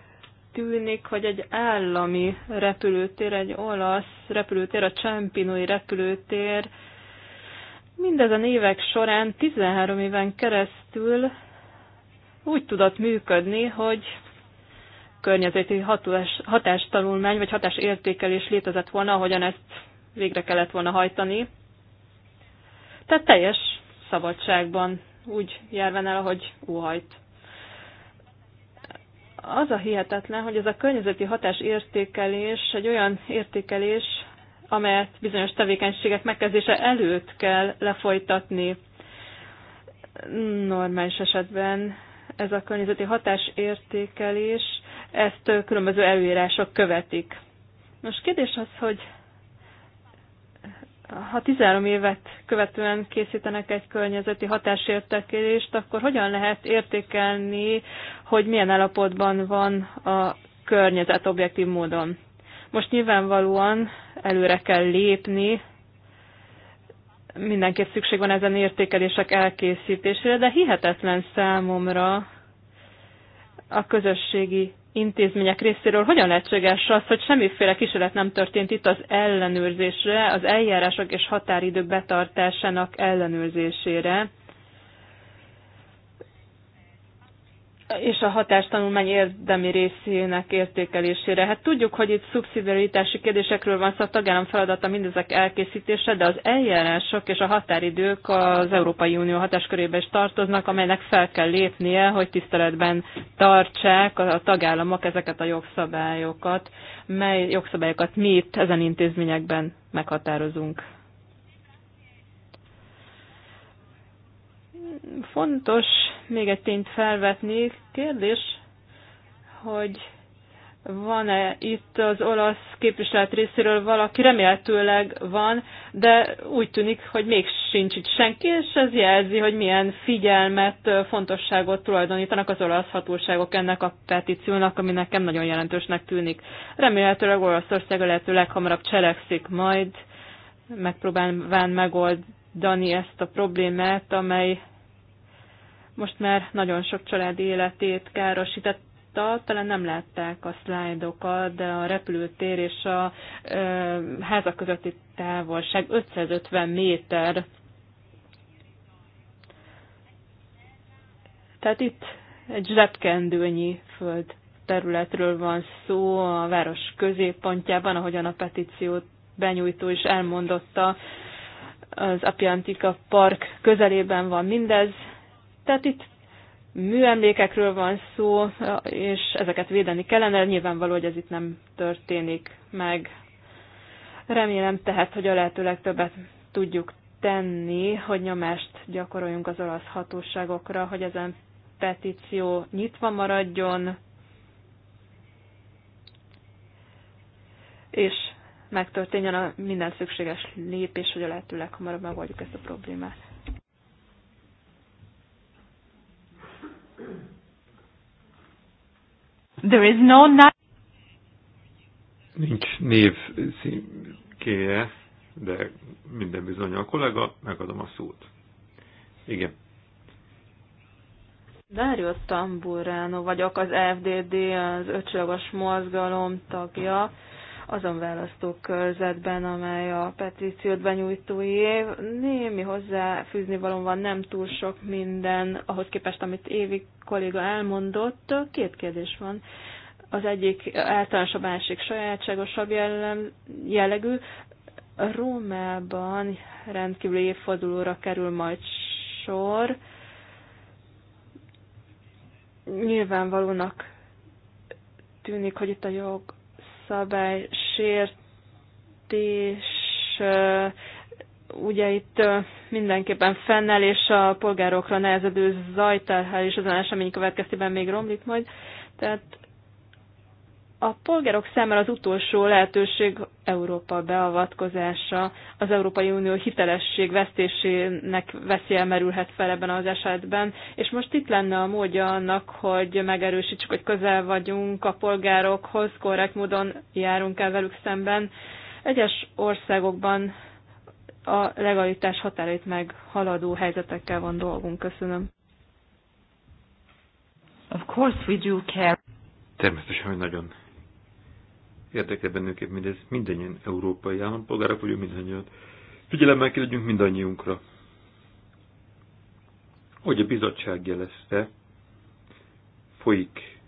tűnik, hogy egy állami repülőtér, egy olasz repülőtér, a Csempinói repülőtér mindezen évek során, 13 éven keresztül úgy tudott működni, hogy környezeti hatás, hatástanulmány vagy hatásértékelés létezett volna, ahogyan ezt végre kellett volna hajtani. Tehát teljes szabadságban úgy járven el, ahogy óhajt az a hihetetlen, hogy ez a környezeti hatás értékelés egy olyan értékelés, amelyet bizonyos tevékenységek megkezdése előtt kell lefolytatni. Normális esetben ez a környezeti hatás értékelés ezt különböző előírások követik. Most kérdés az, hogy ha 13 évet követően készítenek egy környezeti hatásértekelést, akkor hogyan lehet értékelni, hogy milyen állapotban van a környezet objektív módon? Most nyilvánvalóan előre kell lépni, mindenképp szükség van ezen értékelések elkészítésére, de hihetetlen számomra a közösségi intézmények részéről hogyan lehetséges az, hogy semmiféle kísérlet nem történt itt az ellenőrzésre, az eljárások és határidők betartásának ellenőrzésére, és a hatástanulmány érdemi részének értékelésére. Hát tudjuk, hogy itt szubszidiaritási kérdésekről van szó, a tagállam feladata mindezek elkészítése, de az eljárások és a határidők az Európai Unió hatáskörébe is tartoznak, amelynek fel kell lépnie, hogy tiszteletben tartsák a tagállamok ezeket a jogszabályokat, mely jogszabályokat mi itt ezen intézményekben meghatározunk. Fontos még egy tényt felvetni. Kérdés, hogy van-e itt az olasz képviselet részéről valaki, remélhetőleg van, de úgy tűnik, hogy még sincs itt senki, és ez jelzi, hogy milyen figyelmet, fontosságot tulajdonítanak az olasz hatóságok ennek a petíciónak, ami nekem nagyon jelentősnek tűnik. Remélhetőleg Olaszország a lehető leghamarabb cselekszik majd, megpróbálván megoldani ezt a problémát, amely most már nagyon sok családi életét károsított talán nem látták a szlájdokat, de a repülőtér és a e, házak közötti távolság 550 méter. Tehát itt egy zsebkendőnyi föld területről van szó a város középpontjában, ahogyan a petíciót benyújtó is elmondotta, az Apiantika Park közelében van mindez, tehát itt műemlékekről van szó, és ezeket védeni kellene, nyilvánvaló, hogy ez itt nem történik meg. Remélem tehát, hogy a lehető legtöbbet tudjuk tenni, hogy nyomást gyakoroljunk az olasz hatóságokra, hogy ezen petíció nyitva maradjon, és megtörténjen a minden szükséges lépés, hogy a lehető leghamarabb megoldjuk ezt a problémát. There is no Nincs név címkéje, de minden bizony a kollega, megadom a szót. Igen. Dario Tamburano vagyok, az FDD, az Öcsillagos Mozgalom tagja azon választókörzetben, amely a petíciót benyújtói. Némi hozzáfűzni valóban nem túl sok minden, ahhoz képest, amit Évi kolléga elmondott. Két kérdés van az egyik általános, a másik sajátságosabb jellem, jellegű. Rómában rendkívül évfordulóra kerül majd sor. Nyilvánvalónak tűnik, hogy itt a jog szabálysértés ugye itt mindenképpen fennel, és a polgárokra nehezedő zajterhel is az esemény következtében még romlik majd. Tehát a polgárok számára az utolsó lehetőség Európa beavatkozása, az Európai Unió hitelesség vesztésének veszélye merülhet fel ebben az esetben, és most itt lenne a módja annak, hogy megerősítsük, hogy közel vagyunk a polgárokhoz, korrekt módon járunk el velük szemben. Egyes országokban a legalitás határait meg haladó helyzetekkel van dolgunk. Köszönöm. Of course we do care. Természetesen, hogy nagyon Érdekel bennünket mindez, mindannyian európai állampolgárok vagyunk, mindannyian. Figyelemmel kell legyünk mindannyiunkra. Hogy a bizottság jelezte, folyik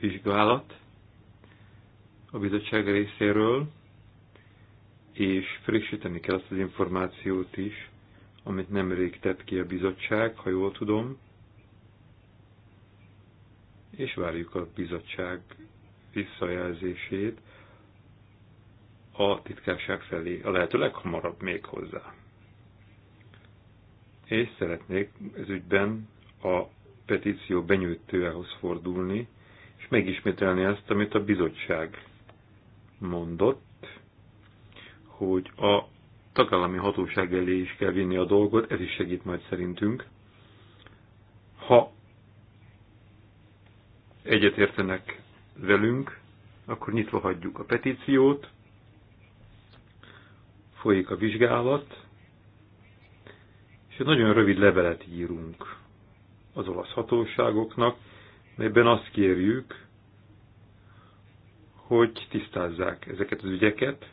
vizsgálat a bizottság részéről, és frissíteni kell azt az információt is, amit nemrég tett ki a bizottság, ha jól tudom, és várjuk a bizottság visszajelzését a titkárság felé, a lehető leghamarabb még hozzá. És szeretnék ez ügyben a petíció benyújtójához fordulni, és megismételni azt, amit a bizottság mondott, hogy a tagállami hatóság elé is kell vinni a dolgot, ez is segít majd szerintünk. Ha egyetértenek velünk, akkor nyitva hagyjuk a petíciót, folyik a vizsgálat, és egy nagyon rövid levelet írunk az olasz hatóságoknak, melyben azt kérjük, hogy tisztázzák ezeket az ügyeket.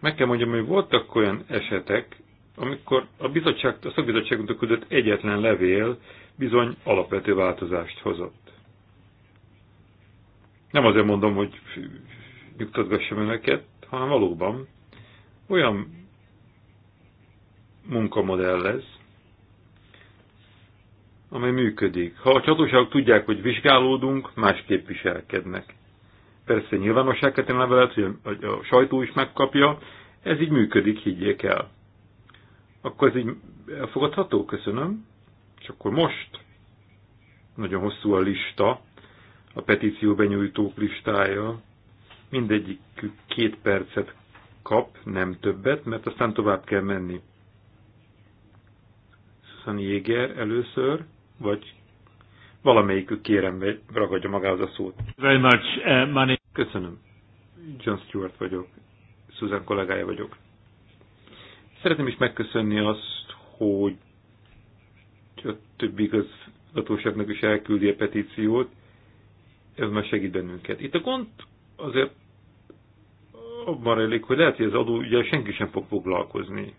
Meg kell mondjam, hogy voltak olyan esetek, amikor a, bizottság, a szakbizottságunknak küldött egyetlen levél bizony alapvető változást hozott. Nem azért mondom, hogy nyugtatgassam önöket, hanem valóban olyan munkamodell lesz, amely működik. Ha a csatóságok tudják, hogy vizsgálódunk, másképp viselkednek. Persze nyilvánosság kell tenni hogy a sajtó is megkapja, ez így működik, higgyék el. Akkor ez így elfogadható? Köszönöm. És akkor most nagyon hosszú a lista, a petíció benyújtók listája. Mindegyik két percet kap, nem többet, mert aztán tovább kell menni. Susan Jéger először, vagy valamelyikük kérem, ragadja magához a szót. Very much, uh, Köszönöm. John Stewart vagyok. Susan kollégája vagyok. Szeretném is megköszönni azt, hogy a többi igazgatóságnak is elküldi a petíciót, ez már segít bennünket. Itt a gond azért abban rejlik, hogy lehet, hogy az adó ugye senki sem fog foglalkozni.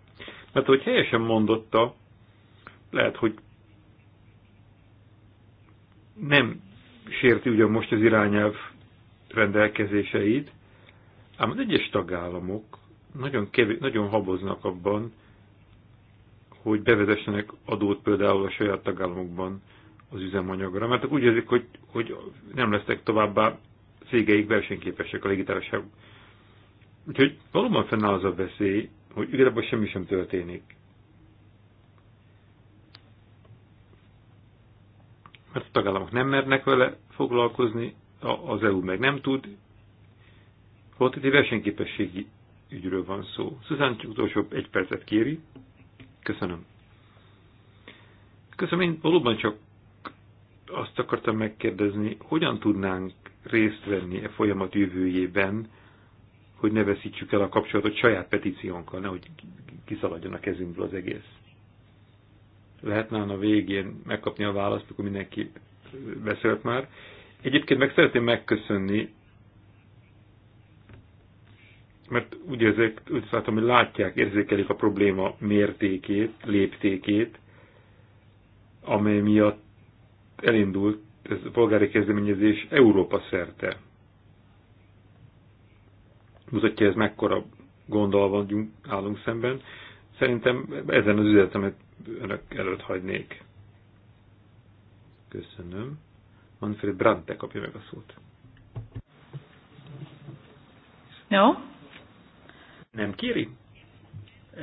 Mert hogy helyesen mondotta, lehet, hogy nem sérti ugyan most az irányelv rendelkezéseit, ám az egyes tagállamok nagyon, kevés, nagyon haboznak abban, hogy bevezessenek adót például a saját tagállamokban az üzemanyagra, mert úgy érzik, hogy, hogy nem lesznek továbbá cégeik versenyképesek a légitársaság. Úgyhogy valóban fennáll az a veszély, hogy igazából semmi sem történik. Mert a tagállamok nem mernek vele foglalkozni, az EU meg nem tud. Volt itt egy versenyképességi ügyről van szó. Szuzán csak utolsó egy percet kéri. Köszönöm. Köszönöm, én valóban csak azt akartam megkérdezni, hogyan tudnánk részt venni e folyamat jövőjében, hogy ne veszítsük el a kapcsolatot saját petíciónkkal, nehogy kiszaladjon a kezünkből az egész. Lehetne a végén megkapni a választ, akkor mindenki beszélt már. Egyébként meg szeretném megköszönni mert úgy, érzek, úgy látom, hogy látják, érzékelik a probléma mértékét, léptékét, amely miatt elindult ez a polgári kezdeményezés Európa szerte. Mutatja ez mekkora gondol vagyunk, állunk szemben. Szerintem ezen az üzenetemet önök előtt hagynék. Köszönöm. Manfred Brandt kapja meg a szót. No? Nem kéri?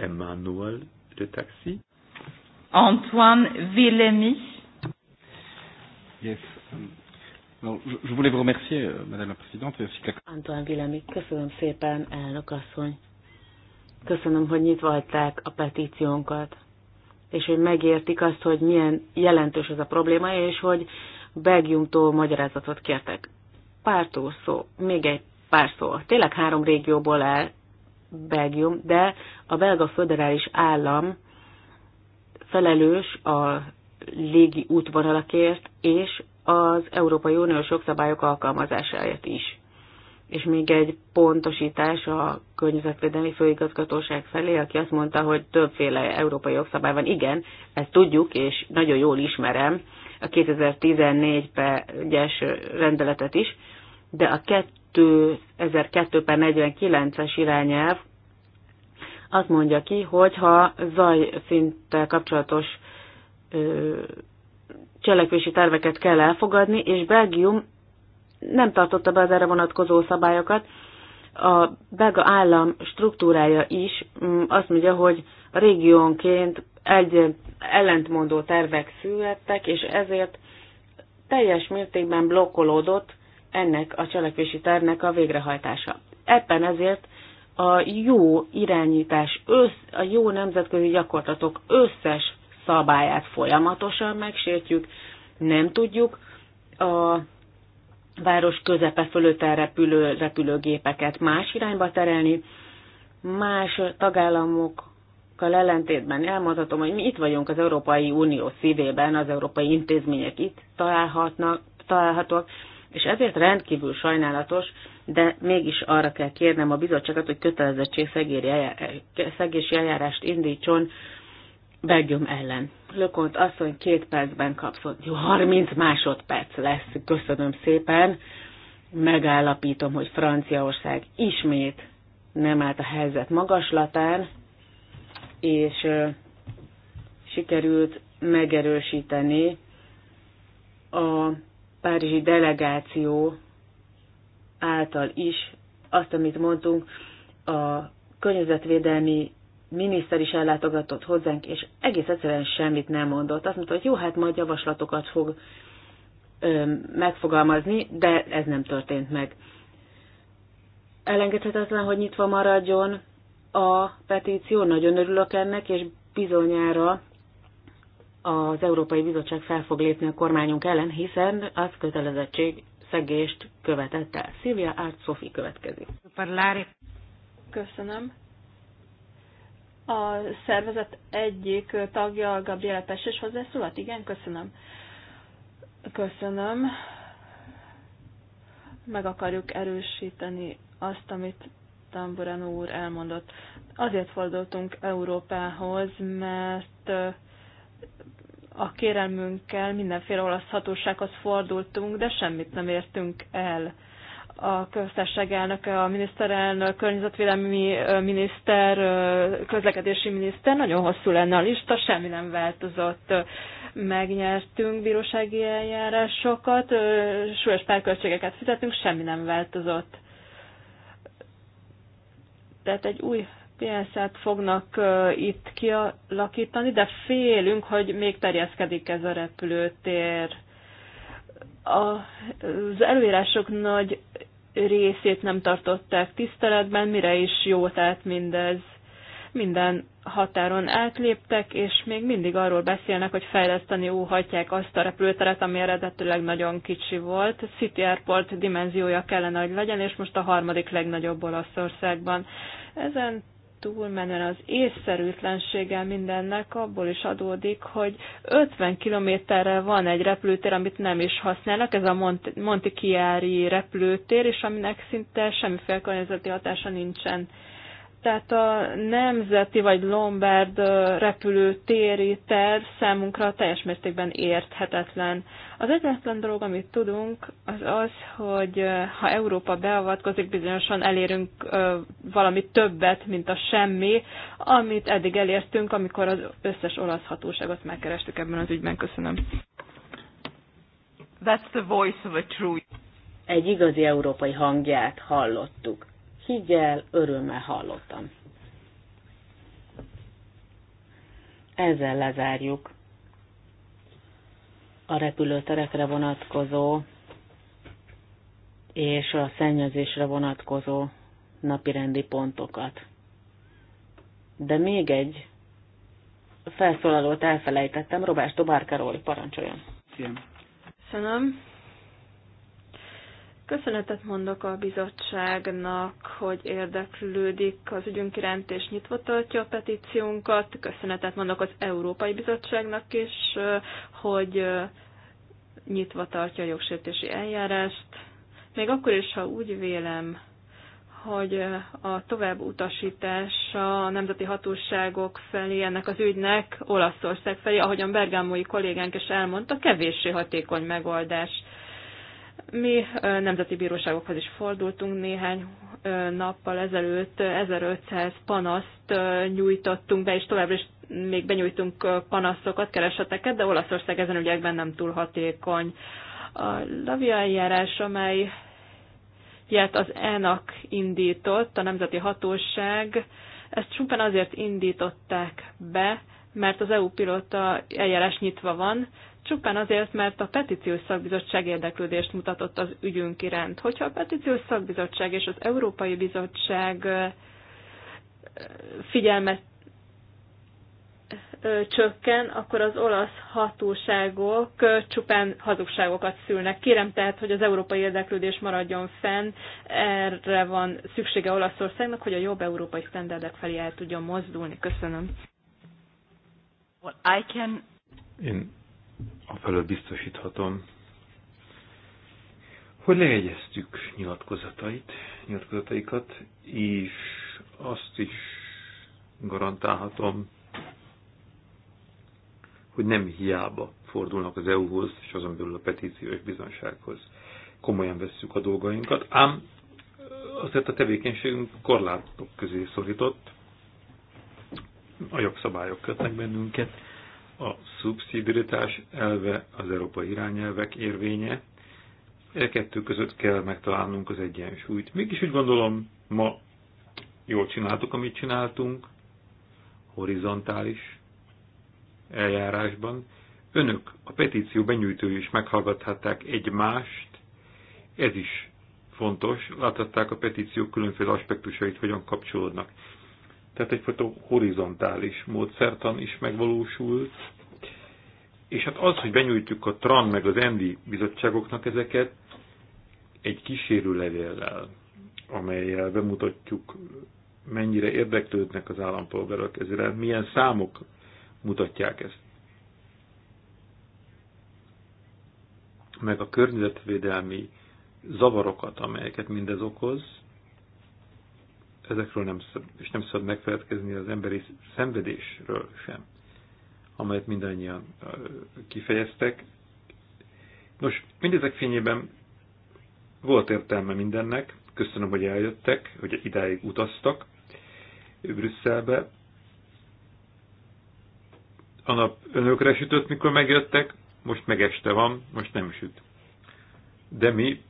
Emmanuel de Taxi. Antoine Villemi. Yes. No, um, je je voulais vous remercier, euh, Madame la Présidente. et aussi Antoine Villemi, köszönöm szépen, elnök asszony. Köszönöm, hogy nyitva hagyták a petíciónkat, és hogy megértik azt, hogy milyen jelentős ez a probléma, és hogy Belgiumtól magyarázatot kértek. Pár túl szó, még egy pár szó. Tényleg három régióból áll Belgium, de a belga föderális állam felelős a légi útvonalakért és az Európai Uniós jogszabályok alkalmazásáért is. És még egy pontosítás a Környezetvédelmi Főigazgatóság felé, aki azt mondta, hogy többféle európai jogszabály van. Igen, ezt tudjuk, és nagyon jól ismerem a 2014-es rendeletet is, de a 2002 ben 49-es irányelv azt mondja ki, hogy ha zaj szinttel kapcsolatos ö, cselekvési terveket kell elfogadni, és Belgium nem tartotta be az erre vonatkozó szabályokat, a belga állam struktúrája is mm, azt mondja, hogy a régiónként egy ellentmondó tervek születtek, és ezért teljes mértékben blokkolódott ennek a cselekvési tervnek a végrehajtása. Ebben ezért a jó irányítás, össz, a jó nemzetközi gyakorlatok összes szabályát folyamatosan megsértjük, nem tudjuk a város közepe fölött elrepülő repülőgépeket más irányba terelni, más tagállamokkal ellentétben elmondhatom, hogy mi itt vagyunk az Európai Unió szívében, az európai intézmények itt találhatnak, találhatóak, és ezért rendkívül sajnálatos, de mégis arra kell kérnem a bizottságot, hogy kötelezettség szegési eljárást indítson Belgium ellen. Lökont asszony két percben kapszott. Jó, 30 másodperc lesz, köszönöm szépen. Megállapítom, hogy Franciaország ismét nem állt a helyzet magaslatán, és sikerült megerősíteni a párizsi delegáció által is azt, amit mondtunk, a környezetvédelmi miniszter is ellátogatott hozzánk, és egész egyszerűen semmit nem mondott. Azt mondta, hogy jó, hát majd javaslatokat fog ö, megfogalmazni, de ez nem történt meg. Elengedhetetlen, hogy nyitva maradjon a petíció, nagyon örülök ennek, és bizonyára az Európai Bizottság fel fog lépni a kormányunk ellen, hiszen az kötelezettség szegést követett el. Szilvia Árt Szofi következik. Köszönöm. A szervezet egyik tagja, Gabriela Pesses hozzászólat. Igen, köszönöm. Köszönöm. Meg akarjuk erősíteni azt, amit Tamburano úr elmondott. Azért fordultunk Európához, mert a kérelmünkkel mindenféle olasz hatósághoz fordultunk, de semmit nem értünk el a köztársaság elnöke, a miniszterelnök, környezetvédelmi miniszter, közlekedési miniszter, nagyon hosszú lenne a lista, semmi nem változott. Megnyertünk bírósági eljárásokat, súlyos párköltségeket fizetünk, semmi nem változott. Tehát egy új FPS-et fognak itt kialakítani, de félünk, hogy még terjeszkedik ez a repülőtér. Az előírások nagy részét nem tartották tiszteletben, mire is jó tehát mindez. Minden határon átléptek, és még mindig arról beszélnek, hogy fejleszteni óhatják azt a repülőteret, ami eredetileg nagyon kicsi volt. City Airport dimenziója kellene, hogy legyen, és most a harmadik legnagyobb Olaszországban. Ezen túlmenően az észszerűtlenséggel mindennek abból is adódik, hogy 50 kilométerre van egy repülőtér, amit nem is használnak, ez a Mont Montichiari repülőtér, és aminek szinte semmiféle környezeti hatása nincsen. Tehát a nemzeti vagy Lombard repülőtéri terv számunkra teljes mértékben érthetetlen. Az egyetlen dolog, amit tudunk, az az, hogy ha Európa beavatkozik, bizonyosan elérünk valami többet, mint a semmi, amit eddig elértünk, amikor az összes olasz hatóságot megkerestük ebben az ügyben. Köszönöm. That's the voice of a true... Egy igazi európai hangját hallottuk higgyel, örömmel hallottam. Ezzel lezárjuk a repülőterekre vonatkozó és a szennyezésre vonatkozó napirendi pontokat. De még egy felszólalót elfelejtettem, Robás Dobárkáról parancsoljon. Köszönöm. Köszönetet mondok a bizottságnak, hogy érdeklődik az ügyünk iránt és nyitva tartja a petíciónkat. Köszönetet mondok az Európai Bizottságnak is, hogy nyitva tartja a jogsértési eljárást. Még akkor is, ha úgy vélem, hogy a tovább utasítása a nemzeti hatóságok felé ennek az ügynek Olaszország felé, ahogyan Bergámói kollégánk is elmondta, kevéssé hatékony megoldás. Mi nemzeti bíróságokhoz is fordultunk néhány nappal ezelőtt, 1500 panaszt nyújtottunk be, és továbbra is még benyújtunk panaszokat, kereseteket, de Olaszország ezen ügyekben nem túl hatékony. A lavia eljárás, amely ilyet az ENAK indított, a Nemzeti Hatóság, ezt csupán azért indították be, mert az EU pilóta eljárás nyitva van, csupán azért, mert a petíciós szakbizottság érdeklődést mutatott az ügyünk iránt. Hogyha a petíciós szakbizottság és az Európai Bizottság figyelmet csökken, akkor az olasz hatóságok csupán hazugságokat szülnek. Kérem tehát, hogy az európai érdeklődés maradjon fenn, erre van szüksége Olaszországnak, hogy a jobb európai sztenderdek felé el tudjon mozdulni. Köszönöm. Well, I can... Én a felől biztosíthatom, hogy lejegyeztük nyilatkozatait, nyilatkozataikat, és azt is garantálhatom, hogy nem hiába fordulnak az EU-hoz, és azon belül a petíciós bizonsághoz. Komolyan vesszük a dolgainkat, ám azért a tevékenységünk korlátok közé szorított, a jogszabályok kötnek bennünket, a szubszidiritás elve az európai irányelvek érvénye. E kettő között kell megtalálnunk az egyensúlyt. Mégis úgy gondolom, ma jól csináltuk, amit csináltunk, horizontális eljárásban. Önök, a petíció benyújtői is meghallgathatták egymást, ez is fontos, láthatták a petíciók különféle aspektusait, hogyan kapcsolódnak tehát egyfajta horizontális módszertan is megvalósult. És hát az, hogy benyújtjuk a TRAN meg az ENDI bizottságoknak ezeket, egy kísérő levéllel, amelyel bemutatjuk, mennyire érdeklődnek az állampolgárok ezre, milyen számok mutatják ezt. Meg a környezetvédelmi zavarokat, amelyeket mindez okoz, ezekről nem szab, és nem szabad megfeledkezni az emberi szenvedésről sem, amelyet mindannyian kifejeztek. Nos, mindezek fényében volt értelme mindennek, köszönöm, hogy eljöttek, hogy idáig utaztak Brüsszelbe. A nap önökre sütött, mikor megjöttek, most meg este van, most nem süt. De mi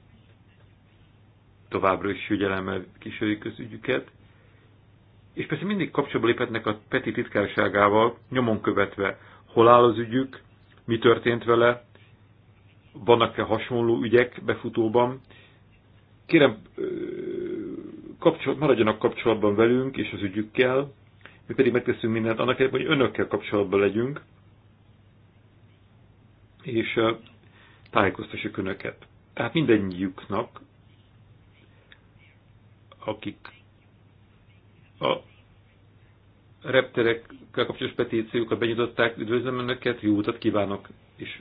továbbra is figyelemmel kísérjük ügyüket, és persze mindig kapcsolatba léphetnek a Peti titkárságával, nyomon követve, hol áll az ügyük, mi történt vele, vannak-e hasonló ügyek befutóban. Kérem, kapcsolat, maradjanak kapcsolatban velünk és az ügyükkel, mi pedig megteszünk mindent annak érdekében, hogy önökkel kapcsolatban legyünk, és tájékoztassuk önöket. Tehát mindennyiuknak akik a repterekkel kapcsolatos petíciókat benyújtották, üdvözlöm Önöket, jó utat kívánok, és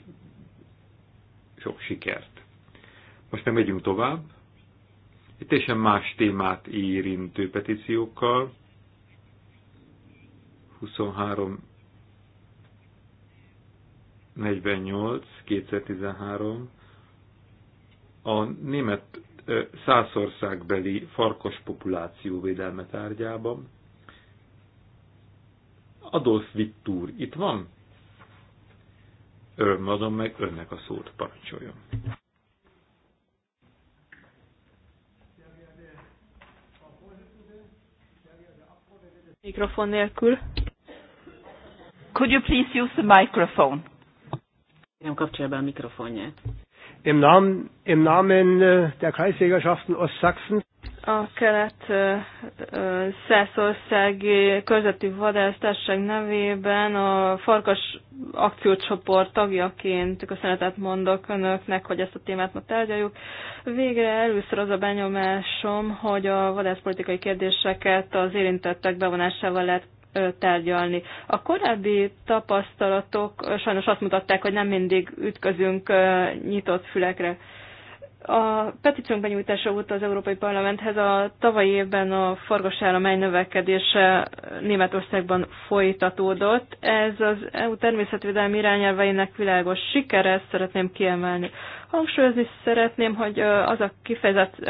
sok sikert. Most meg megyünk tovább. Egy teljesen más témát érintő petíciókkal. 23 48 2013 a német százországbeli farkas populáció védelme tárgyában. Adolf Wittur itt van? Öröm adom meg önnek a szót, parancsoljon. Mikrofon nélkül. Could you please use the microphone? Nem kapcsolja be a mikrofonját. Im Namen, im Namen äh, der Kreisjägerschaften Ostsachsen. A kelet-szászországi äh, äh, körzeti vadásztárság nevében a farkas akciócsoport tagjaként köszönetet mondok önöknek, hogy ezt a témát ma tárgyaljuk. Végre először az a benyomásom, hogy a vadászpolitikai kérdéseket az érintettek bevonásával lehet tárgyalni. A korábbi tapasztalatok sajnos azt mutatták, hogy nem mindig ütközünk nyitott fülekre. A petíciónk benyújtása óta az Európai Parlamenthez a tavalyi évben a fargasállomány növekedése Németországban folytatódott. Ez az EU természetvédelmi irányelveinek világos sikere, ezt szeretném kiemelni. Hangsúlyozni szeretném, hogy az a kifejezett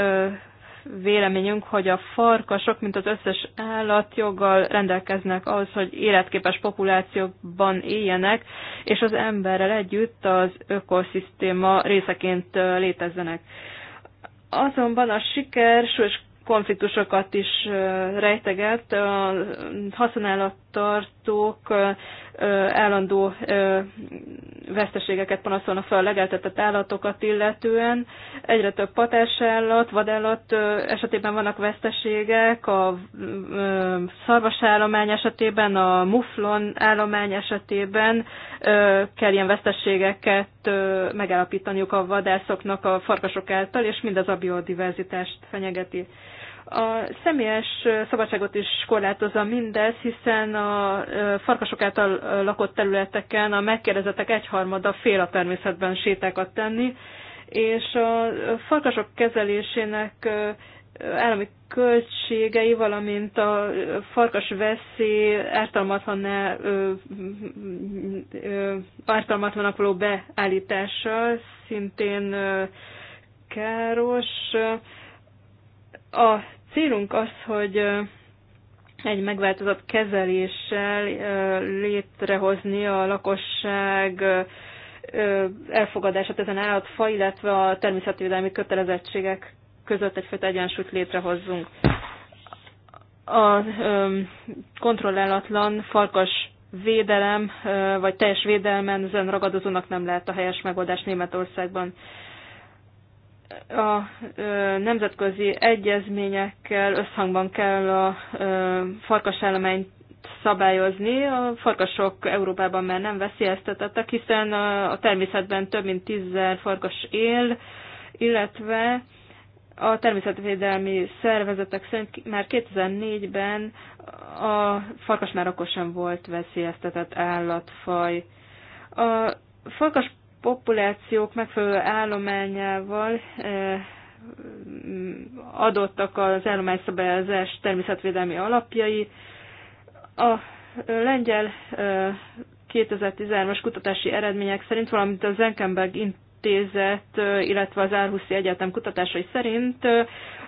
véleményünk, hogy a farkasok, mint az összes állat joggal rendelkeznek ahhoz, hogy életképes populációkban éljenek, és az emberrel együtt az ökoszisztéma részeként létezzenek. Azonban a siker súlyos konfliktusokat is rejteget, a haszonállattartó fogyasztók állandó veszteségeket panaszolnak fel a legeltetett állatokat illetően. Egyre több patásállat, vadállat esetében vannak veszteségek, a szarvas állomány esetében, a muflon állomány esetében kell ilyen veszteségeket megállapítaniuk a vadászoknak a farkasok által, és mindez a biodiverzitást fenyegeti. A személyes szabadságot is korlátozza mindez, hiszen a farkasok által lakott területeken a megkérdezettek egyharmada fél a természetben sétákat tenni, és a farkasok kezelésének állami költségei, valamint a farkas veszély ártalmatlanak való beállítása szintén káros. A célunk az, hogy egy megváltozott kezeléssel létrehozni a lakosság elfogadását ezen állatfa, illetve a természetvédelmi kötelezettségek között egyfajta egyensúlyt létrehozzunk. A kontrollálatlan farkas védelem, vagy teljes védelmen ezen ragadozónak nem lehet a helyes megoldás Németországban a nemzetközi egyezményekkel összhangban kell a farkasállományt szabályozni. A farkasok Európában már nem veszélyeztetettek, hiszen a természetben több mint tízzer farkas él, illetve a természetvédelmi szervezetek szerint már 2004-ben a farkas már akkor sem volt veszélyeztetett állatfaj. A farkas populációk megfelelő állományával eh, adottak az állományszabályozás természetvédelmi alapjai. A lengyel 2013-as eh, kutatási eredmények szerint, valamint a Zenkenberg intézet, eh, illetve az Árhuszi Egyetem kutatásai szerint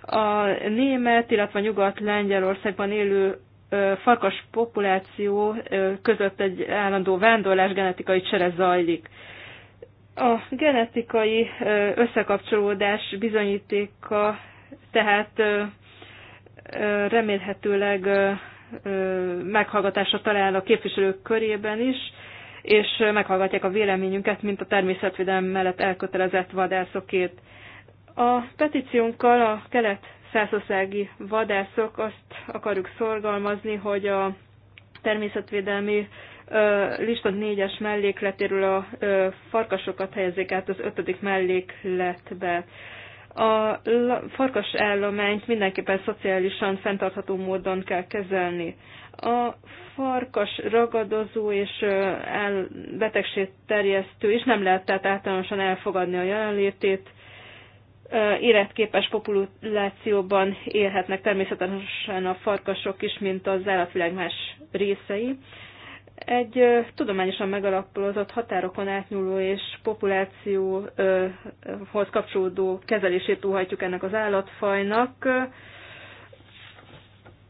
a német, illetve a nyugat-lengyelországban élő farkas populáció között egy állandó vándorlás genetikai csere zajlik. A genetikai összekapcsolódás bizonyítéka tehát remélhetőleg meghallgatásra talál a képviselők körében is, és meghallgatják a véleményünket, mint a természetvédelem mellett elkötelezett vadászokét. A petíciónkkal a kelet szászországi vadászok azt akarjuk szorgalmazni, hogy a természetvédelmi Listad négyes mellékletéről a farkasokat helyezik át az ötödik mellékletbe. A farkas állományt mindenképpen szociálisan fenntartható módon kell kezelni. A farkas ragadozó és betegség terjesztő is nem lehet tehát általánosan elfogadni a jelenlétét. Életképes populációban élhetnek természetesen a farkasok is, mint az állatvilág más részei egy tudományosan megalapozott határokon átnyúló és populációhoz kapcsolódó kezelését óhajtjuk ennek az állatfajnak.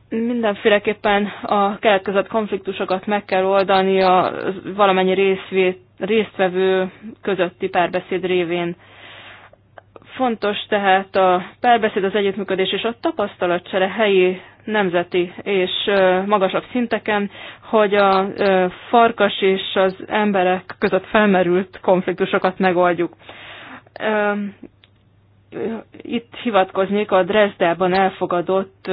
Mindenféleképpen a keletkezett konfliktusokat meg kell oldani a valamennyi részvét, résztvevő közötti párbeszéd révén. Fontos tehát a párbeszéd, az együttműködés és a tapasztalatcsere helyi nemzeti és magasabb szinteken, hogy a farkas és az emberek között felmerült konfliktusokat megoldjuk. Itt hivatkoznék a Dresdában elfogadott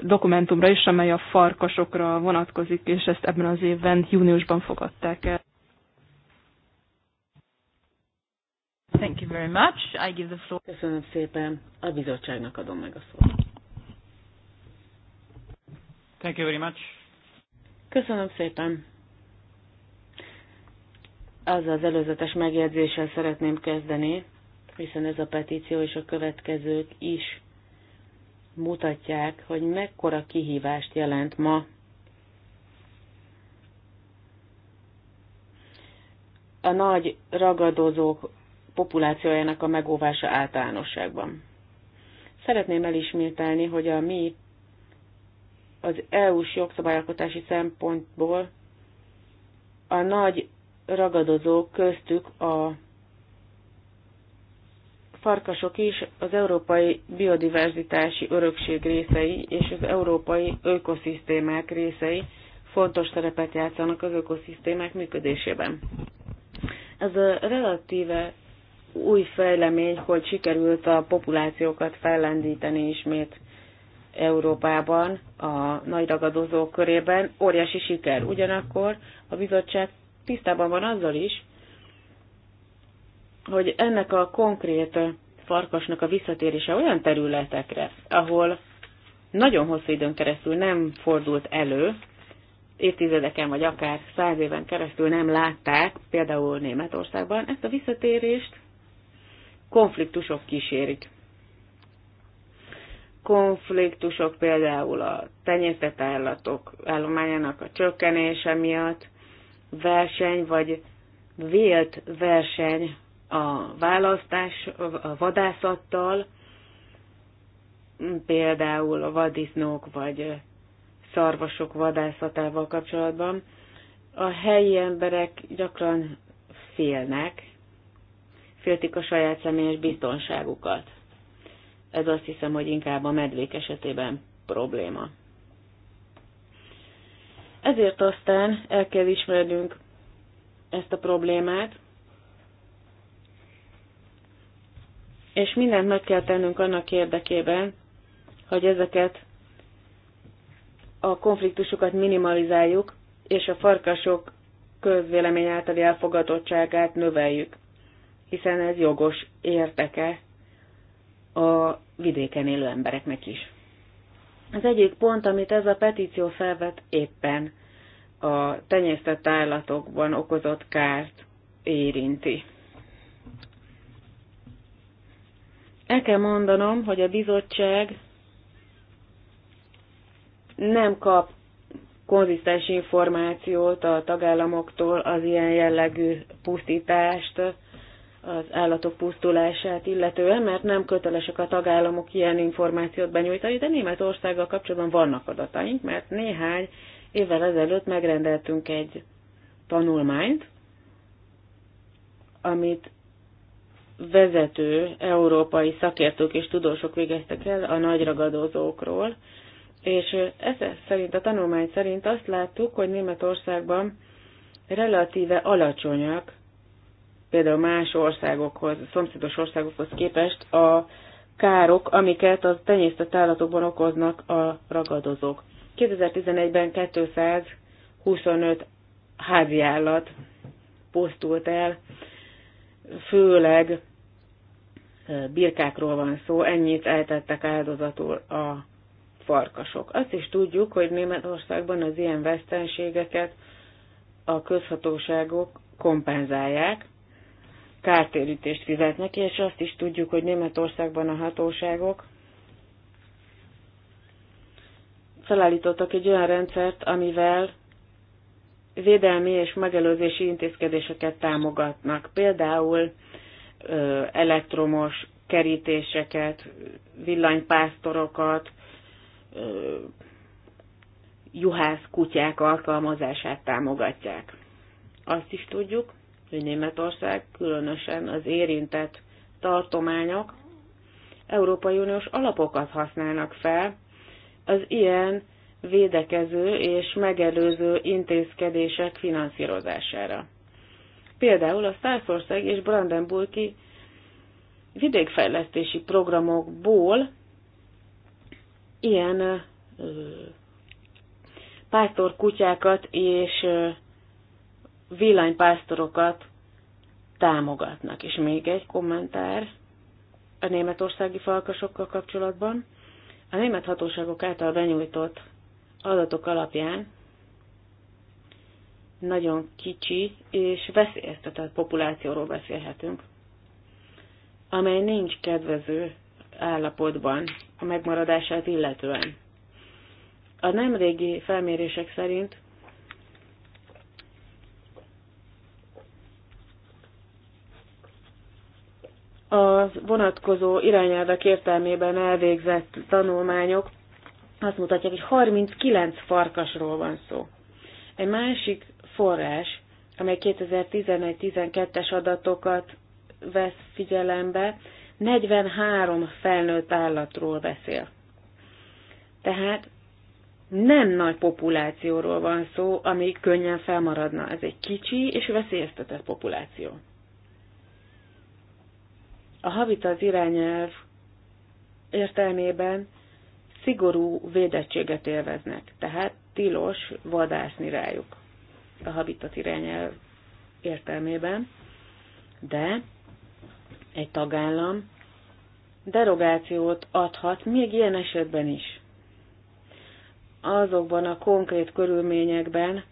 dokumentumra is, amely a farkasokra vonatkozik, és ezt ebben az évben, júniusban fogadták el. Thank you very much. I give the floor. Köszönöm szépen. A bizottságnak adom meg a szót. Thank you very much. Köszönöm szépen. Az az előzetes megjegyzéssel szeretném kezdeni, hiszen ez a petíció és a következők is mutatják, hogy mekkora kihívást jelent ma a nagy ragadozók populációjának a megóvása általánosságban. Szeretném elismételni, hogy a mi az EU-s jogszabályalkotási szempontból a nagy ragadozók köztük a farkasok is az európai biodiverzitási örökség részei és az európai ökoszisztémák részei fontos szerepet játszanak az ökoszisztémák működésében. Ez a relatíve új fejlemény, hogy sikerült a populációkat fellendíteni ismét. Európában, a nagy ragadozók körében óriási siker. Ugyanakkor a bizottság tisztában van azzal is, hogy ennek a konkrét farkasnak a visszatérése olyan területekre, ahol nagyon hosszú időn keresztül nem fordult elő, évtizedeken vagy akár száz éven keresztül nem látták, például Németországban, ezt a visszatérést konfliktusok kísérik konfliktusok például a tenyésztett állatok állományának a csökkenése miatt, verseny vagy vélt verseny a választás a vadászattal, például a vadisznók vagy szarvasok vadászatával kapcsolatban, a helyi emberek gyakran félnek, féltik a saját személyes biztonságukat. Ez azt hiszem, hogy inkább a medvék esetében probléma. Ezért aztán el kell ismernünk ezt a problémát, és mindent meg kell tennünk annak érdekében, hogy ezeket a konfliktusokat minimalizáljuk, és a farkasok közvélemény általi elfogadottságát növeljük, hiszen ez jogos érteke a vidéken élő embereknek is. Az egyik pont, amit ez a petíció felvet, éppen a tenyésztett állatokban okozott kárt érinti. El kell mondanom, hogy a bizottság nem kap konzisztens információt a tagállamoktól az ilyen jellegű pusztítást az állatok pusztulását illetően, mert nem kötelesek a tagállamok ilyen információt benyújtani, de Németországgal kapcsolatban vannak adataink, mert néhány évvel ezelőtt megrendeltünk egy tanulmányt, amit vezető európai szakértők és tudósok végeztek el a nagy ragadozókról, és ez szerint, a tanulmány szerint azt láttuk, hogy Németországban relatíve alacsonyak például más országokhoz, szomszédos országokhoz képest a károk, amiket a tenyésztett állatokban okoznak a ragadozók. 2011-ben 225 háziállat pusztult el, főleg birkákról van szó, ennyit eltettek áldozatul a farkasok. Azt is tudjuk, hogy Németországban az ilyen vesztenségeket a közhatóságok kompenzálják, kártérítést fizetnek, és azt is tudjuk, hogy Németországban a hatóságok felállítottak egy olyan rendszert, amivel védelmi és megelőzési intézkedéseket támogatnak. Például elektromos kerítéseket, villanypásztorokat, juhász kutyák alkalmazását támogatják. Azt is tudjuk, hogy Németország, különösen az érintett tartományok Európai Uniós alapokat használnak fel az ilyen védekező és megelőző intézkedések finanszírozására. Például a Szászország és Brandenburgi vidékfejlesztési programokból ilyen pásztorkutyákat és villanypásztorokat támogatnak. És még egy kommentár a németországi falkasokkal kapcsolatban. A német hatóságok által benyújtott adatok alapján nagyon kicsi és veszélyeztetett populációról beszélhetünk, amely nincs kedvező állapotban a megmaradását illetően. A nemrégi felmérések szerint a vonatkozó irányelvek értelmében elvégzett tanulmányok azt mutatják, hogy 39 farkasról van szó. Egy másik forrás, amely 2011-12-es adatokat vesz figyelembe, 43 felnőtt állatról beszél. Tehát nem nagy populációról van szó, ami könnyen felmaradna. Ez egy kicsi és veszélyeztetett populáció. A az irányelv értelmében szigorú védettséget élveznek, tehát tilos vadászni rájuk a habitat irányelv értelmében, de egy tagállam derogációt adhat még ilyen esetben is. Azokban a konkrét körülményekben,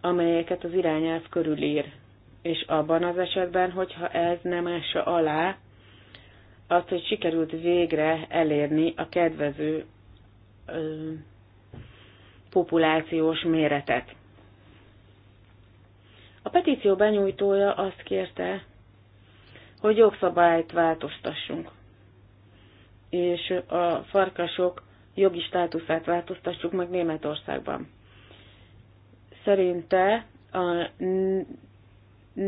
amelyeket az irányelv körülír és abban az esetben, hogyha ez nem esse alá azt, hogy sikerült végre elérni a kedvező ö, populációs méretet. A petíció benyújtója azt kérte, hogy jogszabályt változtassunk, és a farkasok jogi státuszát változtassuk meg Németországban. Szerinte a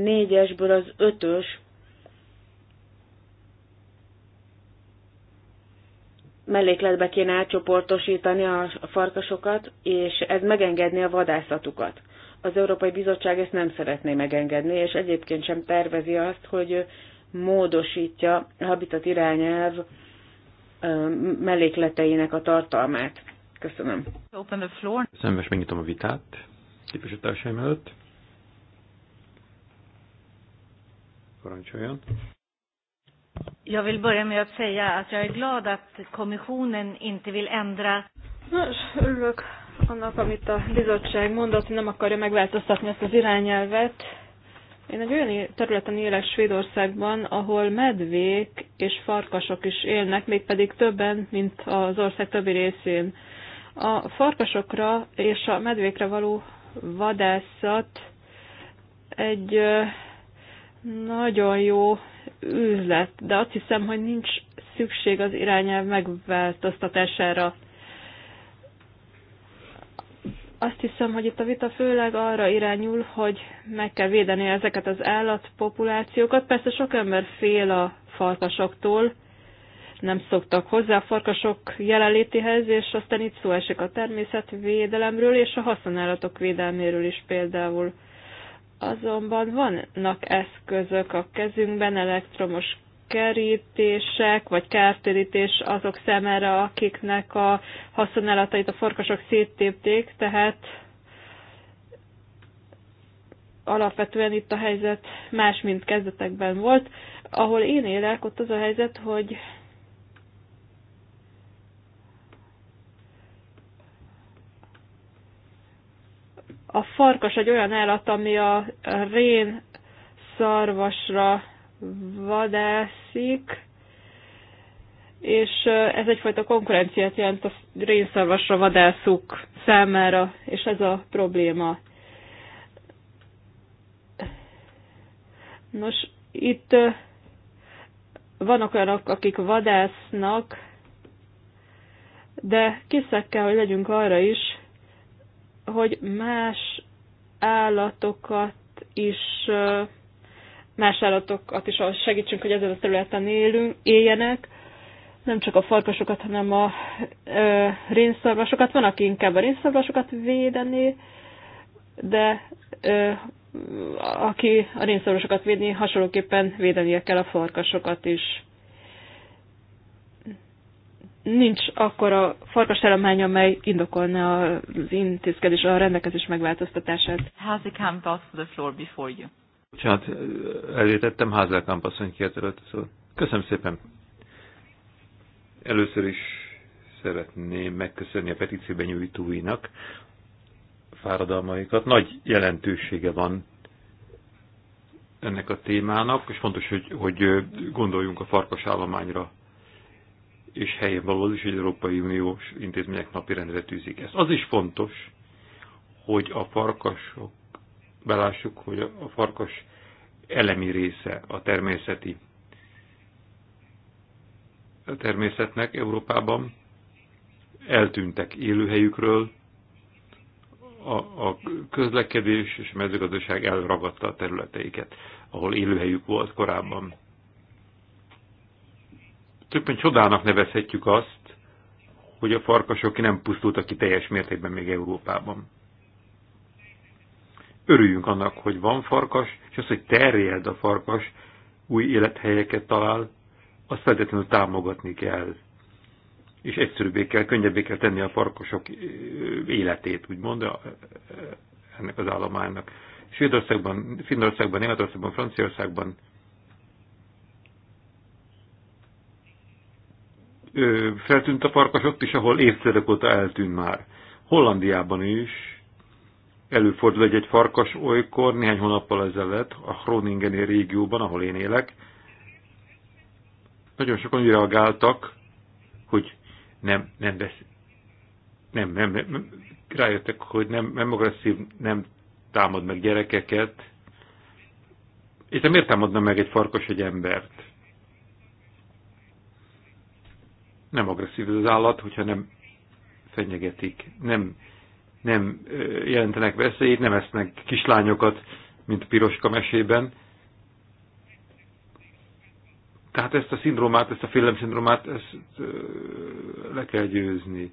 négyesből az ötös mellékletbe kéne átcsoportosítani a farkasokat, és ez megengedni a vadászatukat. Az Európai Bizottság ezt nem szeretné megengedni, és egyébként sem tervezi azt, hogy módosítja a habitat irányelv mellékleteinek a tartalmát. Köszönöm. Open megnyitom a vitát képviselőtársaim előtt. Parancsoljon. Jag vill börja med att säga att jag är glad att kommissionen inte vill ändra... Nos, örülök annak, amit a bizottság mondott, hogy nem akarja megváltoztatni ezt az irányelvet. Én egy olyan területen élek Svédországban, ahol medvék és farkasok is élnek, mégpedig többen, mint az ország többi részén. A farkasokra és a medvékre való vadászat egy nagyon jó üzlet, de azt hiszem, hogy nincs szükség az irányelv megváltoztatására. Azt hiszem, hogy itt a vita főleg arra irányul, hogy meg kell védeni ezeket az állatpopulációkat. Persze sok ember fél a farkasoktól, nem szoktak hozzá a farkasok jelenlétihez, és aztán itt szó esik a természetvédelemről és a haszonállatok védelméről is például. Azonban vannak eszközök a kezünkben, elektromos kerítések, vagy kártérítés azok szemére, akiknek a haszonállatait a farkasok széttépték, tehát alapvetően itt a helyzet más, mint kezdetekben volt. Ahol én élek, ott az a helyzet, hogy A farkas egy olyan állat, ami a rén szarvasra vadászik, és ez egyfajta konkurenciát jelent a rénszarvasra vadászuk számára, és ez a probléma. Nos, itt vannak olyanok, akik vadásznak, de készek kell, hogy legyünk arra is, hogy más állatokat is más állatokat is ahhoz segítsünk, hogy ezen a területen élünk, éljenek, nem csak a farkasokat, hanem a ö, rénszarvasokat. Van, aki inkább a rénszarvasokat védené, de ö, aki a rénszarvasokat védni, hasonlóképpen védenie kell a farkasokat is nincs akkor farkas farkasállomány, amely indokolna az intézkedés, a rendelkezés megváltoztatását. Házi Kampasz, the floor before you. Bocsánat, elértettem Házi Kampasz, hogy kérdezett a szót. Köszönöm szépen. Először is szeretném megköszönni a petícióben nyújtóinak fáradalmaikat. Nagy jelentősége van ennek a témának, és fontos, hogy, hogy gondoljunk a farkas állományra és helyén való az is, hogy Európai Uniós intézmények napirendre tűzik ezt. Az is fontos, hogy a farkasok, belássuk, hogy a farkas elemi része a természeti a természetnek Európában, eltűntek élőhelyükről, a, a közlekedés és a mezőgazdaság elragadta a területeiket, ahol élőhelyük volt korábban több csodának nevezhetjük azt, hogy a farkasok nem pusztultak ki teljes mértékben még Európában. Örüljünk annak, hogy van farkas, és az, hogy terjed a farkas, új élethelyeket talál, azt feltétlenül támogatni kell. És egyszerűbbé kell, könnyebbé kell tenni a farkasok életét, úgymond, ennek az állománynak. Svédországban, Finnországban, Németországban, Franciaországban ö, feltűnt a farkas ott is, ahol évtizedek óta eltűnt már. Hollandiában is előfordul egy-egy farkas olykor, néhány hónappal ezelőtt, a Groningeni régióban, ahol én élek. Nagyon sokan úgy reagáltak, hogy nem, nem beszél. Nem, nem, nem, rájöttek, hogy nem, nem agresszív, nem támad meg gyerekeket. És miért támadna meg egy farkas egy embert? nem agresszív az állat, hogyha nem fenyegetik, nem, nem jelentenek veszélyt, nem esznek kislányokat, mint piroska mesében. Tehát ezt a szindrómát, ezt a félelem ezt le kell győzni.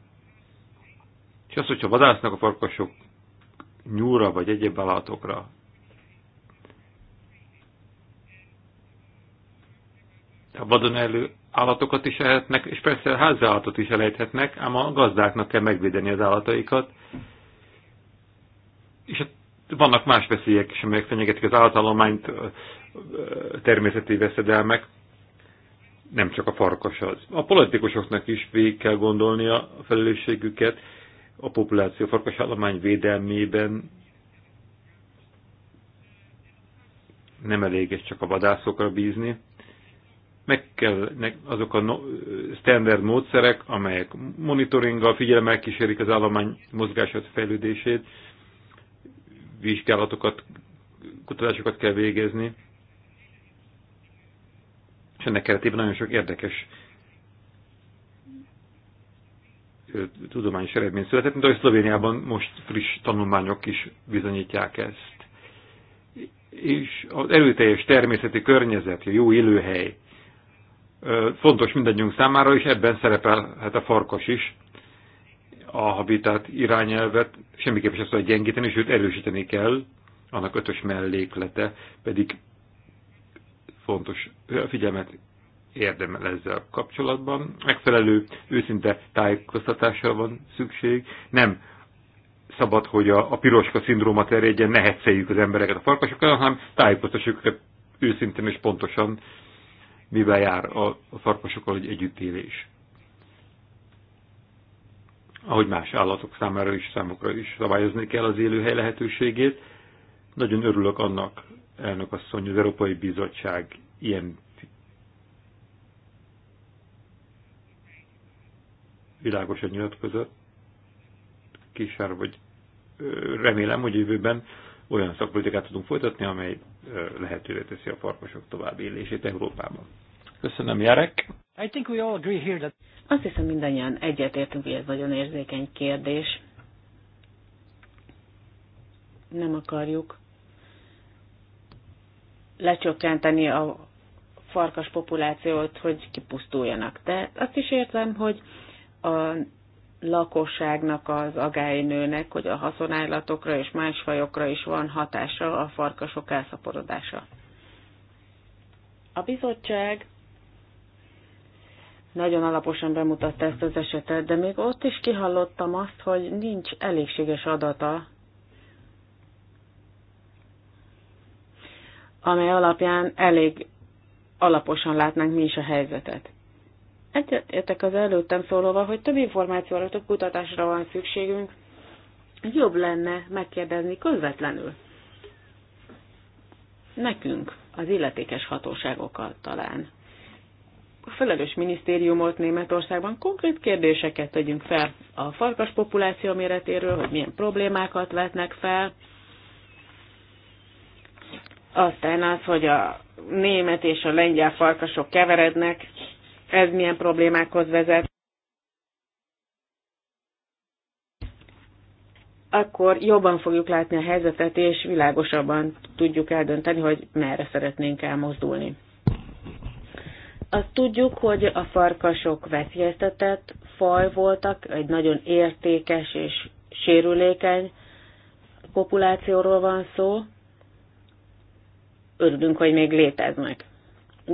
És az, hogyha vadásznak a farkasok nyúra vagy egyéb állatokra, a vadon elő állatokat is elhetnek, és persze házállatot is elejthetnek, ám a gazdáknak kell megvédeni az állataikat. És hát vannak más veszélyek is, amelyek fenyegetik az állatállományt, természeti veszedelmek, nem csak a farkas az. A politikusoknak is végig kell gondolnia a felelősségüket a populáció állomány védelmében. Nem elég csak a vadászokra bízni meg kell azok a standard módszerek, amelyek monitoringgal, figyelemmel kísérik az állomány mozgását, fejlődését, vizsgálatokat, kutatásokat kell végezni, és ennek keretében nagyon sok érdekes tudományos eredmény született, mint ahogy Szlovéniában most friss tanulmányok is bizonyítják ezt. És az erőteljes természeti környezet, a jó élőhely, fontos mindegyünk számára, és ebben szerepelhet a farkas is. A habitát irányelvet semmiképp sem szabad gyengíteni, sőt erősíteni kell, annak ötös melléklete pedig fontos figyelmet érdemel ezzel kapcsolatban. Megfelelő őszinte tájékoztatásra van szükség. Nem szabad, hogy a, a piroska szindróma terjedjen, ne az embereket a farkasokkal, hanem tájékoztassuk őket őszintén és pontosan miben jár a, a farkasokkal egy együttélés. Ahogy más állatok számára is, számokra is szabályozni kell az élőhely lehetőségét. Nagyon örülök annak, elnök asszony, hogy az Európai Bizottság ilyen világosan nyilatkozott. Kisár vagy remélem, hogy jövőben olyan szakpolitikát tudunk folytatni, amely lehetővé teszi a farkasok további élését Európában. Köszönöm, Jarek. I think we all agree here that... Azt hiszem mindannyian egyetértünk, hogy ez nagyon érzékeny kérdés. Nem akarjuk lecsökkenteni a farkas populációt, hogy kipusztuljanak. De azt is értem, hogy a lakosságnak az agálynőnek, hogy a haszonállatokra és más fajokra is van hatása a farkasok elszaporodása. A bizottság nagyon alaposan bemutatta ezt az esetet, de még ott is kihallottam azt, hogy nincs elégséges adata, amely alapján elég alaposan látnánk mi is a helyzetet. Egyetértek az előttem szólóval, hogy több információra, több kutatásra van szükségünk. Jobb lenne megkérdezni közvetlenül. Nekünk, az illetékes hatóságokkal talán. A felelős minisztériumot Németországban konkrét kérdéseket tegyünk fel a farkas populáció méretéről, hogy milyen problémákat vetnek fel, aztán az, hogy a német és a lengyel farkasok keverednek, ez milyen problémákhoz vezet. akkor jobban fogjuk látni a helyzetet, és világosabban tudjuk eldönteni, hogy merre szeretnénk elmozdulni. Azt tudjuk, hogy a farkasok veszélyeztetett faj voltak, egy nagyon értékes és sérülékeny populációról van szó. Örülünk, hogy még léteznek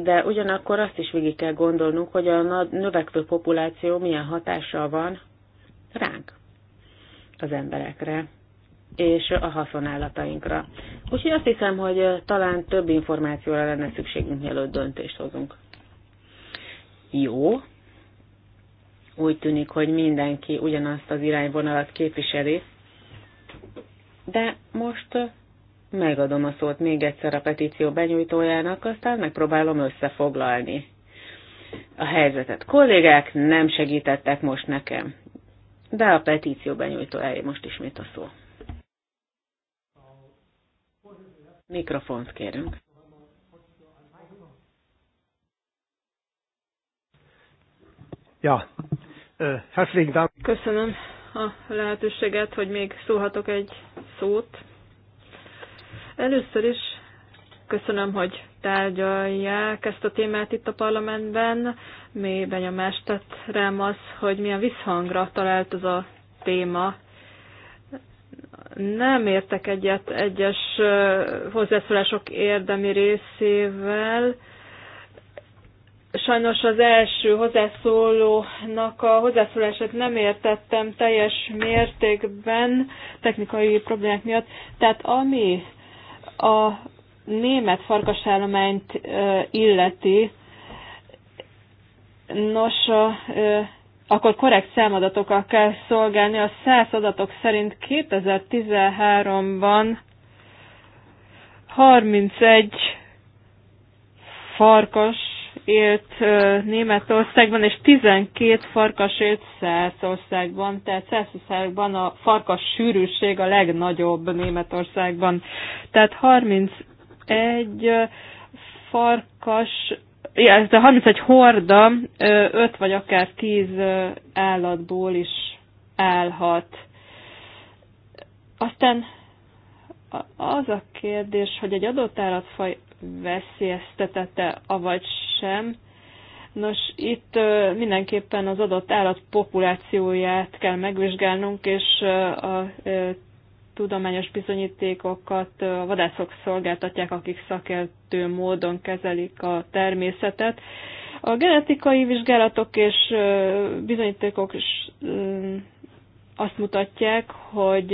de ugyanakkor azt is végig kell gondolnunk, hogy a növekvő populáció milyen hatással van ránk, az emberekre és a haszonállatainkra. Úgyhogy azt hiszem, hogy eh, talán több információra lenne szükségünk, mielőtt döntést hozunk. Jó. Úgy tűnik, hogy mindenki ugyanazt az irányvonalat képviseli, de most eh, Megadom a szót még egyszer a petíció benyújtójának, aztán megpróbálom összefoglalni a helyzetet. Kollégák nem segítettek most nekem, de a petíció benyújtójáé most ismét a szó. Mikrofont kérünk. Ja, Köszönöm a lehetőséget, hogy még szólhatok egy szót. Először is köszönöm, hogy tárgyalják ezt a témát itt a parlamentben. Mély benyomást tett rám az, hogy milyen visszhangra talált ez a téma. Nem értek egyet egyes hozzászólások érdemi részével. Sajnos az első hozzászólónak a hozzászólását nem értettem teljes mértékben technikai problémák miatt. Tehát ami a német farkasállományt illeti, nos, a, akkor korrekt számadatokkal kell szolgálni. A száz adatok szerint 2013-ban 31 farkas élt Németországban, és 12 farkas élt Szerszországban, tehát Szerszországban a farkas sűrűség a legnagyobb Németországban. Tehát 31 farkas, ez a 31 horda 5 vagy akár 10 állatból is állhat. Aztán az a kérdés, hogy egy adott állatfaj veszélyeztetette, avagy sem. Nos, itt mindenképpen az adott állat populációját kell megvizsgálnunk, és a tudományos bizonyítékokat a vadászok szolgáltatják, akik szakértő módon kezelik a természetet. A genetikai vizsgálatok és bizonyítékok is azt mutatják, hogy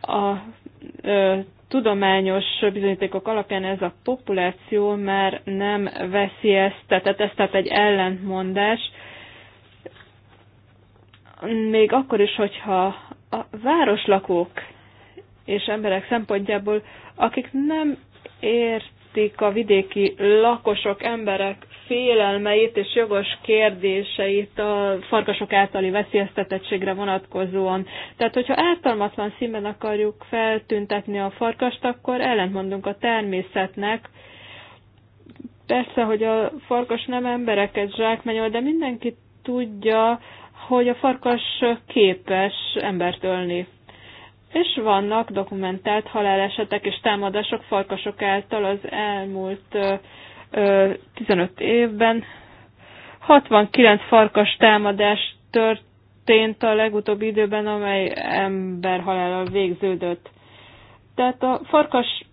a tudományos bizonyítékok alapján ez a populáció már nem veszélyeztetett, ez tehát egy ellentmondás. Még akkor is, hogyha a városlakók és emberek szempontjából, akik nem értik a vidéki lakosok, emberek félelmeit és jogos kérdéseit a farkasok általi veszélyeztetettségre vonatkozóan. Tehát, hogyha ártalmatlan színben akarjuk feltüntetni a farkast, akkor ellentmondunk a természetnek. Persze, hogy a farkas nem embereket zsákmányol, de mindenki tudja, hogy a farkas képes embert ölni. És vannak dokumentált halálesetek és támadások farkasok által az elmúlt 15 évben. 69 farkas támadás történt a legutóbbi időben, amely ember halállal végződött. Tehát a farkas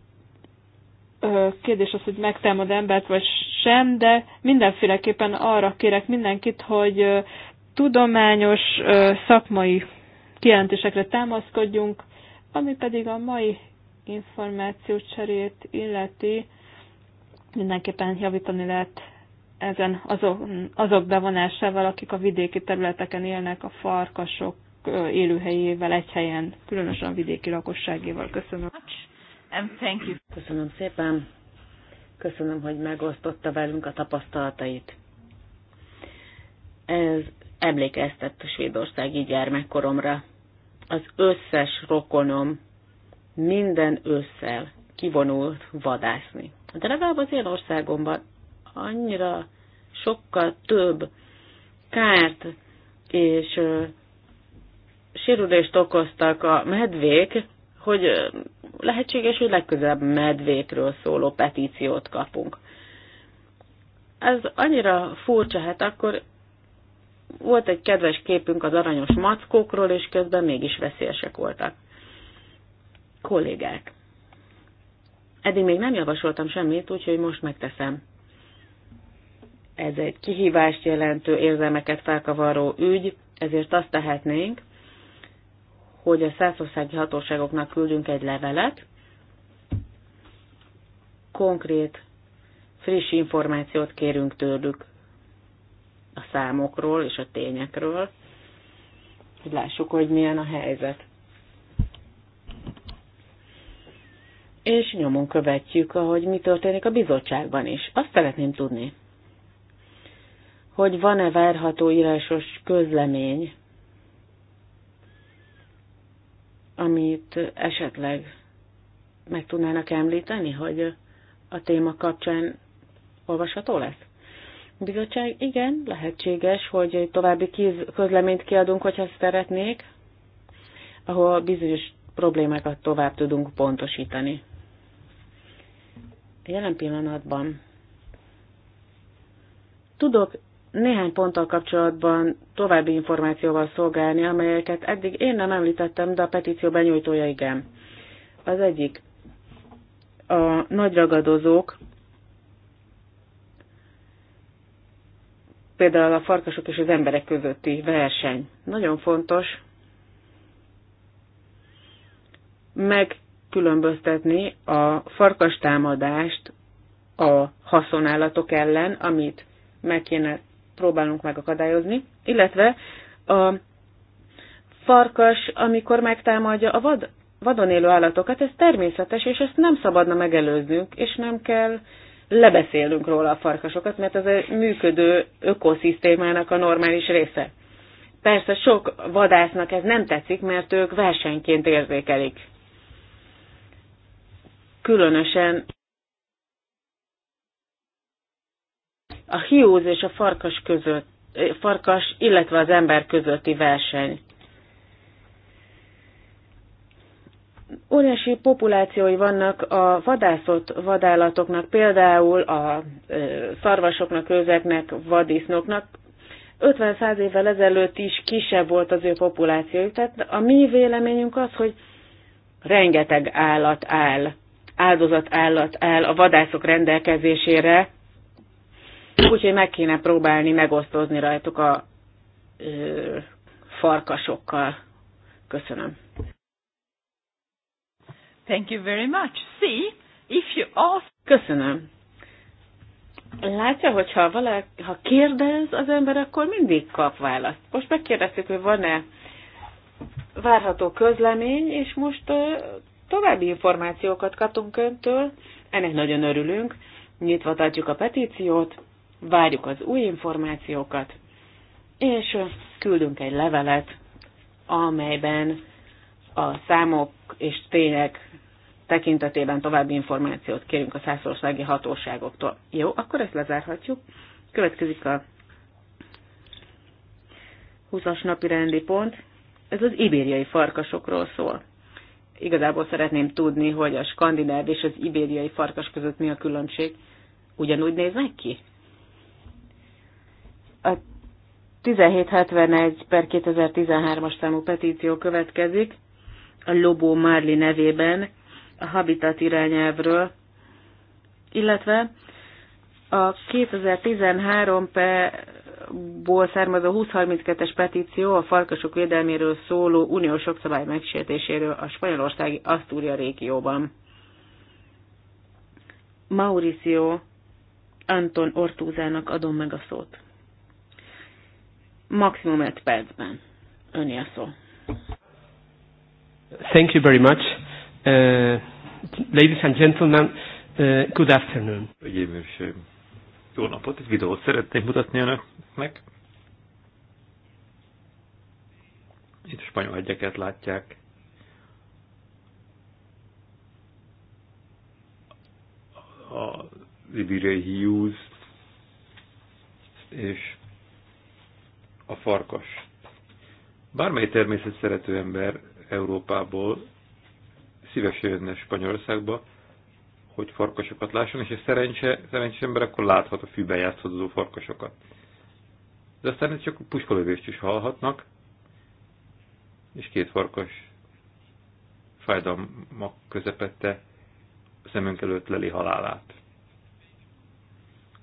kérdés az, hogy megtámad embert vagy sem, de mindenféleképpen arra kérek mindenkit, hogy tudományos szakmai kijelentésekre támaszkodjunk, ami pedig a mai információcserét illeti mindenképpen javítani lehet ezen azok, azok bevonásával, akik a vidéki területeken élnek a farkasok élőhelyével egy helyen, különösen a vidéki lakosságéval. Köszönöm. Köszönöm szépen. Köszönöm, hogy megosztotta velünk a tapasztalatait. Ez emlékeztett a svédországi gyermekkoromra. Az összes rokonom minden ősszel kivonult vadászni. De legalább az én országomban annyira sokkal több kárt és sérülést okoztak a medvék, hogy lehetséges, hogy legközelebb medvékről szóló petíciót kapunk. Ez annyira furcsa, hát akkor volt egy kedves képünk az aranyos mackókról, és közben mégis veszélyesek voltak. Kollégák, Eddig még nem javasoltam semmit, úgyhogy most megteszem. Ez egy kihívást jelentő érzelmeket felkavaró ügy, ezért azt tehetnénk, hogy a szászországi hatóságoknak küldünk egy levelet, konkrét, friss információt kérünk tőlük a számokról és a tényekről, hogy lássuk, hogy milyen a helyzet. és nyomon követjük, ahogy mi történik a bizottságban is. Azt szeretném tudni, hogy van-e várható írásos közlemény, amit esetleg meg tudnának említeni, hogy a téma kapcsán olvasható lesz? Bizottság, igen, lehetséges, hogy további közleményt kiadunk, hogyha szeretnék, ahol bizonyos problémákat tovább tudunk pontosítani jelen pillanatban tudok néhány ponttal kapcsolatban további információval szolgálni, amelyeket eddig én nem említettem, de a petíció benyújtója igen. Az egyik, a nagy ragadozók, például a farkasok és az emberek közötti verseny. Nagyon fontos meg különböztetni a farkas támadást a haszonállatok ellen, amit meg kéne próbálunk megakadályozni, illetve a farkas, amikor megtámadja a vad, vadon élő állatokat, ez természetes, és ezt nem szabadna megelőznünk, és nem kell lebeszélnünk róla a farkasokat, mert ez egy működő ökoszisztémának a normális része. Persze sok vadásznak ez nem tetszik, mert ők versenyként érzékelik különösen a hiúz és a farkas között, eh, farkas, illetve az ember közötti verseny. Óriási populációi vannak a vadászott vadállatoknak, például a eh, szarvasoknak, őzeknek, vadisznoknak. 50-100 évvel ezelőtt is kisebb volt az ő populációjuk, tehát a mi véleményünk az, hogy rengeteg állat áll áldozatállat áll a vadászok rendelkezésére, úgyhogy meg kéne próbálni megosztozni rajtuk a ö, farkasokkal. Köszönöm. Thank you very much. See, if you ask... Köszönöm. Látja, hogyha valaki, ha kérdez az ember, akkor mindig kap választ. Most megkérdeztük, hogy van-e várható közlemény, és most További információkat kaptunk öntől, ennek nagyon örülünk, nyitva tartjuk a petíciót, várjuk az új információkat, és küldünk egy levelet, amelyben a számok és tények tekintetében további információt kérünk a szászországi hatóságoktól. Jó, akkor ezt lezárhatjuk. Következik a 20-as napi rendi pont. Ez az ibériai farkasokról szól. Igazából szeretném tudni, hogy a skandináv és az ibériai farkas között mi a különbség. Ugyanúgy néznek ki? A 1771 per 2013-as számú petíció következik a Lobó Márli nevében a Habitat irányelvről, illetve a 2013 per ból származó 2032-es petíció a farkasok védelméről szóló uniós jogszabály megsértéséről a spanyolországi Asztúria régióban. Mauricio Anton Ortúzának adom meg a szót. Maximum egy percben. Öné a szó. Thank you very much. Uh, ladies and gentlemen, uh, good afternoon. Egyébként jó napot, egy videót szeretnék mutatni önöknek. Itt spanyol hegyeket látják. A Iberiai Hughes és a farkas. Bármely természet szerető ember Európából szívesen jönne Spanyolországba, hogy farkasokat lásson, és a szerencse, szerencsés ember, akkor láthat a fűben játszódó farkasokat. De aztán ez csak puskolövést is hallhatnak, és két farkas fájdalmak közepette szemünk előtt leli halálát.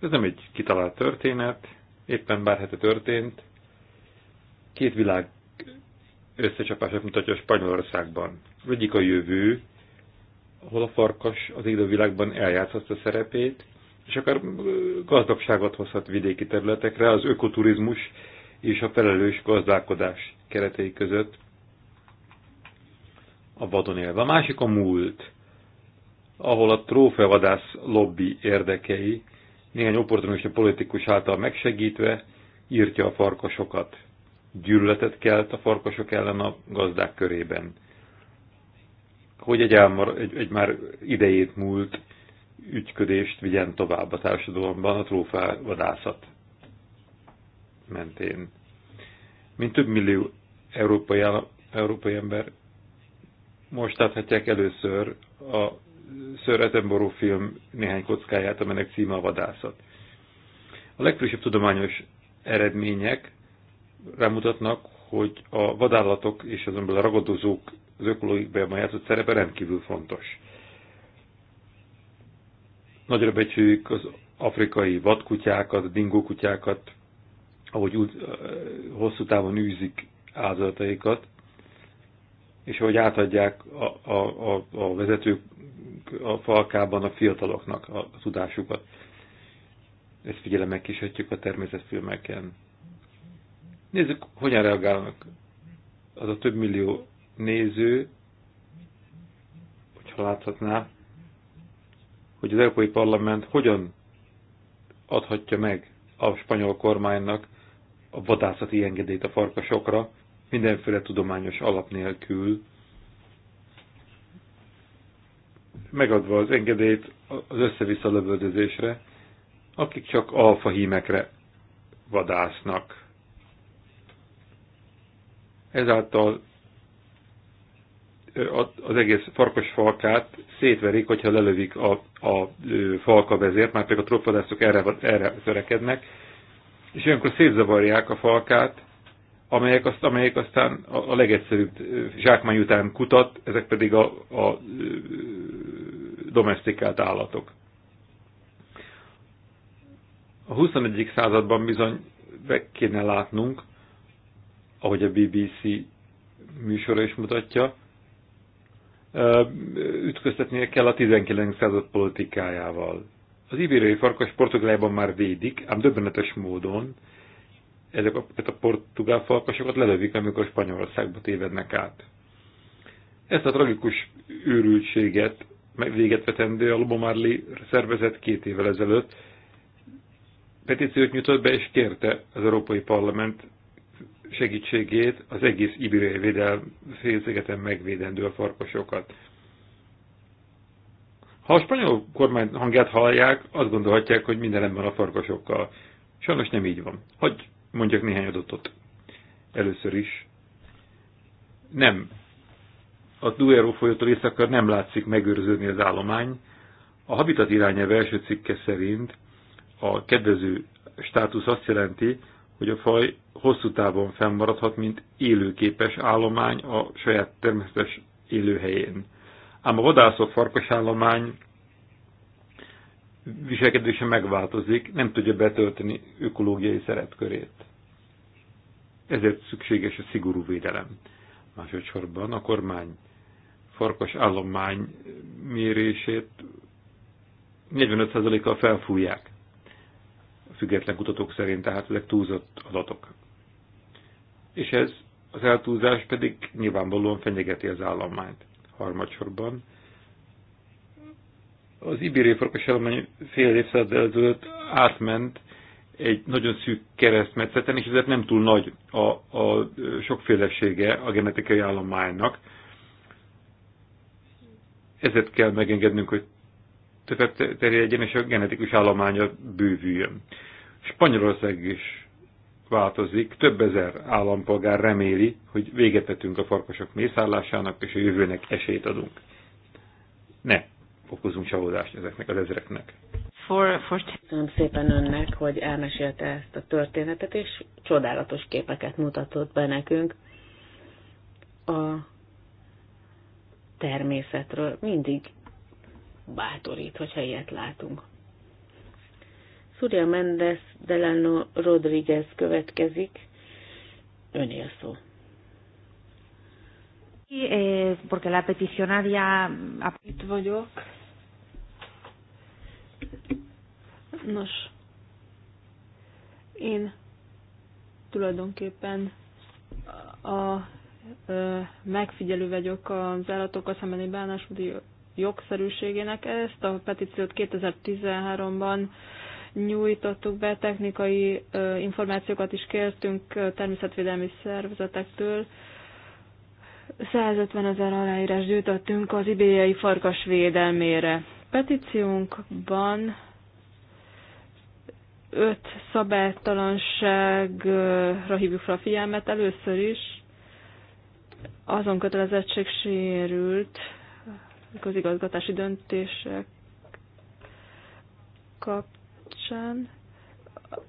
Ez nem egy kitalált történet, éppen bár hete történt. Két világ összecsapását mutatja a Spanyolországban. egyik a jövő, ahol a farkas az élővilágban eljátszhatja szerepét, és akár gazdagságot hozhat vidéki területekre az ökoturizmus és a felelős gazdálkodás keretei között a vadon élve. A másik a múlt, ahol a trófevadász lobby érdekei néhány opportunista politikus által megsegítve írtja a farkasokat. Gyűlöletet kelt a farkasok ellen a gazdák körében hogy egy, elmar, egy, egy már idejét múlt ügyködést vigyen tovább a társadalomban a trófávadászat mentén. Mint több millió európai, állam, európai ember most láthatják először a Sir Attenborough film néhány kockáját, amelynek címe a vadászat. A legfrissebb tudományos eredmények rámutatnak, hogy a vadállatok és azon a ragadozók az ökológiában játszott szerepe rendkívül fontos. Nagyra becsüljük az afrikai vadkutyákat, dingókutyákat, ahogy úgy, hosszú távon űzik áldozataikat, és ahogy átadják a, a, a, a vezetők a falkában a fiataloknak a tudásukat. Ezt figyelemmel kísértjük a természetfilmeken. Nézzük, hogyan reagálnak az a több millió néző, hogyha láthatná, hogy az Európai Parlament hogyan adhatja meg a spanyol kormánynak a vadászati engedélyt a farkasokra, mindenféle tudományos alap nélkül, megadva az engedélyt az össze-vissza lövöldözésre, akik csak alfahímekre vadásznak. Ezáltal az egész farkas falkát szétverik, hogyha lelövik a, a falka vezért, már pedig a trófadászok erre, erre törekednek, és olyankor szétzavarják a falkát, amelyek, azt, amelyek aztán a, a legegyszerűbb zsákmány után kutat, ezek pedig a, a, domestikált állatok. A 21. században bizony be kéne látnunk, ahogy a BBC műsora is mutatja, ütköztetnie kell a 19. század politikájával. Az ibériai farkas Portugáliában már védik, ám döbbenetes módon ezek a, a portugál farkasokat lelövik, amikor Spanyolországba tévednek át. Ezt a tragikus őrültséget véget vetendő a Lobomárli szervezet két évvel ezelőtt petíciót nyújtott be és kérte az Európai Parlament segítségét az egész ibériai védelfélszigeten megvédendő a farkasokat. Ha a spanyol kormány hangját hallják, azt gondolhatják, hogy minden van a farkasokkal. Sajnos nem így van. Hagy mondjak néhány adatot. Először is. Nem. A Duero folyótól északra nem látszik megőrződni az állomány. A habitat irányelv első cikke szerint a kedvező státusz azt jelenti, hogy a faj hosszú távon fennmaradhat, mint élőképes állomány a saját természetes élőhelyén. Ám a farkas farkasállomány viselkedése megváltozik, nem tudja betölteni ökológiai szerepkörét. Ezért szükséges a szigorú védelem. Másodszorban a kormány farkas állomány mérését 45%-kal felfújják. A független kutatók szerint tehát ezek túlzott adatok és ez az eltúzás pedig nyilvánvalóan fenyegeti az állományt. Harmadsorban az ibéri farkas állomány fél évszázad ezelőtt átment egy nagyon szűk keresztmetszeten, és ezért nem túl nagy a, a sokfélesége a genetikai állománynak. Ezért kell megengednünk, hogy többet terjedjen, és a genetikus állománya bővüljön. Spanyolország is változik, több ezer állampolgár reméli, hogy véget vetünk a farkasok mészállásának, és a jövőnek esélyt adunk. Ne okozunk csalódást ezeknek az ezreknek. For, for... Köszönöm szépen önnek, hogy elmesélte ezt a történetet, és csodálatos képeket mutatott be nekünk a természetről. Mindig bátorít, hogyha ilyet látunk. Surya Mendes Delano Rodriguez következik. Öné a szó. Eh, porque la peticionaria... Itt vagyok. Nos, én tulajdonképpen a a megfigyelő vagyok az állatokkal szembeni bánásmódi jogszerűségének. Ezt a petíciót 2013-ban nyújtottuk be, technikai információkat is kértünk természetvédelmi szervezetektől. 150 ezer aláírás gyűjtöttünk az ibéjai farkas védelmére. Petíciónkban öt szabálytalanságra hívjuk fel a figyelmet. Először is azon kötelezettség sérült közigazgatási döntések kap kapcsán,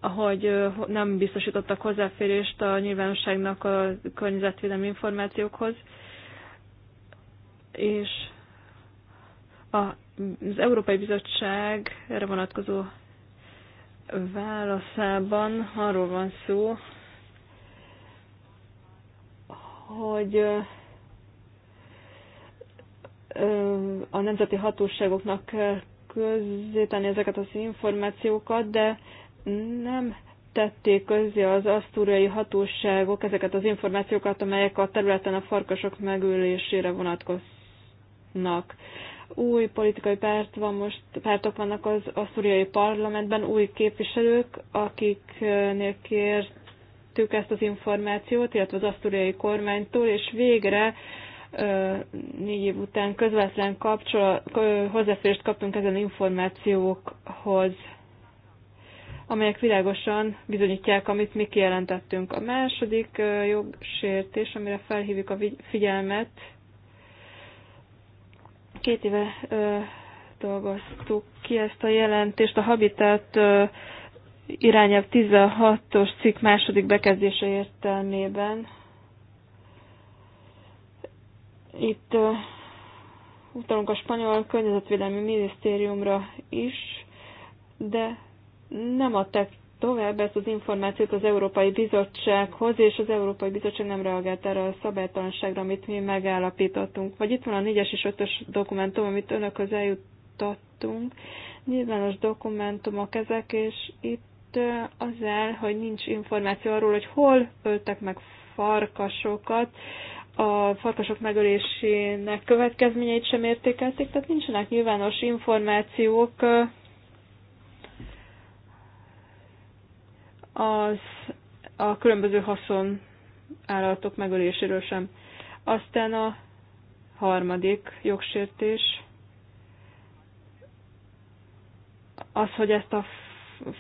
hogy nem biztosítottak hozzáférést a nyilvánosságnak a környezetvédelmi információkhoz, és az Európai Bizottság erre vonatkozó válaszában arról van szó, hogy a nemzeti hatóságoknak közzétenni ezeket az információkat, de nem tették közzé az asztúriai hatóságok ezeket az információkat, amelyek a területen a farkasok megölésére vonatkoznak. Új politikai párt van most, pártok vannak az asztúriai parlamentben, új képviselők, akiknél kértük ezt az információt, illetve az asztúriai kormánytól, és végre négy év után közvetlen kapcsolat, hozzáférést kaptunk ezen információkhoz, amelyek világosan bizonyítják, amit mi kijelentettünk. A második jogsértés, amire felhívjuk a figyelmet, két éve dolgoztuk ki ezt a jelentést, a Habitat irányelv 16-os cikk második bekezdése értelmében, itt utalunk a spanyol környezetvédelmi minisztériumra is, de nem adták tovább ezt az információt az Európai Bizottsághoz, és az Európai Bizottság nem reagált erre a szabálytalanságra, amit mi megállapítottunk. Vagy itt van a 4-es és 5-ös dokumentum, amit önökhöz eljuttattunk. Nyilvános dokumentumok ezek, és itt az el, hogy nincs információ arról, hogy hol öltek meg farkasokat a farkasok megölésének következményeit sem értékelték, tehát nincsenek nyilvános információk az a különböző haszon állatok megöléséről sem. Aztán a harmadik jogsértés az, hogy ezt a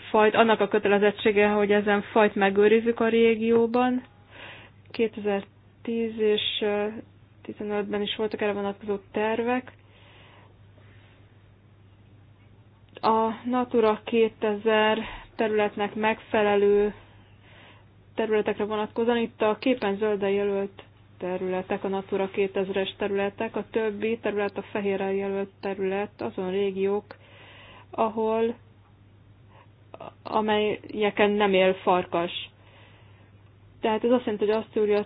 fajt, annak a kötelezettsége, hogy ezen fajt megőrizzük a régióban. 2000 10 és 15-ben is voltak erre vonatkozó tervek. A Natura 2000 területnek megfelelő területekre vonatkozóan itt a képen zöldre jelölt területek, a Natura 2000-es területek, a többi terület, a fehérre jelölt terület, azon régiók, ahol amelyeken nem él farkas. Tehát ez azt jelenti, hogy Asztúria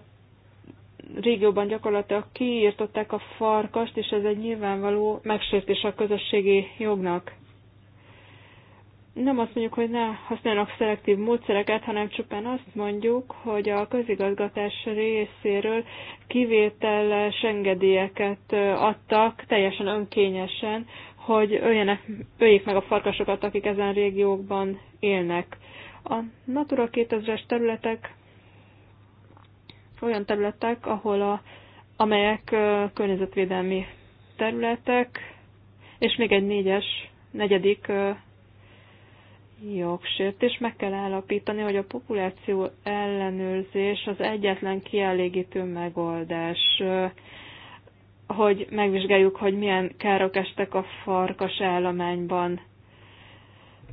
régióban gyakorlatilag kiírtották a farkast, és ez egy nyilvánvaló megsértés a közösségi jognak. Nem azt mondjuk, hogy ne használjanak szelektív módszereket, hanem csupán azt mondjuk, hogy a közigazgatás részéről kivételes engedélyeket adtak teljesen önkényesen, hogy öljenek, öljék meg a farkasokat, akik ezen régiókban élnek. A Natura 2000-es területek olyan területek, ahol a, amelyek környezetvédelmi területek, és még egy négyes, negyedik jogsértés. Meg kell állapítani, hogy a populáció ellenőrzés az egyetlen kielégítő megoldás, hogy megvizsgáljuk, hogy milyen károk estek a farkas állományban.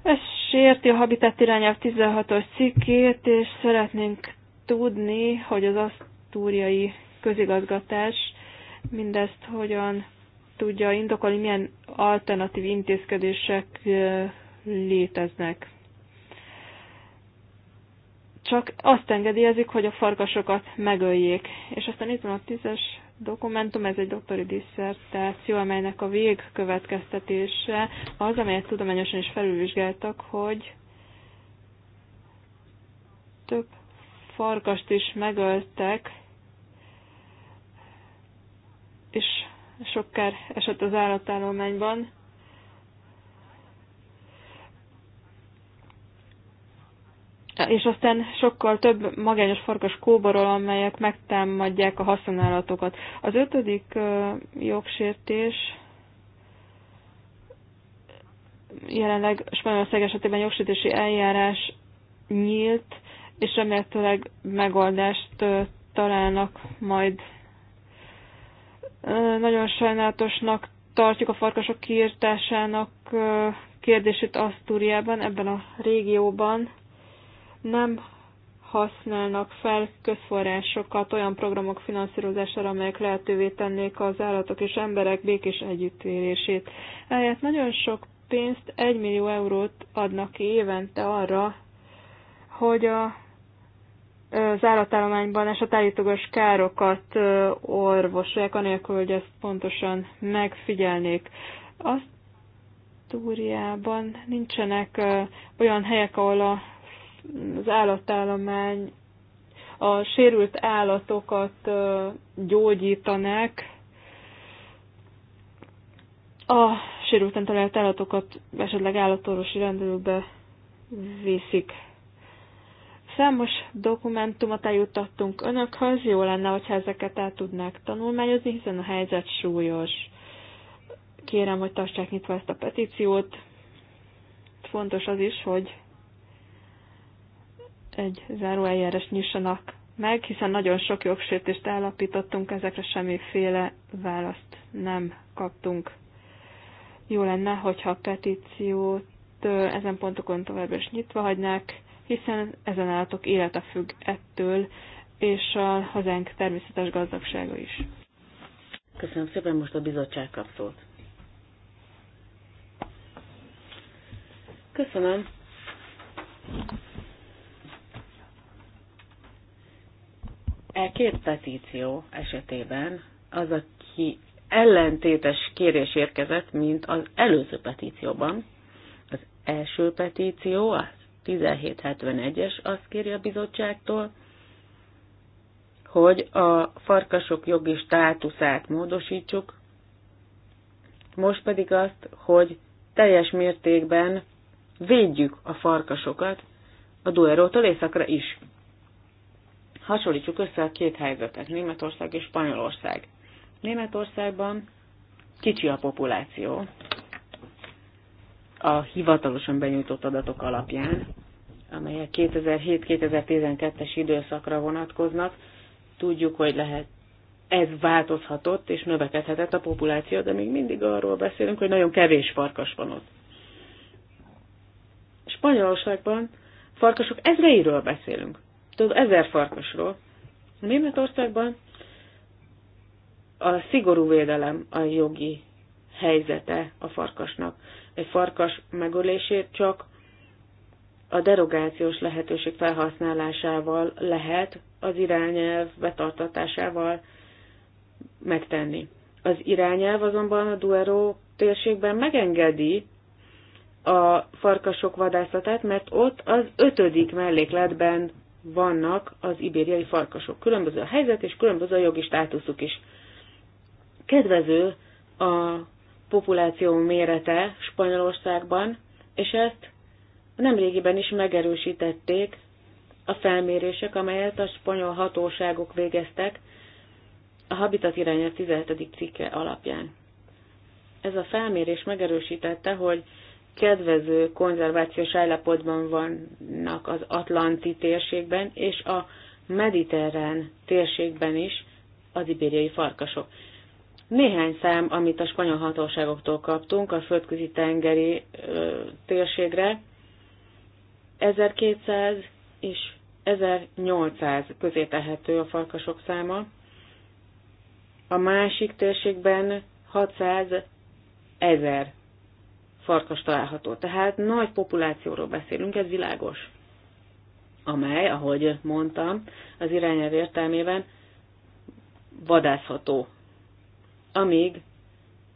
Ez sérti a Habitat irányelv 16-os cikkét, és szeretnénk tudni, hogy az asztúriai közigazgatás mindezt hogyan tudja indokolni, milyen alternatív intézkedések léteznek. Csak azt engedélyezik, hogy a farkasokat megöljék. És aztán itt van a tízes dokumentum, ez egy doktori disszertáció, amelynek a végkövetkeztetése az, amelyet tudományosan is felülvizsgáltak, hogy több farkast is megöltek, és sok kár esett az állatállományban. És aztán sokkal több magányos farkas kóborol, amelyek megtámadják a használatokat. Az ötödik jogsértés jelenleg Spanyolország esetében jogsértési eljárás nyílt, és remélhetőleg megoldást találnak majd. Nagyon sajnálatosnak tartjuk a farkasok kiirtásának kérdését Asztúriában, ebben a régióban. Nem használnak fel közforrásokat olyan programok finanszírozására, amelyek lehetővé tennék az állatok és emberek békés együttélését. Ehelyett nagyon sok pénzt, 1 millió eurót adnak ki évente arra, hogy a záratállományban esetálítogos károkat orvosolják, anélkül, hogy ezt pontosan megfigyelnék. Azt Astúriában nincsenek olyan helyek, ahol a, az állatállomány a sérült állatokat gyógyítanák, a sérülten talált állatokat esetleg állatorvosi rendelőbe viszik. Számos dokumentumot eljuttattunk önökhöz, jó lenne, hogyha ezeket el tudnák tanulmányozni, hiszen a helyzet súlyos. Kérem, hogy tartsák nyitva ezt a petíciót. Fontos az is, hogy egy záróeljárást nyissanak meg, hiszen nagyon sok jogsértést állapítottunk, ezekre semmiféle választ nem kaptunk. Jó lenne, hogyha a petíciót ezen pontokon továbbra is nyitva hagynák, hiszen ezen állatok élete függ ettől, és a hazánk természetes gazdagsága is. Köszönöm szépen, most a bizottság kap szót. Köszönöm. E két petíció esetében az, aki ellentétes kérés érkezett, mint az előző petícióban. Az első petíció az 1771-es azt kéri a bizottságtól, hogy a farkasok jogi státuszát módosítsuk, most pedig azt, hogy teljes mértékben védjük a farkasokat a Duerótól északra is. Hasonlítsuk össze a két helyzetet, Németország és Spanyolország. Németországban kicsi a populáció, a hivatalosan benyújtott adatok alapján, amelyek 2007-2012-es időszakra vonatkoznak, tudjuk, hogy lehet ez változhatott és növekedhetett a populáció, de még mindig arról beszélünk, hogy nagyon kevés farkas van ott. Spanyolországban farkasok ezreiről beszélünk. Több ezer farkasról. Németországban a szigorú védelem a jogi helyzete a farkasnak egy farkas megölését csak a derogációs lehetőség felhasználásával lehet az irányelv betartatásával megtenni. Az irányelv azonban a Duero térségben megengedi a farkasok vadászatát, mert ott az ötödik mellékletben vannak az ibériai farkasok. Különböző a helyzet és különböző a jogi státuszuk is. Kedvező a populáció mérete Spanyolországban, és ezt nemrégiben is megerősítették a felmérések, amelyet a spanyol hatóságok végeztek a Habitat irányelv 17. cikke alapján. Ez a felmérés megerősítette, hogy kedvező konzervációs állapotban vannak az Atlanti térségben és a mediterrán térségben is az ibériai farkasok. Néhány szám, amit a spanyol hatóságoktól kaptunk a földközi tengeri ö, térségre, 1200 és 1800 közé tehető a farkasok száma. A másik térségben 600 ezer farkas található. Tehát nagy populációról beszélünk, ez világos. Amely, ahogy mondtam, az irányelv értelmében vadászható amíg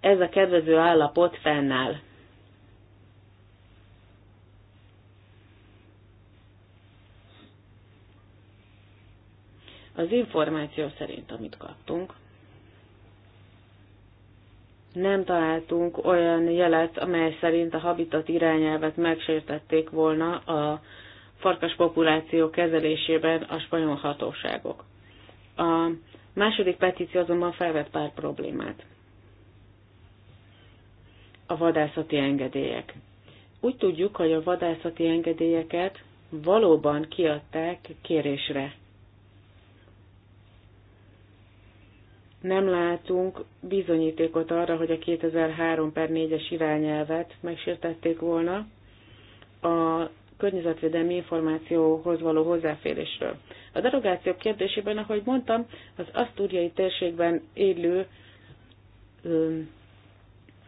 ez a kedvező állapot fennáll. Az információ szerint, amit kaptunk, nem találtunk olyan jelet, amely szerint a habitat irányelvet megsértették volna a farkas populáció kezelésében a spanyol hatóságok. A második petíció azonban felvet pár problémát. A vadászati engedélyek. Úgy tudjuk, hogy a vadászati engedélyeket valóban kiadták kérésre. Nem látunk bizonyítékot arra, hogy a 2003 per 4-es irányelvet megsértették volna. A környezetvédelmi információhoz való hozzáférésről. A derogáció kérdésében, ahogy mondtam, az asztúriai térségben élő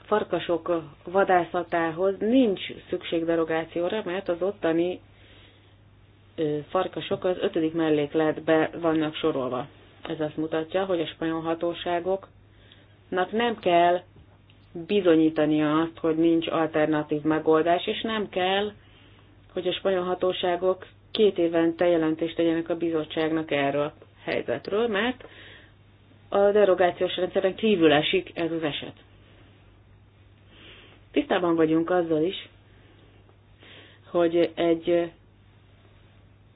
farkasok vadászatához nincs szükség derogációra, mert az ottani farkasok az ötödik mellékletbe vannak sorolva. Ez azt mutatja, hogy a spanyol hatóságoknak nem kell bizonyítania azt, hogy nincs alternatív megoldás, és nem kell hogy a spanyol hatóságok két évente jelentést tegyenek a bizottságnak erről a helyzetről, mert a derogációs rendszeren kívül esik ez az eset. Tisztában vagyunk azzal is, hogy egy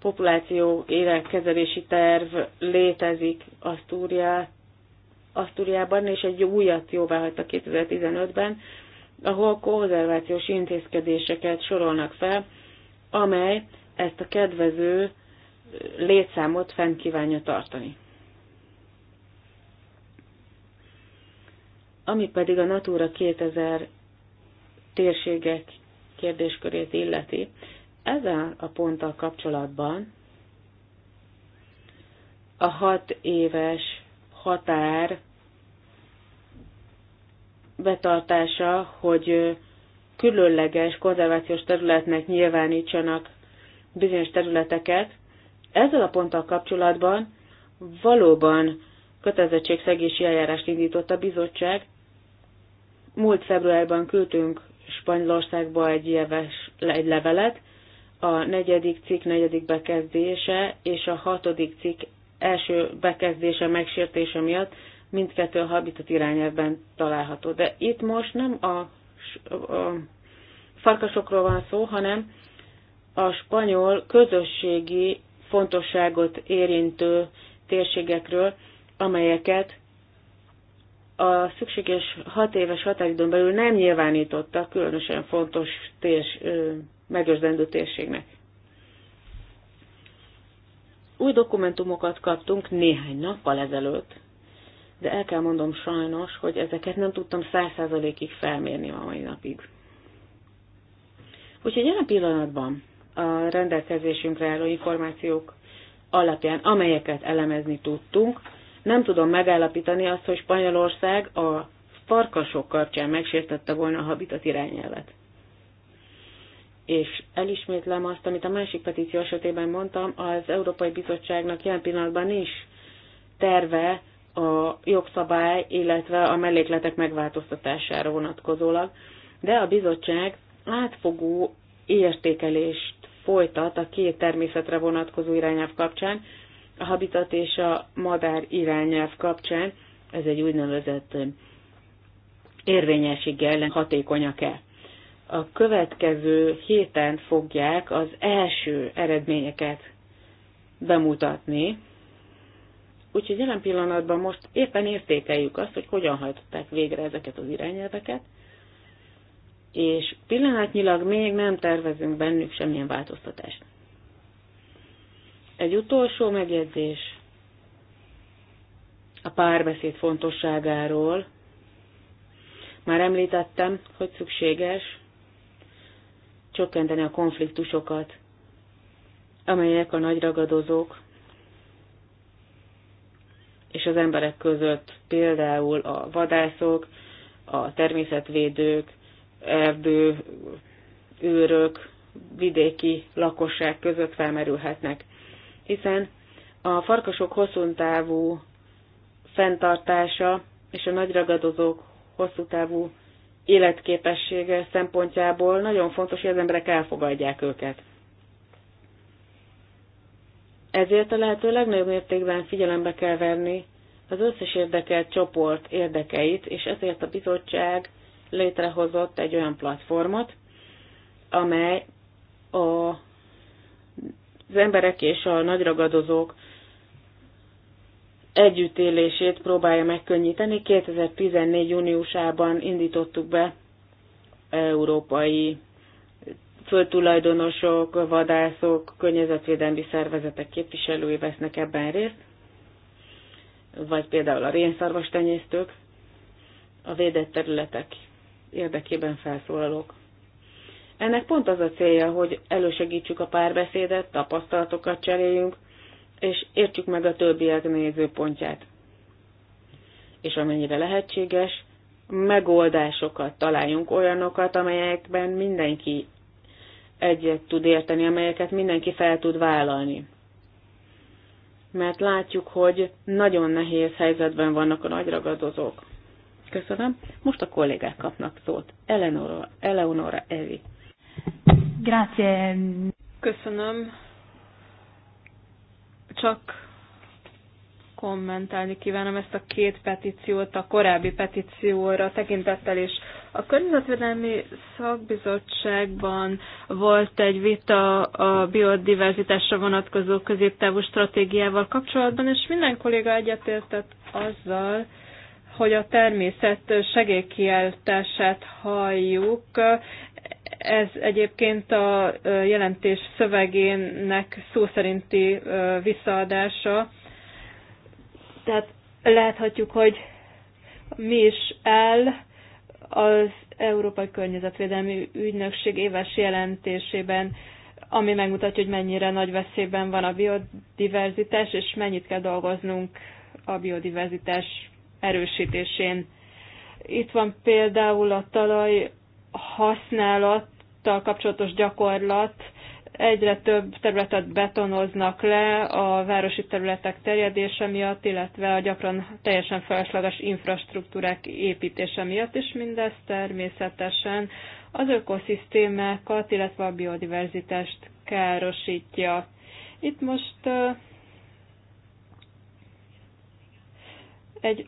populáció életkezelési terv létezik Asztúriát, Asztúriában, és egy újat jóvá hagyta 2015-ben, ahol konzervációs intézkedéseket sorolnak fel, amely ezt a kedvező létszámot fent kívánja tartani. Ami pedig a Natura 2000 térségek kérdéskörét illeti, ezzel a ponttal kapcsolatban a hat éves határ betartása, hogy különleges konzervációs területnek nyilvánítsanak bizonyos területeket. Ezzel a ponttal kapcsolatban valóban kötelezettségszegési eljárást indított a bizottság. Múlt februárban küldtünk Spanyolországba egy, jeves, egy levelet, a negyedik cikk negyedik bekezdése és a hatodik cikk első bekezdése megsértése miatt mindkettő a habitat irányelvben található. De itt most nem a farkasokról van szó, hanem a spanyol közösségi fontosságot érintő térségekről, amelyeket a szükséges hat éves határidőn belül nem nyilvánította különösen fontos térs, megőrzendő térségnek. Új dokumentumokat kaptunk néhány nappal ezelőtt, de el kell mondom sajnos, hogy ezeket nem tudtam száz százalékig felmérni a mai napig. Úgyhogy jelen pillanatban a rendelkezésünkre álló információk alapján, amelyeket elemezni tudtunk, nem tudom megállapítani azt, hogy Spanyolország a farkasok kapcsán megsértette volna a habitat irányelvet. És elismétlem azt, amit a másik petíció esetében mondtam, az Európai Bizottságnak jelen pillanatban is terve a jogszabály, illetve a mellékletek megváltoztatására vonatkozólag, de a bizottság átfogó értékelést folytat a két természetre vonatkozó irányelv kapcsán, a habitat és a madár irányelv kapcsán, ez egy úgynevezett érvényesség ellen hatékonyak-e. A következő héten fogják az első eredményeket bemutatni, Úgyhogy jelen pillanatban most éppen értékeljük azt, hogy hogyan hajtották végre ezeket az irányelveket, és pillanatnyilag még nem tervezünk bennük semmilyen változtatást. Egy utolsó megjegyzés a párbeszéd fontosságáról. Már említettem, hogy szükséges csökkenteni a konfliktusokat, amelyek a nagy ragadozók és az emberek között, például a vadászok, a természetvédők, erdő, őrök, vidéki lakosság között felmerülhetnek. Hiszen a farkasok hosszú távú fenntartása és a nagyragadozók hosszú távú életképessége szempontjából nagyon fontos, hogy az emberek elfogadják őket. Ezért a lehető legnagyobb mértékben figyelembe kell venni az összes érdekelt csoport érdekeit, és ezért a bizottság létrehozott egy olyan platformot, amely a, az emberek és a nagyragadozók együttélését próbálja megkönnyíteni. 2014. júniusában indítottuk be európai földtulajdonosok, vadászok, környezetvédelmi szervezetek képviselői vesznek ebben részt, vagy például a rénszarvas tenyésztők, a védett területek érdekében felszólalók. Ennek pont az a célja, hogy elősegítsük a párbeszédet, tapasztalatokat cseréljünk, és értsük meg a többiek nézőpontját. És amennyire lehetséges, megoldásokat találjunk, olyanokat, amelyekben mindenki egyet tud érteni, amelyeket mindenki fel tud vállalni. Mert látjuk, hogy nagyon nehéz helyzetben vannak a nagy ragadozók. Köszönöm. Most a kollégák kapnak szót. Eleonora, Eleonora Evi. Grazie. Köszönöm. Csak kommentálni kívánom ezt a két petíciót a korábbi petícióra tekintettel is. A Környezetvédelmi Szakbizottságban volt egy vita a biodiverzitásra vonatkozó középtávú stratégiával kapcsolatban, és minden kolléga egyetértett azzal, hogy a természet segélykiáltását halljuk. Ez egyébként a jelentés szövegének szó szerinti visszaadása. Tehát láthatjuk, hogy mi is el az Európai Környezetvédelmi Ügynökség éves jelentésében, ami megmutatja, hogy mennyire nagy veszélyben van a biodiverzitás, és mennyit kell dolgoznunk a biodiverzitás erősítésén. Itt van például a talaj használattal kapcsolatos gyakorlat, Egyre több területet betonoznak le a városi területek terjedése miatt, illetve a gyakran teljesen felesleges infrastruktúrák építése miatt, is mindez természetesen az ökoszisztémákat, illetve a biodiverzitást károsítja. Itt most egy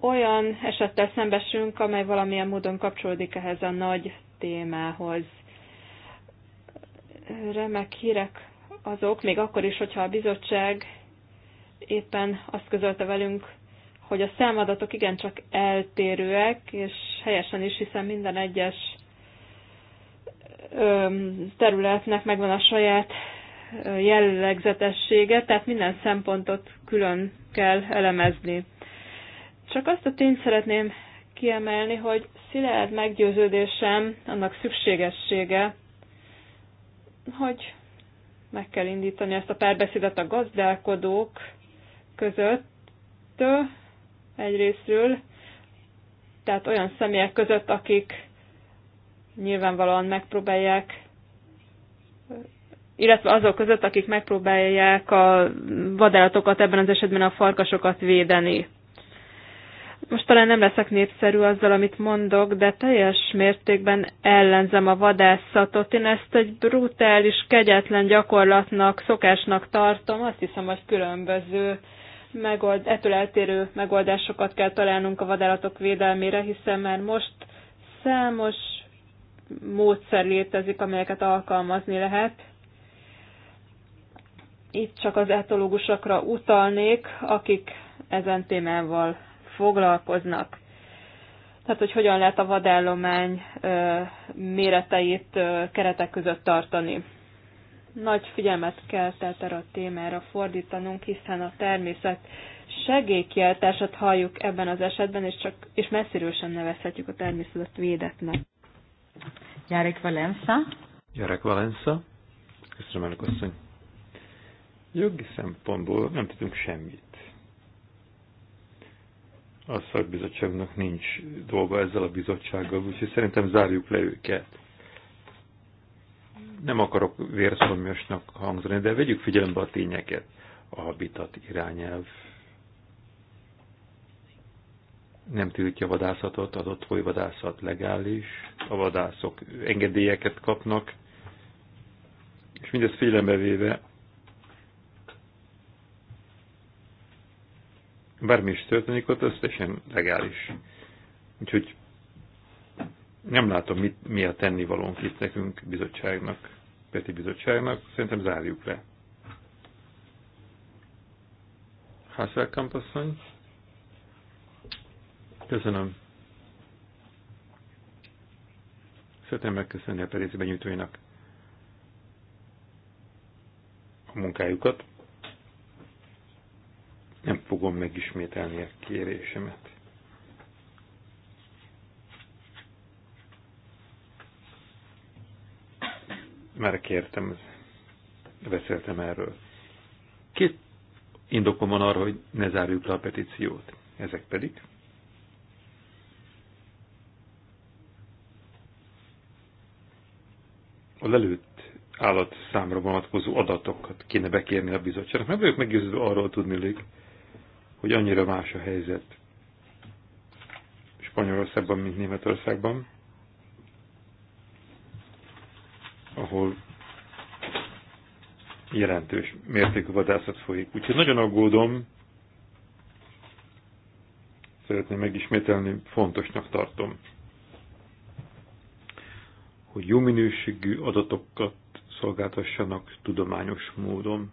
olyan esettel szembesünk, amely valamilyen módon kapcsolódik ehhez a nagy témához remek hírek azok, még akkor is, hogyha a bizottság éppen azt közölte velünk, hogy a számadatok igencsak eltérőek, és helyesen is, hiszen minden egyes területnek megvan a saját jellegzetessége, tehát minden szempontot külön kell elemezni. Csak azt a tényt szeretném kiemelni, hogy szilárd meggyőződésem, annak szükségessége, hogy meg kell indítani ezt a párbeszédet a gazdálkodók között egyrésztről, tehát olyan személyek között, akik nyilvánvalóan megpróbálják, illetve azok között, akik megpróbálják a vadállatokat, ebben az esetben a farkasokat védeni. Most talán nem leszek népszerű azzal, amit mondok, de teljes mértékben ellenzem a vadászatot. Én ezt egy brutális, kegyetlen gyakorlatnak, szokásnak tartom. Azt hiszem, hogy különböző megold, ettől eltérő megoldásokat kell találnunk a vadállatok védelmére, hiszen már most számos módszer létezik, amelyeket alkalmazni lehet. Itt csak az etológusokra utalnék, akik ezen témával foglalkoznak. Tehát, hogy hogyan lehet a vadállomány méreteit keretek között tartani. Nagy figyelmet kell tehát erre a témára fordítanunk, hiszen a természet segélykiáltását halljuk ebben az esetben, és csak és messziről sem nevezhetjük a természetet védetnek. Gyerek Valensa. Gyerek Valensa. Köszönöm, elnök asszony. Jogi szempontból nem tudunk semmit a szakbizottságnak nincs dolga ezzel a bizottsággal, úgyhogy szerintem zárjuk le őket. Nem akarok vérszomjasnak hangzani, de vegyük figyelembe a tényeket. A habitat irányelv nem tiltja vadászatot, az ott vadászat legális, a vadászok engedélyeket kapnak, és mindezt figyelembe véve bármi is történik, ott összesen legális. Úgyhogy nem látom, mit, mi a tennivalónk itt nekünk bizottságnak, Peti bizottságnak, szerintem zárjuk le. Hasselkamp asszony. Köszönöm. Szeretném megköszönni a Perézi nyújtóinak a munkájukat. Nem fogom megismételni a kérésemet. Már kértem, beszéltem erről. Két indokom van arra, hogy ne zárjuk le a petíciót. Ezek pedig. A lelőtt számra vonatkozó adatokat kéne bekérni a bizottságnak. mert ők meggyőződve arról tudni, hogy annyira más a helyzet Spanyolországban, mint Németországban, ahol jelentős mértékű vadászat folyik. Úgyhogy nagyon aggódom, szeretném megismételni, fontosnak tartom, hogy jó minőségű adatokat szolgáltassanak tudományos módon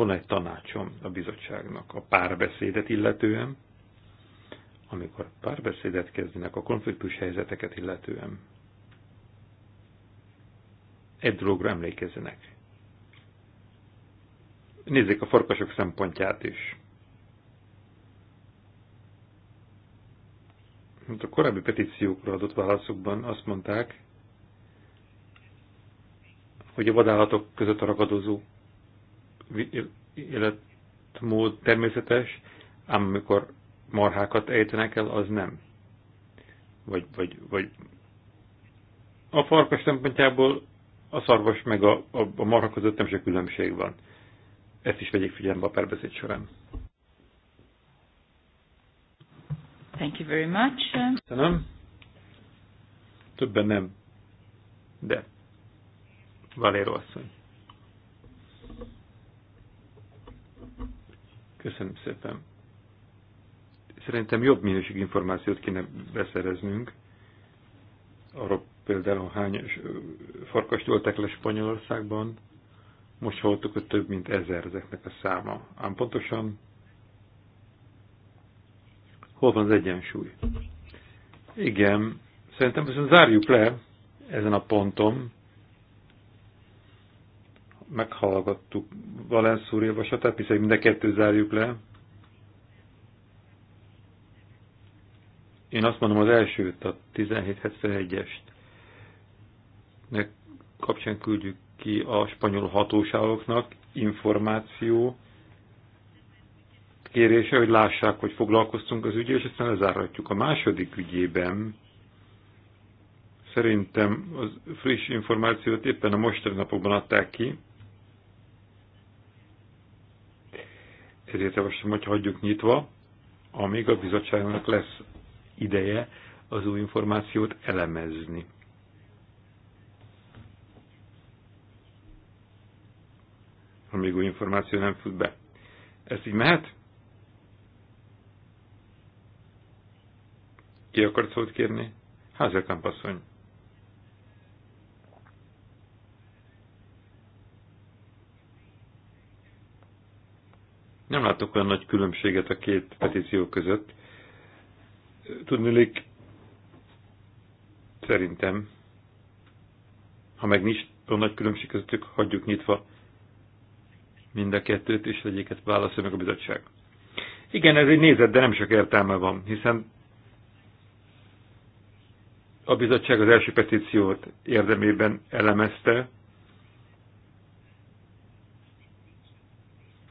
volna egy tanácsom a bizottságnak a párbeszédet illetően, amikor párbeszédet kezdenek a konfliktus helyzeteket illetően. Egy dologra emlékezzenek. Nézzék a farkasok szempontját is. Mint a korábbi petíciókra adott válaszokban azt mondták, hogy a vadállatok között a ragadozó életmód természetes, ám amikor marhákat ejtenek el, az nem. Vagy, vagy, vagy a farkas szempontjából a szarvas meg a, a, a marha között nem sem különbség van. Ezt is vegyék figyelembe a perbeszéd során. Thank you very much. Köszönöm. Többen nem. De. Valéro asszony. Köszönöm szépen. Szerintem jobb minőségű információt kéne beszereznünk. Arról például hány farkast öltek le Spanyolországban. Most hallottuk, hogy több mint ezer ezeknek a száma. Ám pontosan hol van az egyensúly? Igen, szerintem viszont zárjuk le ezen a ponton meghallgattuk Valensz úr javaslatát, hiszen mind a kettőt zárjuk le. Én azt mondom az elsőt, a 1771-est, kapcsán küldjük ki a spanyol hatóságoknak információ kérése, hogy lássák, hogy foglalkoztunk az ügyel, és aztán lezárhatjuk. A második ügyében szerintem az friss információt éppen a mostani napokban adták ki, Ezért javaslom, hogy hagyjuk nyitva, amíg a bizottságnak lesz ideje az új információt elemezni. Amíg új információ nem fut be. Ez így mehet? Ki akart szót kérni? Házelkamp Nem látok olyan nagy különbséget a két petíció között. Tudnélik, szerintem, ha meg nincs olyan nagy különbség közöttük, hagyjuk nyitva mind a kettőt, és egyiket válaszol meg a bizottság. Igen, ez egy nézet, de nem sok értelme van, hiszen a bizottság az első petíciót érdemében elemezte,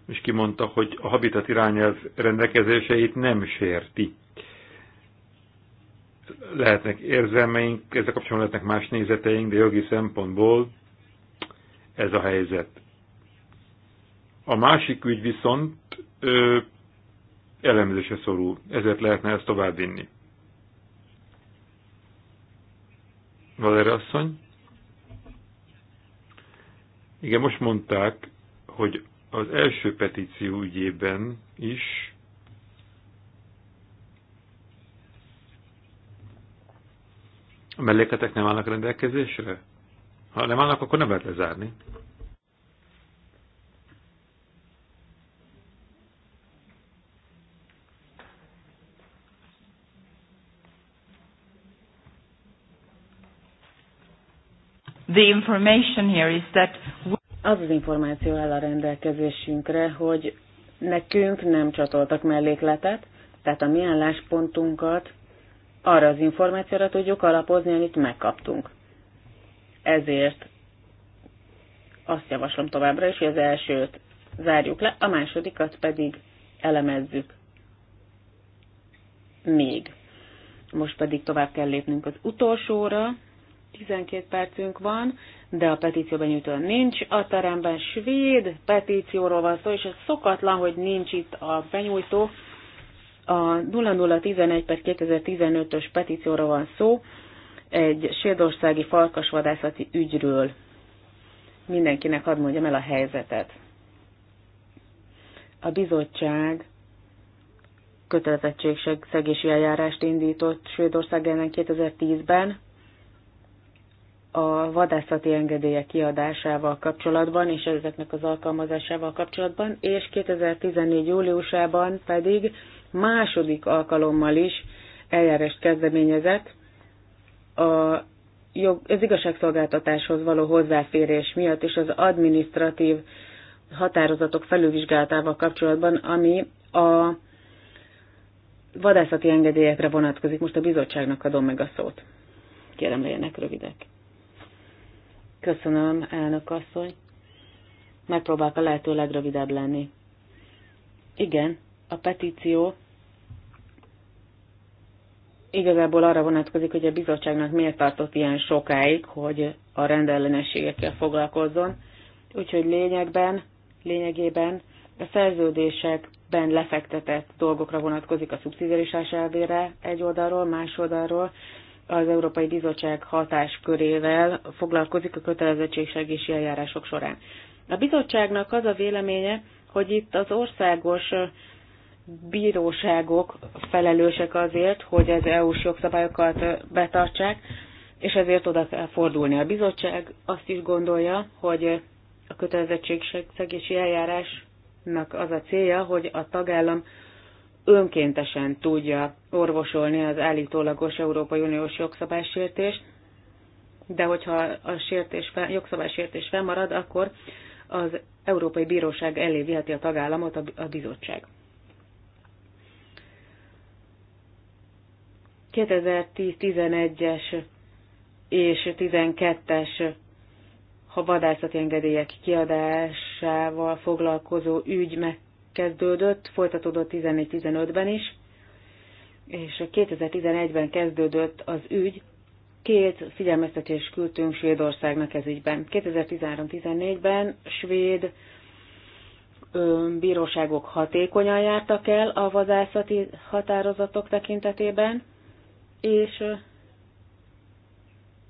és kimondta, hogy a habitat irányelv rendelkezéseit nem sérti. Lehetnek érzelmeink, ezzel kapcsolatban lehetnek más nézeteink, de jogi szempontból ez a helyzet. A másik ügy viszont ö, elemzése szorul, ezért lehetne ezt továbbvinni. Valeri asszony? Igen, most mondták, hogy az első petíció ügyében is a melléketek nem állnak rendelkezésre? Ha nem állnak, akkor nem lehet lezárni. The information here is that az az információ áll a rendelkezésünkre, hogy nekünk nem csatoltak mellékletet, tehát a mi álláspontunkat arra az információra tudjuk alapozni, amit megkaptunk. Ezért azt javaslom továbbra is, hogy az elsőt zárjuk le, a másodikat pedig elemezzük. Még. Most pedig tovább kell lépnünk az utolsóra, 12 percünk van, de a petíció benyújtó nincs. A teremben svéd petícióról van szó, és ez szokatlan, hogy nincs itt a benyújtó. A 0011 per 2015-ös petícióra van szó, egy svédországi farkasvadászati ügyről. Mindenkinek hadd mondjam el a helyzetet. A bizottság kötelezettségszegési eljárást indított Svédország ellen 2010-ben, a vadászati engedélyek kiadásával kapcsolatban és ezeknek az alkalmazásával kapcsolatban, és 2014. júliusában pedig második alkalommal is eljárást kezdeményezett a jog, az igazságszolgáltatáshoz való hozzáférés miatt és az administratív határozatok felülvizsgálatával kapcsolatban, ami a vadászati engedélyekre vonatkozik. Most a bizottságnak adom meg a szót. Kérem, legyenek rövidek. Köszönöm, elnök asszony. Megpróbálok a lehető legrövidebb lenni. Igen, a petíció igazából arra vonatkozik, hogy a bizottságnak miért tartott ilyen sokáig, hogy a rendellenességekkel foglalkozzon. Úgyhogy lényegben, lényegében a szerződésekben lefektetett dolgokra vonatkozik a szubszidiarizás elvére egy oldalról, más oldalról az Európai Bizottság hatáskörével foglalkozik a kötelezettségsegési eljárások során. A bizottságnak az a véleménye, hogy itt az országos bíróságok felelősek azért, hogy az EU-s jogszabályokat betartsák, és ezért oda kell fordulni. A bizottság azt is gondolja, hogy a kötelezettségszegési eljárásnak az a célja, hogy a tagállam önkéntesen tudja orvosolni az állítólagos Európai Uniós jogszabálysértést, de hogyha a sértés, jogszabálysértés fennmarad, akkor az Európai Bíróság elé viheti a tagállamot a bizottság. 2010-11-es és 12-es ha vadászati engedélyek kiadásával foglalkozó ügy meg kezdődött, folytatódott 14-15-ben is, és 2011-ben kezdődött az ügy, két figyelmeztetés küldtünk Svédországnak ez ügyben. 2013-14-ben svéd bíróságok hatékonyan jártak el a vadászati határozatok tekintetében, és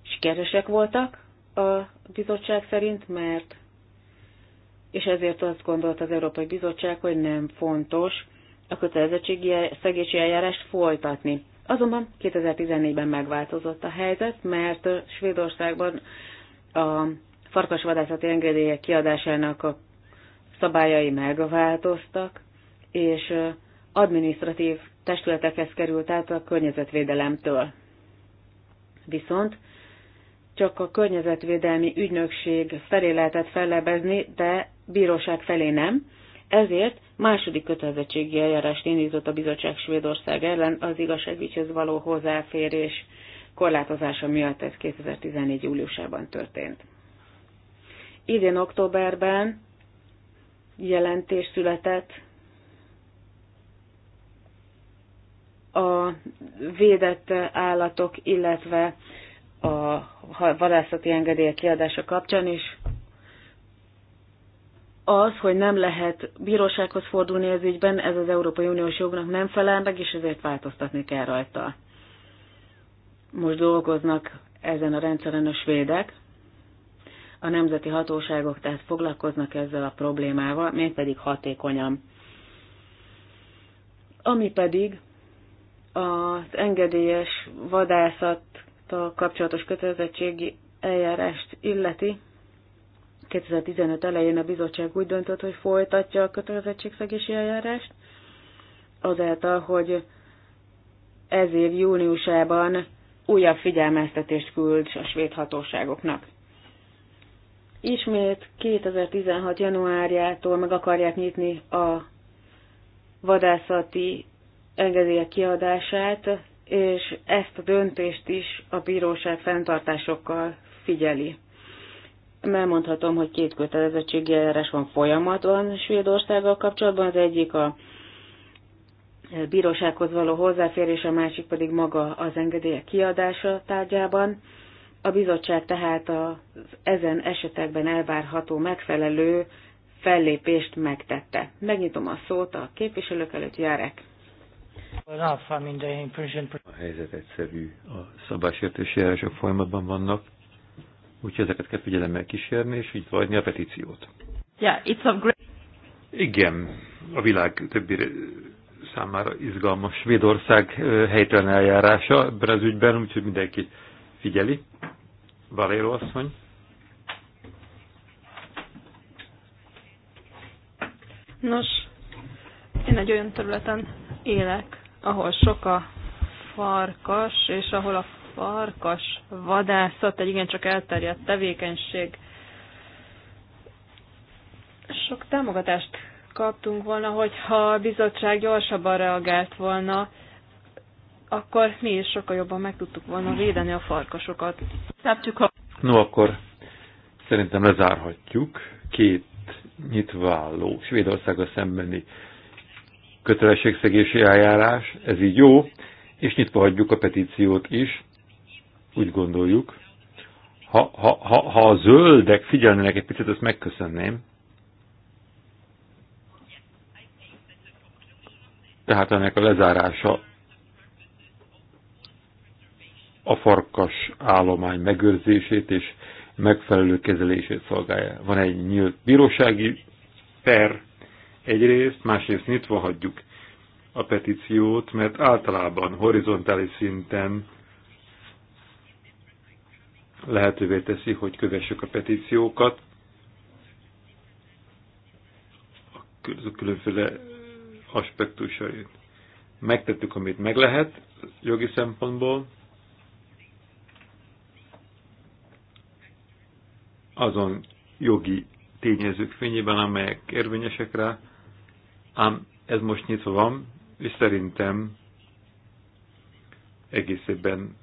sikeresek voltak a bizottság szerint, mert és ezért azt gondolt az Európai Bizottság, hogy nem fontos a kötelezettségi szegési eljárást folytatni. Azonban 2014-ben megváltozott a helyzet, mert Svédországban a farkasvadászati engedélyek kiadásának a szabályai megváltoztak, és administratív testületekhez került át a környezetvédelemtől. Viszont csak a környezetvédelmi ügynökség felé lehetett fellebezni, de bíróság felé nem, ezért második kötelezettségi eljárást indított a bizottság Svédország ellen az igazságügyhöz való hozzáférés korlátozása miatt ez 2014. júliusában történt. Idén októberben jelentés született a védett állatok, illetve a vadászati engedélyek kiadása kapcsán, is az, hogy nem lehet bírósághoz fordulni az ügyben, ez az Európai Uniós jognak nem felel meg, és ezért változtatni kell rajta. Most dolgoznak ezen a rendszeren a svédek, a nemzeti hatóságok tehát foglalkoznak ezzel a problémával, mégpedig hatékonyan. Ami pedig az engedélyes vadászattal kapcsolatos kötelezettségi eljárást illeti, 2015 elején a bizottság úgy döntött, hogy folytatja a kötelezettségszegési eljárást, azáltal, hogy ez év júniusában újabb figyelmeztetést küld a svéd hatóságoknak. Ismét 2016. januárjától meg akarják nyitni a vadászati engedélyek kiadását, és ezt a döntést is a bíróság fenntartásokkal figyeli elmondhatom, hogy két kötelezettségi eljárás van folyamatban Svédországgal kapcsolatban. Az egyik a bírósághoz való hozzáférés, a másik pedig maga az engedélyek kiadása tárgyában. A bizottság tehát az ezen esetekben elvárható megfelelő fellépést megtette. Megnyitom a szót a képviselők előtt, Járek. A helyzet egyszerű. A szabásértési eljárások folyamatban vannak, Úgyhogy ezeket kell figyelemmel kísérni, és így vajni a petíciót. Yeah, it's of great... Igen, a világ többi számára izgalmas Svédország helytelen eljárása ebben az ügyben, úgyhogy mindenki figyeli. Valéro asszony. Nos, én egy olyan területen élek, ahol sok a farkas, és ahol a farkas vadászat egy igencsak elterjedt tevékenység. Sok támogatást kaptunk volna, hogyha a bizottság gyorsabban reagált volna, akkor mi is sokkal jobban meg tudtuk volna védeni a farkasokat. No, akkor szerintem lezárhatjuk két nyitválló Svédországa szembeni kötelességszegési eljárás, ez így jó, és nyitva hagyjuk a petíciót is, úgy gondoljuk, ha, ha, ha, ha a zöldek figyelnének egy picit, ezt megköszönném. Tehát ennek a lezárása a farkas állomány megőrzését és megfelelő kezelését szolgálja. Van egy nyílt bírósági per egyrészt, másrészt nyitva hagyjuk a petíciót, mert általában horizontális szinten lehetővé teszi, hogy kövessük a petíciókat, a különféle aspektusait. Megtettük, amit meg lehet jogi szempontból, azon jogi tényezők fényében, amelyek érvényesek rá, ám ez most nyitva van, és szerintem egészében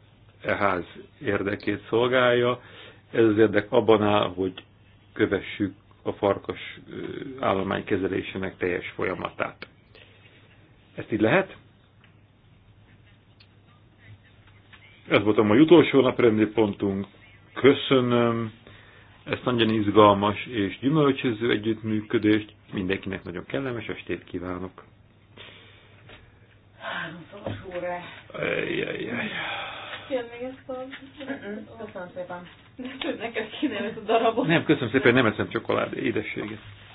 e ház érdekét szolgálja. Ez az érdek abban áll, hogy kövessük a farkas állomány kezelésének teljes folyamatát. Ezt így lehet? Ez volt a mai utolsó naprendi pontunk. Köszönöm ezt nagyon izgalmas és gyümölcsöző együttműködést. Mindenkinek nagyon kellemes estét kívánok. Háromszoros óra. Ajajaj. Jön még egy Köszönöm szépen. <laughs> Neked kinevet a darabot. Nem, köszönöm szépen, nem eszem csokoládé, édességet.